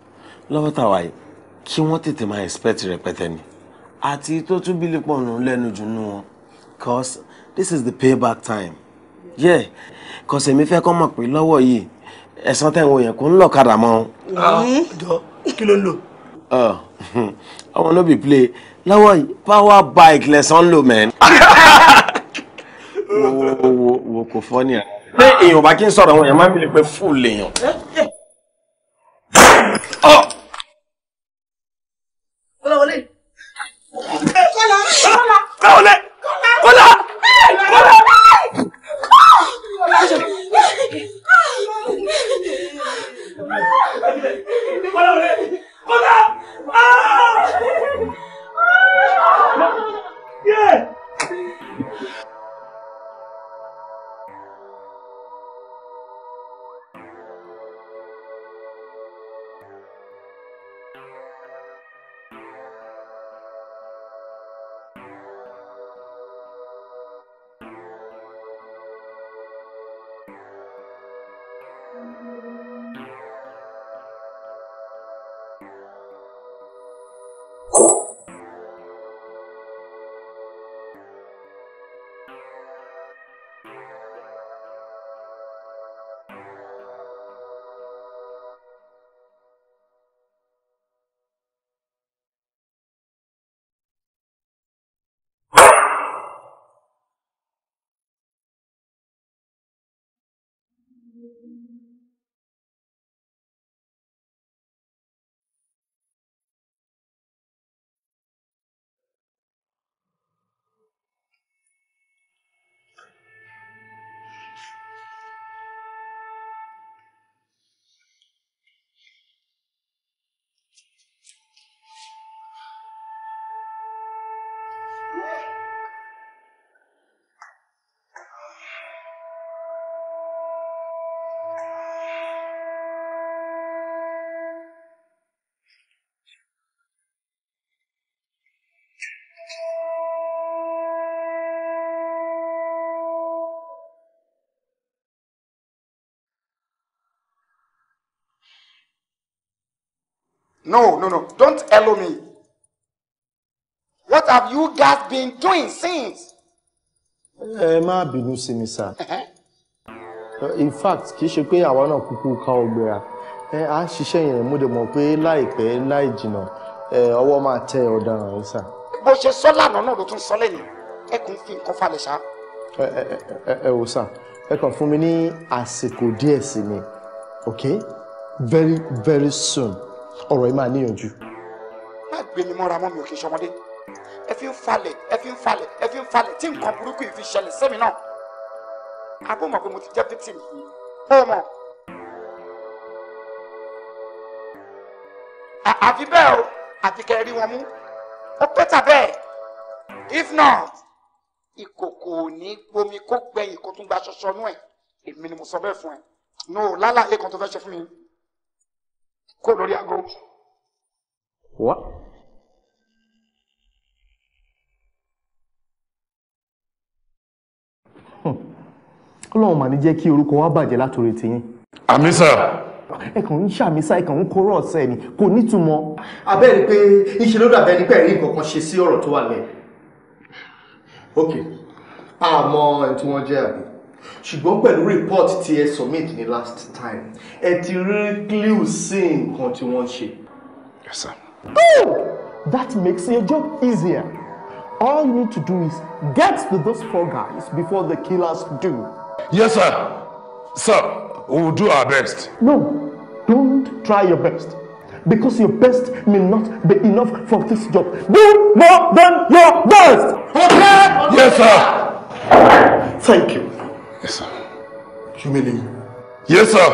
Speaker 4: lọ́wọ́ tàwa yìí kí wọ́n tètè máa expect rẹpẹtẹ ni àti tó tún bílípọ̀ nù lẹ́nu jù nù wọn cause this is the payback time yeah cause èmi fẹ́ kọ́ mọ̀ pé lọ́wọ́ yìí ẹ̀sán tẹ̀wọ̀n yẹn kò ń lọ kadà mọ́. Ah, jọ kí ló ń lò. Oh, ọmọ no be play lọ́wọ́ yìí power bike lẹ̀sán lò mẹ́. wo wo wo wo kò fọ́ ni à. pé èèyàn bá kí n sọ̀rọ̀ wọn yẹn máa ń bìlẹ̀ pé fúùlù èèyàn.
Speaker 1: Eh, eh. oh! No, no, no. Don't allow me. What have you guys been doing since?
Speaker 5: Ẹ má bínú sí mi sá. In fact, kì í ṣe pé àwa náà kúkú ká ọgbẹ́ra. Ẹ á ṣiṣẹ́ yẹn mo dẹ̀ mọ̀ pé láìpẹ́ láì jìnnà ọwọ́ máa tẹ ọ̀daràn yìí sá.
Speaker 1: Bó ṣe sọ lánàá náà ló tún sọ lẹ́yìn. Ẹ kàn fi nǹkan falẹ̀ ṣá.
Speaker 3: Ẹ ẹ ẹ wò sá, ẹ kàn fún mi ní àsìkò díẹ̀ sí mi, okay? Very very soon ọ̀rọ̀ yìí máa níyànjú.
Speaker 1: má gbé mi mọ́ra mọ́ mi ò kì í ṣọmọdé ẹ fi ń falẹ̀ ẹ fi ń falẹ̀ ẹ fi ń falẹ̀ tí nǹkan burúkú yìí fi ṣẹlẹ̀ sẹ́mi náà abó mọ̀ pé mo ti jẹ́ victim yìí ó mọ̀. àfi bẹ́ẹ̀ o àfi kẹ́ rí wọn mú ó pẹ́tà bẹ́ẹ̀ if not ìkòkò ò ní gbomi kó gbẹ̀yìn kó tún gba ṣọṣọ nú ẹ̀ èmi ni mo sọ bẹ́ẹ̀ fún ẹ no lálàyé kan tó fẹ́ ṣe fún mi kó lórí aago. wá. ọlọ́run mà ní jẹ́ kí orúkọ wa bàjẹ́ látòrí tiyín. àmì sà ẹkàn ń ṣàmísà ẹkàn ń kóró ọ̀sẹ̀ ni kò nítumọ̀. abẹ́rẹ́ pé iṣẹ́ ló dàbẹ́ ní pẹ̀lú ìkọ̀kan ṣe sí ọ̀rọ̀ tó wà lẹ̀. ok àmọ́ ẹni tí wọ́n jẹ́ àbí
Speaker 3: ṣùgbọ́n
Speaker 7: pẹ̀lú report tí ẹ submit ní last time ẹ ti rí clue sí nǹkan
Speaker 1: tí wọ́n ṣe. yes sir. Oh! that makes your job easier all you need to do is get to those four guys before the killers do.
Speaker 7: yes sir sir we will do our best.
Speaker 1: no don't try your best because your best may not be enough for this job do more than your best. okay.
Speaker 2: yes sir.
Speaker 1: thank you.
Speaker 7: Yes, sir. You mean him? Yes, sir.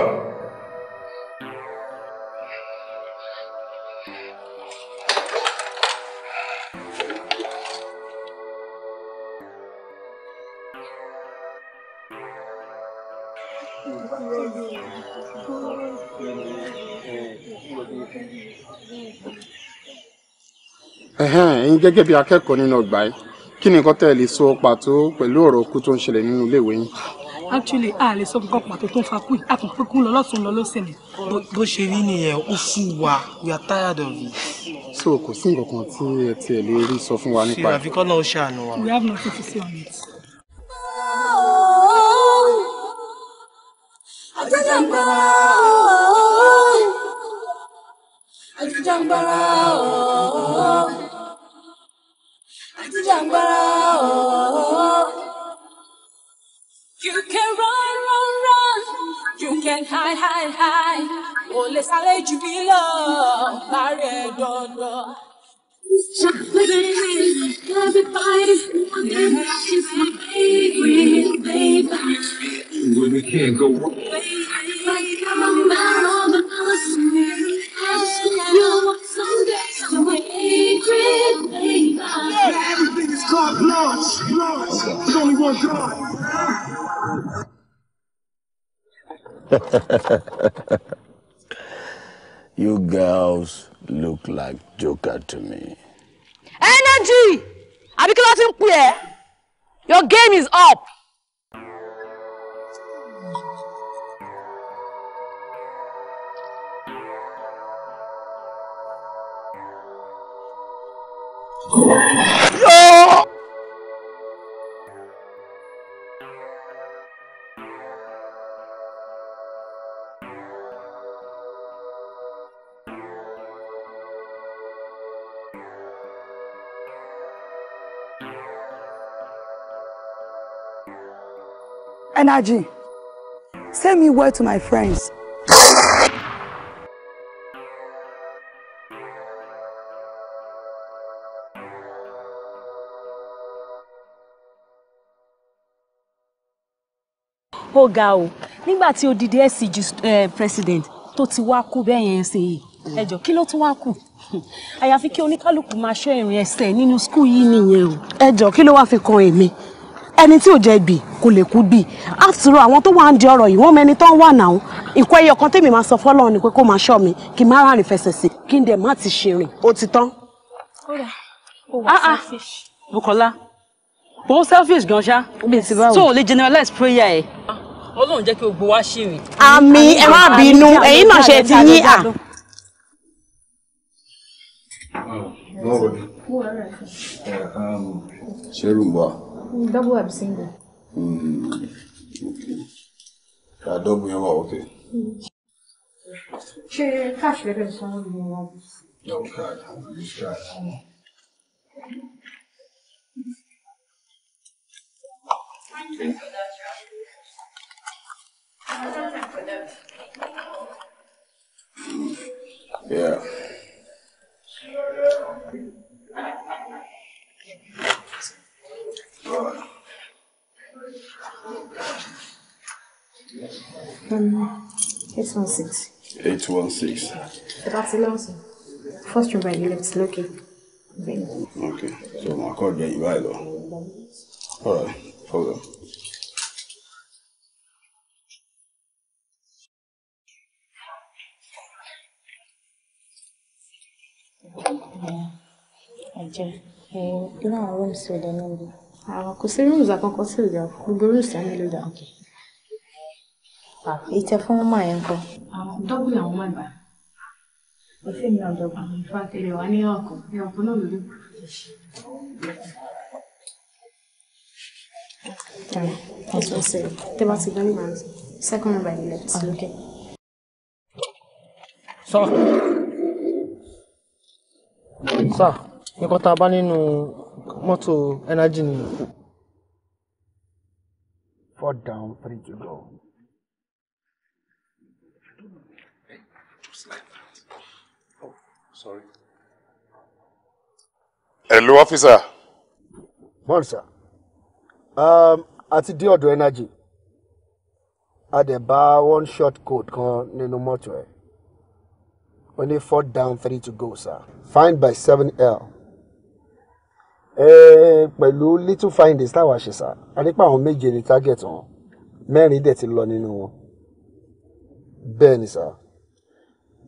Speaker 6: ẹ̀hẹ́n ẹ̀yin gẹ́gẹ́ bí akẹ́kọ̀ọ́ nínú ọgbà yìí kí ni nǹkan tẹ́ ẹ lè sọ pàtó pẹ̀lú ọ̀rọ̀ ikú tó ń ṣẹlẹ̀ nínú ilé ìwé yín.
Speaker 1: actually a lè sọ nǹkan pàtó tó ń fa kú yìí a kàn pé kú lọ lọ́sùn lọ lọ́sẹ̀ ni.
Speaker 5: bó ṣe rí nìyẹn ó fún wa we are tired of it.
Speaker 6: so kò sí nǹkan kan tí ẹ tiẹ̀ lè rí sọ fún wa nípa. ṣe àfikọ́
Speaker 5: náà ó ṣàánú wa. we have nothing to say on it.
Speaker 2: Ajìjàngbara ooo Ajìjàngbara ooo. Jambalaya. You can
Speaker 1: run, run, run. You can hide, hide, hide. Olè sálẹ̀ jù mí lọ, parí ẹ̀
Speaker 2: dandan. Everybody's wondering, she's my favorite baby. When we can't go wrong. Like I'm a man on the bus. You Sundays Everything is There's only one God.
Speaker 4: you girls look like Joker to me.
Speaker 1: Energy! Are kí ló ti Your game is up.
Speaker 2: No!
Speaker 1: Energy. Send me word to my friends. ó ga o nígbà tí odidi SCG eh, president tó ti wá kú bẹ́ẹ̀ yẹn ṣe yìí ẹ kí ló tún wá kù àyàfi kí oníkálukú máa ṣọ́ ìrìn ẹsẹ̀ nínú skul yìí nìyẹn o. ẹ kí ló wá fi kan èmi ẹni tí ò jẹ̀bi kò lè kú bí after all àwọn tó wà ń di ọ̀rọ̀ yìí wọ́n mẹni tó wà náà nǹkan ẹyọ kan tèmi máa sọ fọ́lọ́run ni pé kó máa ṣọ́ mi kí n má rárìn fẹsẹ̀ sí kí n dẹ̀ má ti ṣe rìn ó ti tán. Ah, ah. Bukola bó selfish gan ṣá so o lè generalize prayer ẹ. Ah. Ọlọ́run jẹ́ kí gbogbo wa ṣìrìn. àmín ẹ má bínú ẹ̀yin náà ṣe ti yín à. ṣé rúgbà. double ab single.
Speaker 3: àdọ́bù hmm. yẹn wà ókè.
Speaker 1: ṣé cash lẹ́gbẹ̀ẹ́
Speaker 6: sanwó ni wọ́n.
Speaker 2: no card no card.
Speaker 1: Yeah. Um, 816.
Speaker 3: 816.
Speaker 1: That's the last First room by you left, Loki. Okay,
Speaker 3: so my card, yeah, you right
Speaker 2: though.
Speaker 3: Alright, hold on.
Speaker 1: ẹ̀jẹ̀ irú àwọn rooms wo lẹ níbi. àwọn kò sí rooms àkọ́kọ́ sí ìjà gbogbo rooms lẹ́nu ló dà.
Speaker 5: ìtẹ fún mọ́ yẹn kọ.
Speaker 1: dọ́gbù làwọn máa gbà ọ̀sẹ̀ mi ọ̀dọ̀gbà mi fà tẹ̀lé wa ní ọkọ̀ ní ọkọ̀ náà lórí. That's what I said. Tell us again,
Speaker 5: man. Second number left. Okay. So sir nǹkan tá a bá nínú mọ́tò energy ni. four down three to go.
Speaker 7: Just like that. Oh, sorry.
Speaker 1: Hello, officer. Bon, sir. Um, àti dé ọ̀dọ̀ energy. A dẹ̀ bá one short code kan nínú mọ́tò ẹ̀ only
Speaker 5: four down three to go sir find by seven l. Eh, pẹ̀lú little findings táwa ṣe sá àdípà àwọn méje ní target wọn mẹ́rin
Speaker 6: dẹ̀ ti lọ nínú wọn bẹ́ẹ̀ ni sá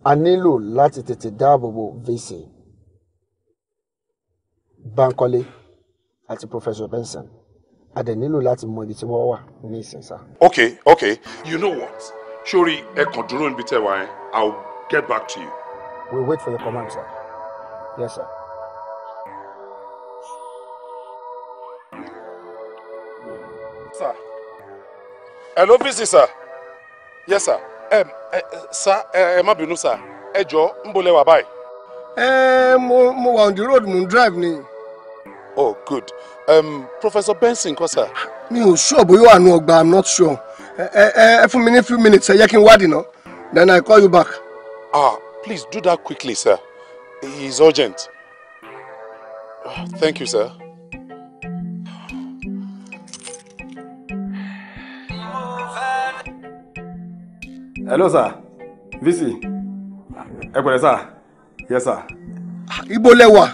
Speaker 6: a nílò
Speaker 3: láti tètè dáàbò bo vc Bankole
Speaker 5: àti Professor Benson a dẹ̀ nílò láti mọ ibi tí wọ́n wà ní ìsìn sá.
Speaker 7: okay okay you know what sori ẹ kàn dúró níbi tẹ́ wá yẹn i will get back to you.
Speaker 5: We wait for your command, sir. Yes, sir.
Speaker 7: Sir. Hello, busy, sir. Yes, sir. Um, uh, sir, I'm eh, má sir. Ẹ jọ̀ọ́, ń bo lẹ wà báyìí? Eh, on the road, mo ń drive ni. Oh, good. Um, Professor Benson, kọ́ sir.
Speaker 3: Mi ò sure bóyá wà nú ọgbà, I'm not sure. Ẹ ẹ fún mi ní few minutes, ẹ jẹ́ kí n wádìí Then I call you back.
Speaker 7: Ah, Please do that quickly, sir. He is urgent. Oh, thank you, sir.
Speaker 6: Hello, sir. Visi. Ẹ sir. Yes, sir. Ibo lẹ wà.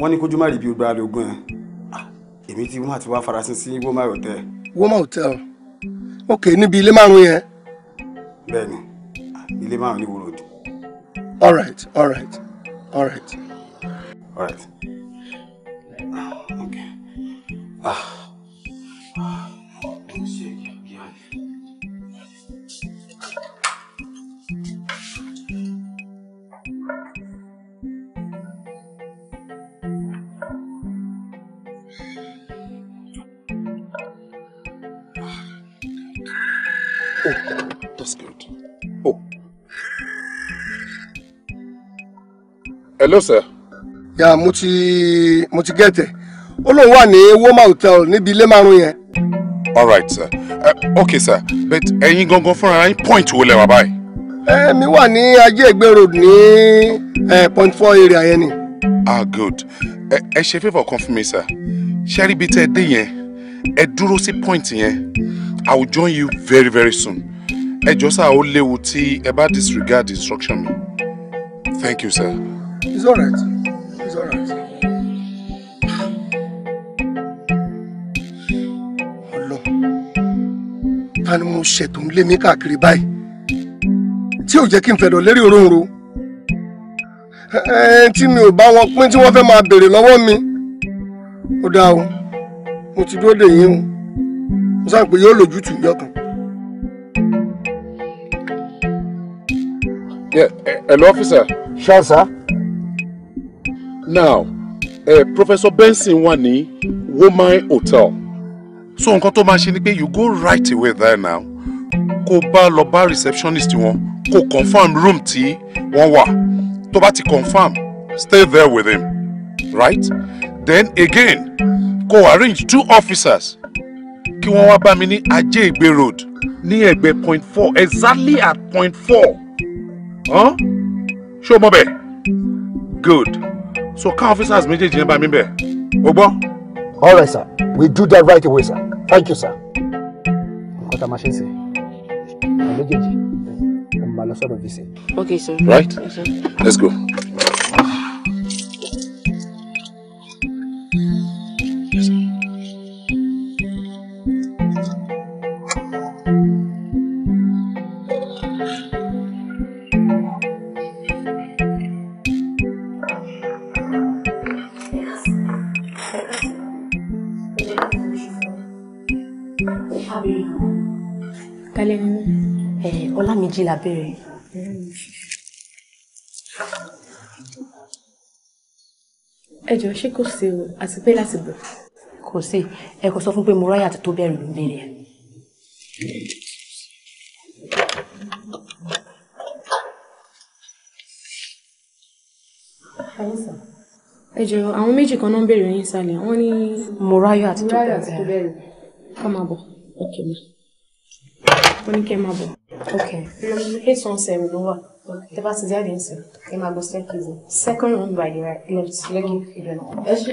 Speaker 6: Wọ́n ní kójú má rí bí o gbára lógún ẹ̀. Èmi tí wọ́n àti wá farasin sí Woma Hotel.
Speaker 3: Woma Hotel. Ok,
Speaker 6: níbi ilé márùn-ún yẹn. Bẹ́ẹ̀ni, ni wò All right, all right, all right. All right. Okay.
Speaker 2: Ah.
Speaker 7: hello sir. ya mo ti mo ti gẹ̀tẹ̀ e. ó lóun wà ní woma hotel níbi ilé márùn yẹn. all right sir uh, okay sir but ẹ̀yin gangan fúnra yín point wo lẹ wà báyìí. ẹ mi wà ní ajé ìgbé road ní point four area yẹn ni. ah good ẹ ṣe favour kan fún mi sir ṣe rí ibi tẹ ẹ dé yẹn ẹ dúró sí point yẹn i will join you very very soon ẹ jọ sáà ó léwu tí ẹ bá disregard instruction mi thank you sir.
Speaker 5: It's all right. It's all right.
Speaker 1: Ọlọ, ta ni mo ṣẹ̀ tó ń lé mi káàkiri báyìí? Tí ò jẹ́ kí n fẹ̀dọ̀ lérí òróǹro.
Speaker 3: Tí mi ò bá wọn pín tí wọ́n fẹ́ máa béèrè lọ́wọ́ mi. Ó dáa o, mo ti dúró dè yín o. Mo sáà pé yóò lòjútùú ní ọkàn.
Speaker 7: Yeah, eh, hello officer. Sure, sir now eh, professor benson wà ní woman hotel so nǹkan tó máa ṣe ni pé you go right away there now kó bá lọ bá receptionist wọn kó confirm room tí wọ́n wà tó bá ti confirm stay there with him right then again kó arrange two officers kí wọ́n wá bá mi ní ajé ìgbé road ní ẹ̀gbẹ́ point four exactly at point four ṣé o mọ̀ bẹ́ẹ̀ good so ká officers meet yẹn bá mi bẹ̀ o
Speaker 1: all right sir we do that right away sir thank you sir. nǹkan tá a máa ṣe ń sè
Speaker 5: é méjèèjì ẹ̀ ń bá lọ okay sir. right yes, sir.
Speaker 7: let's go.
Speaker 1: méjì lábẹ́rẹ́. ẹ jọ ṣé kò sí o àti pé láti bọ̀. kò sí ẹ kò sọ fún pé mo ráyà àti tó bẹ̀rù ló ń béèrè. ẹ jọ àwọn méjì kan náà ń béèrè yín sálẹ̀ wọ́n ní. mo ráyà àti tó bẹ̀rù. ká máa bọ̀. ok ma. wọ́n ní kẹ́ máa bọ̀. Okay. H1CM ló wà. Tẹ bá ti jáde nsìn, ẹ máa gbọ́ staircase. Second room by the right Let's let ìbẹ̀rẹ̀. Ẹ ṣe.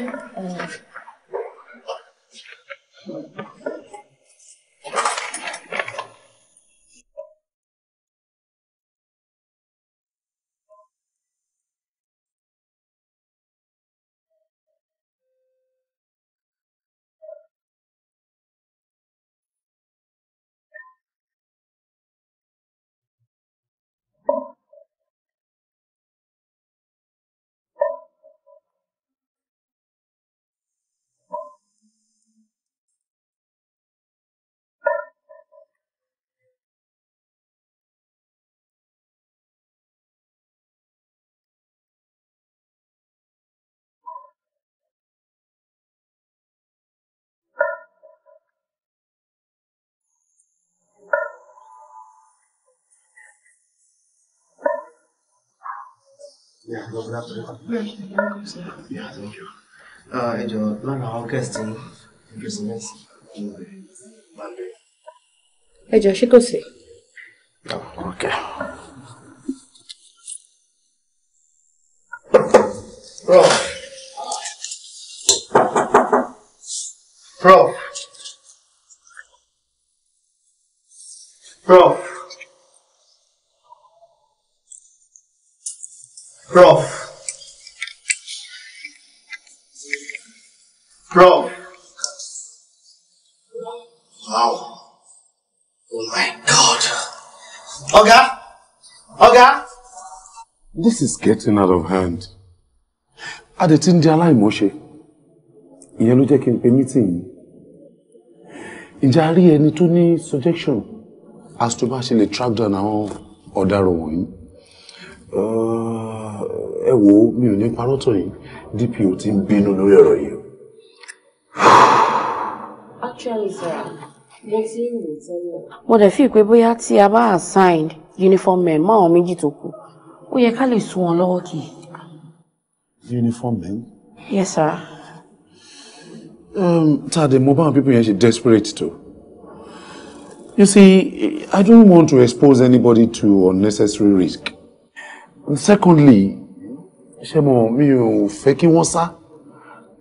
Speaker 5: Yeah, uh, ẹ jọ̀ọ́ lára
Speaker 2: kò sí. prof oh, prof.
Speaker 5: Prof. Prof.
Speaker 1: Wow. Oh my God. Oga? Oga?
Speaker 7: This is getting out of hand. A dẹ̀ ti ń di aláìmọ́ṣe. Ìyẹn ló jẹ́ kí n pe meeting yìí. Ìjà rí ẹni tó suggestion as to bá ṣe lè track down àwọn ọ̀daràn wọ̀nyí. Uh, ẹ wo mi ò ní parọ́ tọ̀ yìí DPO ti ń bínú lórí ọ̀rọ̀ yìí.
Speaker 2: actually sir mo ti ń rò tẹ́lẹ̀.
Speaker 1: mo dẹ̀ fi pé bóyá tí a bá assigned uniform men mọ́ àwọn méjì tó kù ó yẹ ká lè sún wọn lọ́wọ́ kì í.
Speaker 7: uniform men. yes sir. Um, Tade, mo bá àwọn people yẹn ṣe desperate tó.
Speaker 1: You see,
Speaker 7: I don't want to expose anybody to unnecessary risk. secondly, ṣé mo mi ò fẹ́ kí wọ́n sá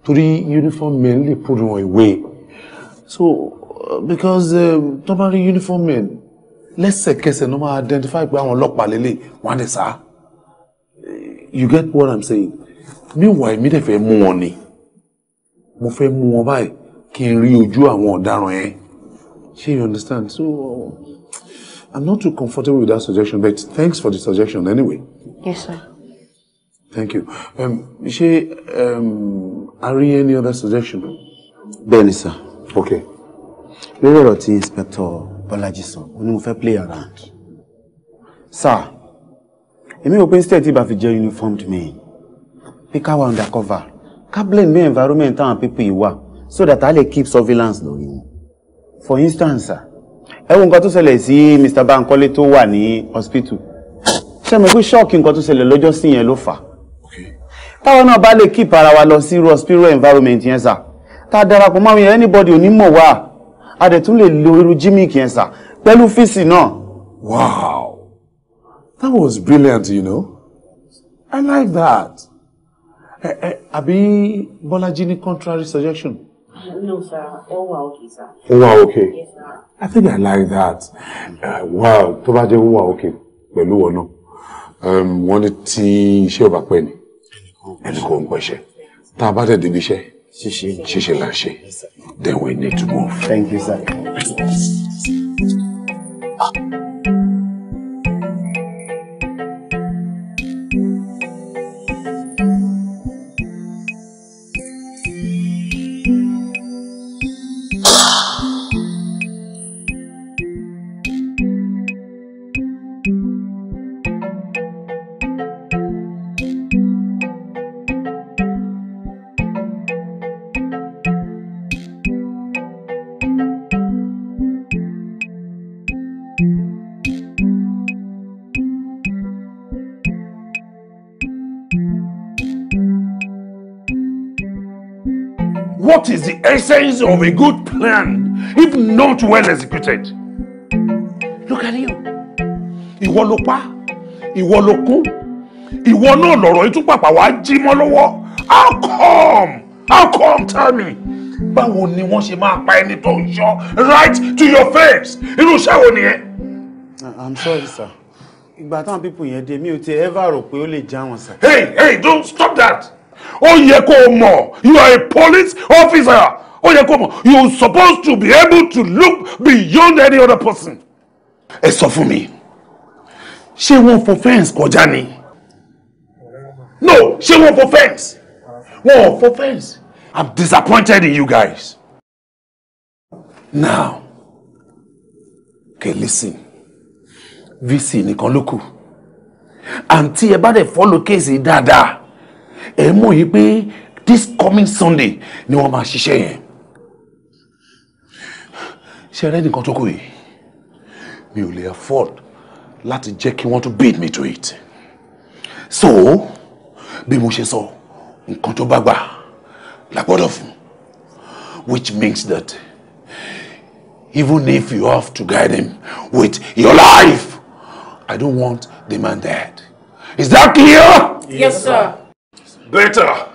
Speaker 7: torí uniform men lè put wọn away so because um, tó bá rí uniform men lẹ́sẹ̀kẹsẹ̀ ló máa identify pé àwọn ọlọ́pàá lélẹ̀ wọ́n á lè sá you get what i'm saying meanwhile mi dẹ̀ fẹ́ mú wọn ni mo fẹ́ mú wọn báyìí kí n rí ojú àwọn ọ̀daràn yẹn ṣé you understand so i'm not too comfortable with that suggestion but thanks for the suggestion anyway. yes sir thank you um, ṣé um, are rí any other suggestion.
Speaker 6: bẹ́ẹ̀ ni sir. ok. lórí ọ̀rọ̀ tí inspector bọ́lájí sọ ó ní mo fẹ́ play around. sir èmi ò pé instead tí ìbá fi jẹ́ uniformed men pé ká wà undercover ká blend mé environment táwọn people yìí wà so that a keep surveillance on you. for instance sir I wo go to ṣẹlẹ̀ sí Mr. Bankole to wà hospital ṣé mo pé ṣọ́ọ̀kì nǹkan tó ṣẹlẹ̀ lọ́jọ́ sí yẹn ló fà táwọn náà bá lè kíp ara wa lọ sí respiratory environment yẹn sà tá a darapọ̀ máa yẹn anybody ò ní mọ̀ wá a dẹ̀ tún lè lo irú gimmick yẹn sà pẹ̀lú fíìsì náà.
Speaker 7: wow that was brilliant you know i like that Abi, eh, ẹ eh, àbí contrary suggestion.
Speaker 2: No, sir. All were okay, sir.
Speaker 7: All were okay? Yes, sir. I think I like that. Uh, wow, tó bá jẹ́ all were okay pẹ̀lú ọ̀nà. Um, wọ́n ní tí iṣẹ́ ò bá pẹ́ ni ẹni kò ń gbọ́ṣẹ́ tá a bá tẹ̀ débi iṣẹ́ ṣíṣe là ń ṣe then we need to move. Thank you, sir. What is the essence of a good plan if not well executed? Look at you. Ìwọ ló pa, ìwọ ló kú, ìwọ náà lọ̀rọ̀ yìí tún pàpà wá jí mọ́ lọ́wọ́. How come? How come tell me? Báwo ni wọ́n ṣe máa pa ẹni tó ń ṣọ́ right to your face? Irú iṣẹ́ wo nìyẹn?
Speaker 6: Ah, I'm sorry sir. Ìgbà táwọn pípù yẹn dé mi ò ti ever rò pé ó lè já wọn sir.
Speaker 7: Hey hey don't stop that! ó yẹ kó o mọ̀
Speaker 6: you are a police officer
Speaker 7: ó yẹ kó o mọ̀ you are supposed to be able to look beyond any other person. ẹ sọ fún mi ṣé wọ́n fò fẹ́ǹsì kọjá ni no ṣé wọ́n fò fẹ́ǹsì wọ́n ò fò fẹ́ǹsì I'm disappointed in you guys now okay listen VC nìkan ló kù àǹtí ẹ bá dẹ̀ fọ́lọ́ kéèsì dáadáa ẹ mọ̀ yìí pé this coming Sunday ni wọ́n máa ṣiṣẹ́ yẹn ṣe rẹ́ nìkan tó kù yìí mi ò lè afford láti jẹ́ kí wọ́n tún beat me to it so bí mo ṣe sọ nǹkan tó bá gbà la gbọ́dọ̀ fún which means that even if you have to guide him with your life I don't want the man dead is that clear? yes sir. Better.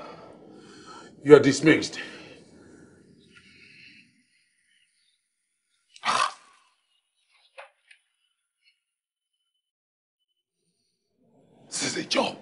Speaker 7: You are dismissed.
Speaker 2: This is a job.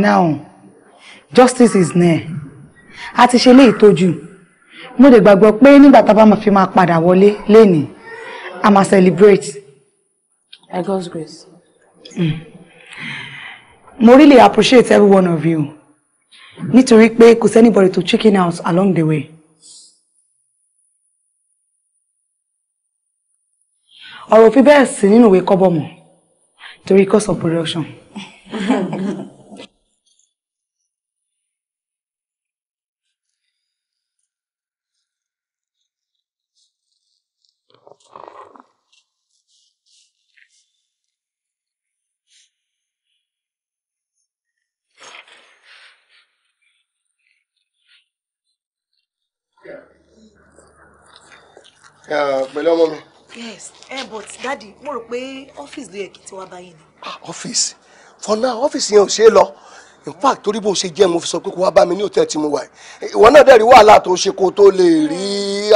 Speaker 1: now justice is near a ti ṣe lé ìtọ́jú mo dẹ̀ gbàgbọ́ pé nígbà tá a bá fi máa padà wọlé lénìí a ma celebrate. by God's grace. Mm. mo really appreciate every one of you nítorí pé kò sẹ́nibọ̀dì tó chicken out along the way. ọ̀rọ̀ fi bẹ́ẹ̀ sí nínú ìwé kọ́bọ̀ mọ́ torí cost of production.
Speaker 3: pẹ̀lú ọmọ mi.
Speaker 1: yes eh, but dadi mo rò pé ọ́fíìsì ló yẹ kí tiwa báyìí ni.
Speaker 3: Ah, ọ́fíìsì for now ọ́fíìsì yẹn ò ṣeé lọ in fact torí bó ṣe jẹ́
Speaker 1: mo fi sọ pé kó wá bá mi ní òtẹ́ tí mo wà eh, ìwọ náà dẹ̀ rí wàhálà tó ṣe kó tó lè rí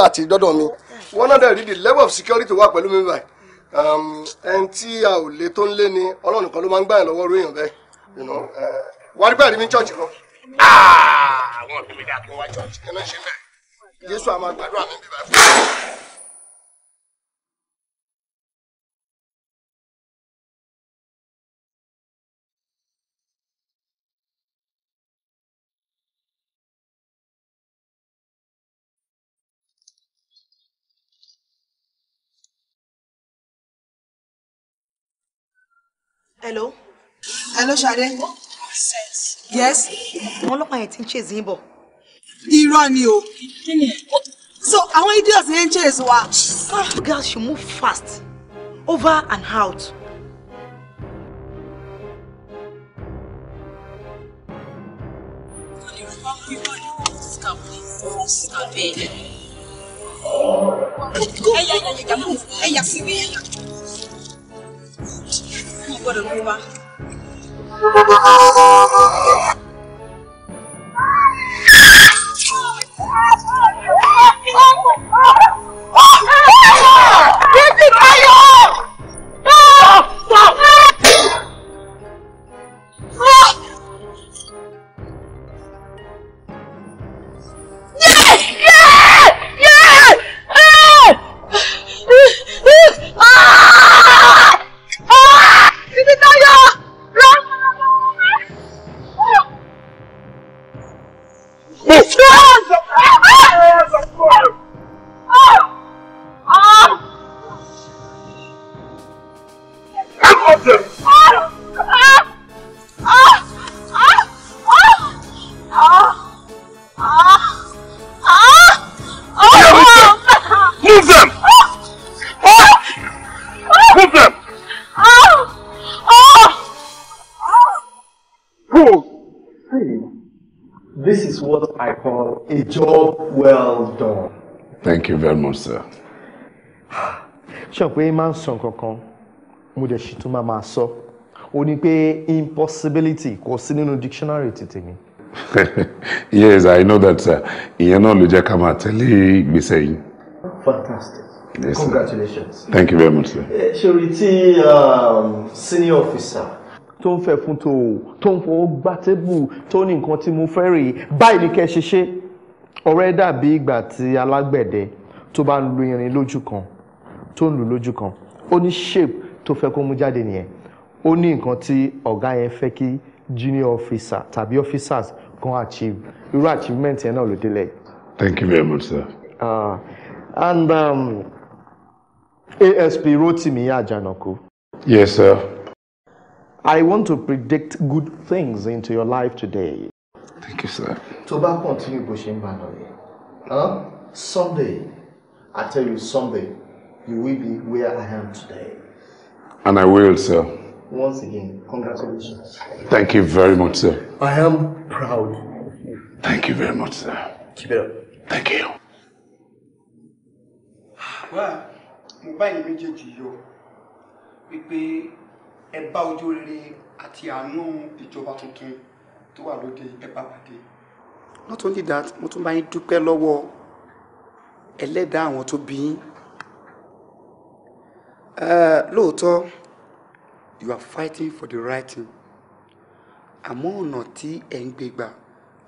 Speaker 1: àti dọ́dọ̀ mi
Speaker 3: ìwọ náà dẹ̀ rí the level of security wà pẹ̀lú mi báyìí um, ẹni tí a ò lè tó ń lé ni ọlọ́run nìkan ló máa ń gbà yẹn lọ́wọ́ rú èèyàn bẹ́ẹ̀ eh, wà á rí bẹ́ẹ̀ rí mi church lọ.
Speaker 2: Ah, àwọn òbí mi dà kó wá church kí ló ṣe
Speaker 3: bẹ́ẹ̀ jésù àmàgbàdo àmì bíbá.
Speaker 1: hello. hello Ṣadé. yes. àwọn ọlọ́pàá yẹn ti ń chase yín bọ̀. irọ́ ni o. so àwọn idiots yẹn ń chase wa. you girls should move fast over and out. Go. Hey, yeah, yeah, yeah, move. Hey, yeah, see me gbọ́dọ̀ lówó wá.
Speaker 5: pé máa ń sọ nǹkan
Speaker 1: mo dẹ̀ sì tún máa sọ ó ní pé impossibility kò sí nínú dictionary ti tèmi.
Speaker 7: yes i know that sir ìyẹn náà ló jẹ́ ká máa tẹ̀lé ìgbésẹ̀ yìí.
Speaker 6: fantastic yes, sir. congratulations. thank you very much sir. Eh, ṣòrí tí um, senior officer
Speaker 1: tó ń fẹ́ fún tó o tó ń fọwọ́ gbá tébù tó ní nǹkan tí mo fẹ́ rèé báyìí ni kẹ́ ṣe ṣe ọ̀rẹ́ dàbí ìgbà tí alágbẹ̀dẹ tó bá ń lu irin lójú kan tó ń lù lójú kan ó ní shape tó fẹ́ kó mú jáde nìyẹn ó ní nǹkan tí ọ̀gá yẹn fẹ́ kí junior officer tàbí officers kan achieve irú achievement yẹn náà ló délẹ̀.
Speaker 7: thank you very much sir.
Speaker 1: Uh,
Speaker 3: and um, ASP Rotimi Ajanaku. Yes, sir. I want to predict good things into your life today. Thank you, sir. Tó bá continue bó ṣe ń bá lọ yẹn. Sunday, I tell you Sunday you will be where I am today.
Speaker 7: And I will, sir.
Speaker 3: Once again, congratulations.
Speaker 7: Thank you very much, sir.
Speaker 3: I am proud
Speaker 7: of you. Thank you very much, sir. Keep it up.
Speaker 1: Thank you. Well, mo bá ẹni méjèèjì yọ wípé ẹ bá ojú rere àti àánú ìjọba tuntun tó wà lóde ẹ bá pàdé. Not only that, mo tún bá yín dúpẹ́ lọ́wọ́ ẹlẹ́dàá àwọn tó bí yín Eh, lóòótọ́ you are fighting for the right thing àmọ́ ọ̀nà tí ẹ̀ ń gbé gbà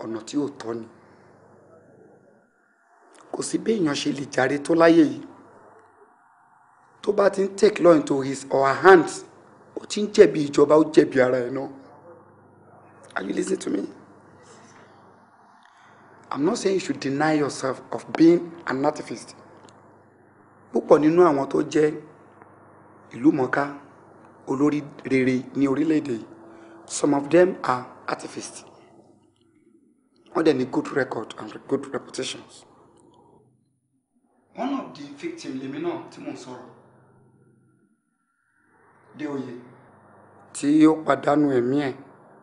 Speaker 1: ọ̀nà tí ò tọ́ ni kò sí bí èèyàn ṣe lè jàre tó láyé yìí tó bá ti ń take law into his or her hands ó ti ń jẹ̀bi ìjọba ó jẹ̀bi ara ẹ̀ náà are you listening to me i'm not saying you should deny yourself of being an activist púpọ̀ nínú àwọn tó jẹ́ ìlú mọ̀ọ́ká olórí rere ní orílẹ̀-èdè some of them are artists wọ́n dẹ̀ ní good record and good reputations. one of the victims lèmi náà tí mò ń sọ̀rọ̀
Speaker 6: dé oyè tí ó pàdánù ẹ̀mí ẹ̀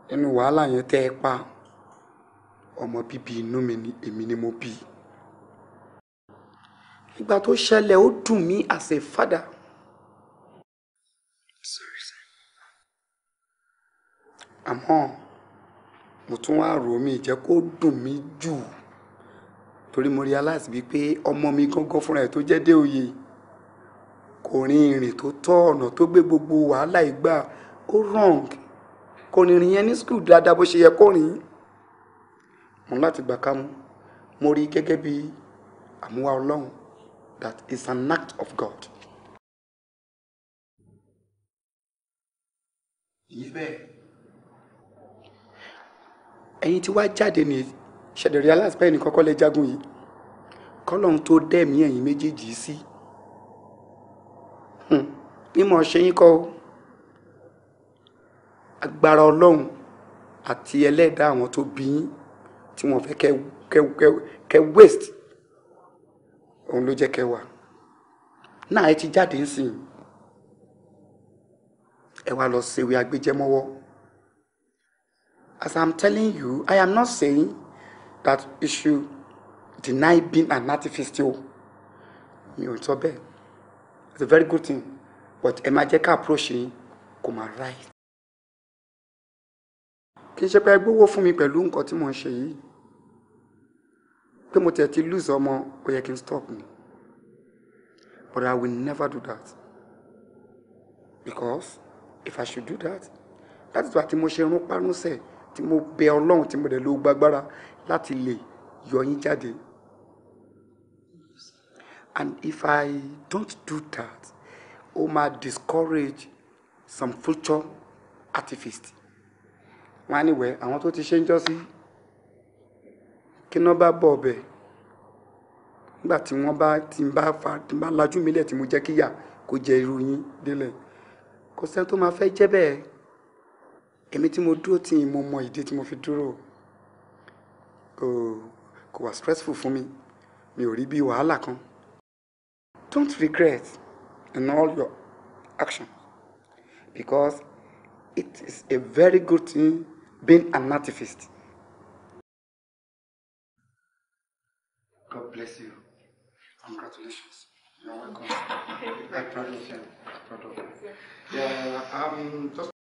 Speaker 6: nínú wàhálà yẹn tẹ́ ẹ pa ọmọ bíbí inú mi ni èmi ni mo bí.
Speaker 1: ìgbà tó ṣẹlẹ̀ ó dùn mí as a father. àmọ́ mo tún wá rò mí jẹ́ kó dùn mí jù torí mo realize wípé ọmọ mi gángan fúnra ẹ̀ tó jẹ́ dé oyè kò rin ìrìn tó tọ́ ọ̀nà tó gbé gbogbo wàhálà ìgbà ó wrong kò ní rìn yẹn ní school dáadáa bó ṣe yẹ kó rìn mo láti gbà ká mú mo rí gẹ́gẹ́ bí àmúwá ọlọ́run that is an act of God. ìyẹ́ bẹ́ẹ̀ ẹ̀yin tí wá jáde ní ṣẹ̀dẹ̀rẹ̀ aláṣẹ ní kọ́kọ́ lẹ jagun yìí kọ́lọ́hún tó dẹ̀mí ẹ̀yin méjèèjì sí hmm, bí mo ṣe yín kọ́ agbára ọlọ́run àti ẹlẹ́dàá àwọn tó bí yín tí wọ́n fẹ́ kẹ́ kẹ́ kẹ́ kẹ́ waste òun ló jẹ́ kẹwàá náà ẹ ti jáde ń sìn ẹ wá lọ ṣèwé agbẹjẹmọ́wọ́. As I'm telling you, I am not saying that you should deny being an activist still Mi ò sọ bẹ́ẹ̀. It's a very good thing but ẹ máa jẹ́ ká approach yín kò máa right. Kì í ṣe pé ẹ gbówó fún mi pẹ̀lú nǹkan tí mò ń ṣe yìí. Pé mo tẹ̀ ti lose ọmọ ó yẹ kí n stop me? But I will never do that. Because if I should do that, that is why tí mo ṣe rún párún sẹ́ẹ̀ tí mo bẹ ọlọ́run tí mo dẹ̀ lo gbàgbára láti lè yọ yín jáde. And if I don't do that, ó máa discourage some future activists. Wọ́n á níwẹ̀ àwọn tó ti ṣe ń jọ́ sí kí náà bá bọ̀ ọ̀bẹ̀ nígbà tí wọ́n bá ti bá fa tí bá lajú mi lẹ̀ tí mo jẹ́ kíyà kó jẹ irú yín délẹ̀ kò sẹ́ni tó máa fẹ́ jẹ́ bẹ́ẹ̀ èmi tí mo dúró tì yín mo mọ ìdí tí mo fi dúró o kò wá stressful fún mi mi ò rí bí wàhálà kan don't regret in all your actions because it is a very good thing being an activist. God
Speaker 6: bless you. Congratulations.
Speaker 1: You're welcome. I'm proud of you. I'm proud of you. Yeah, um, just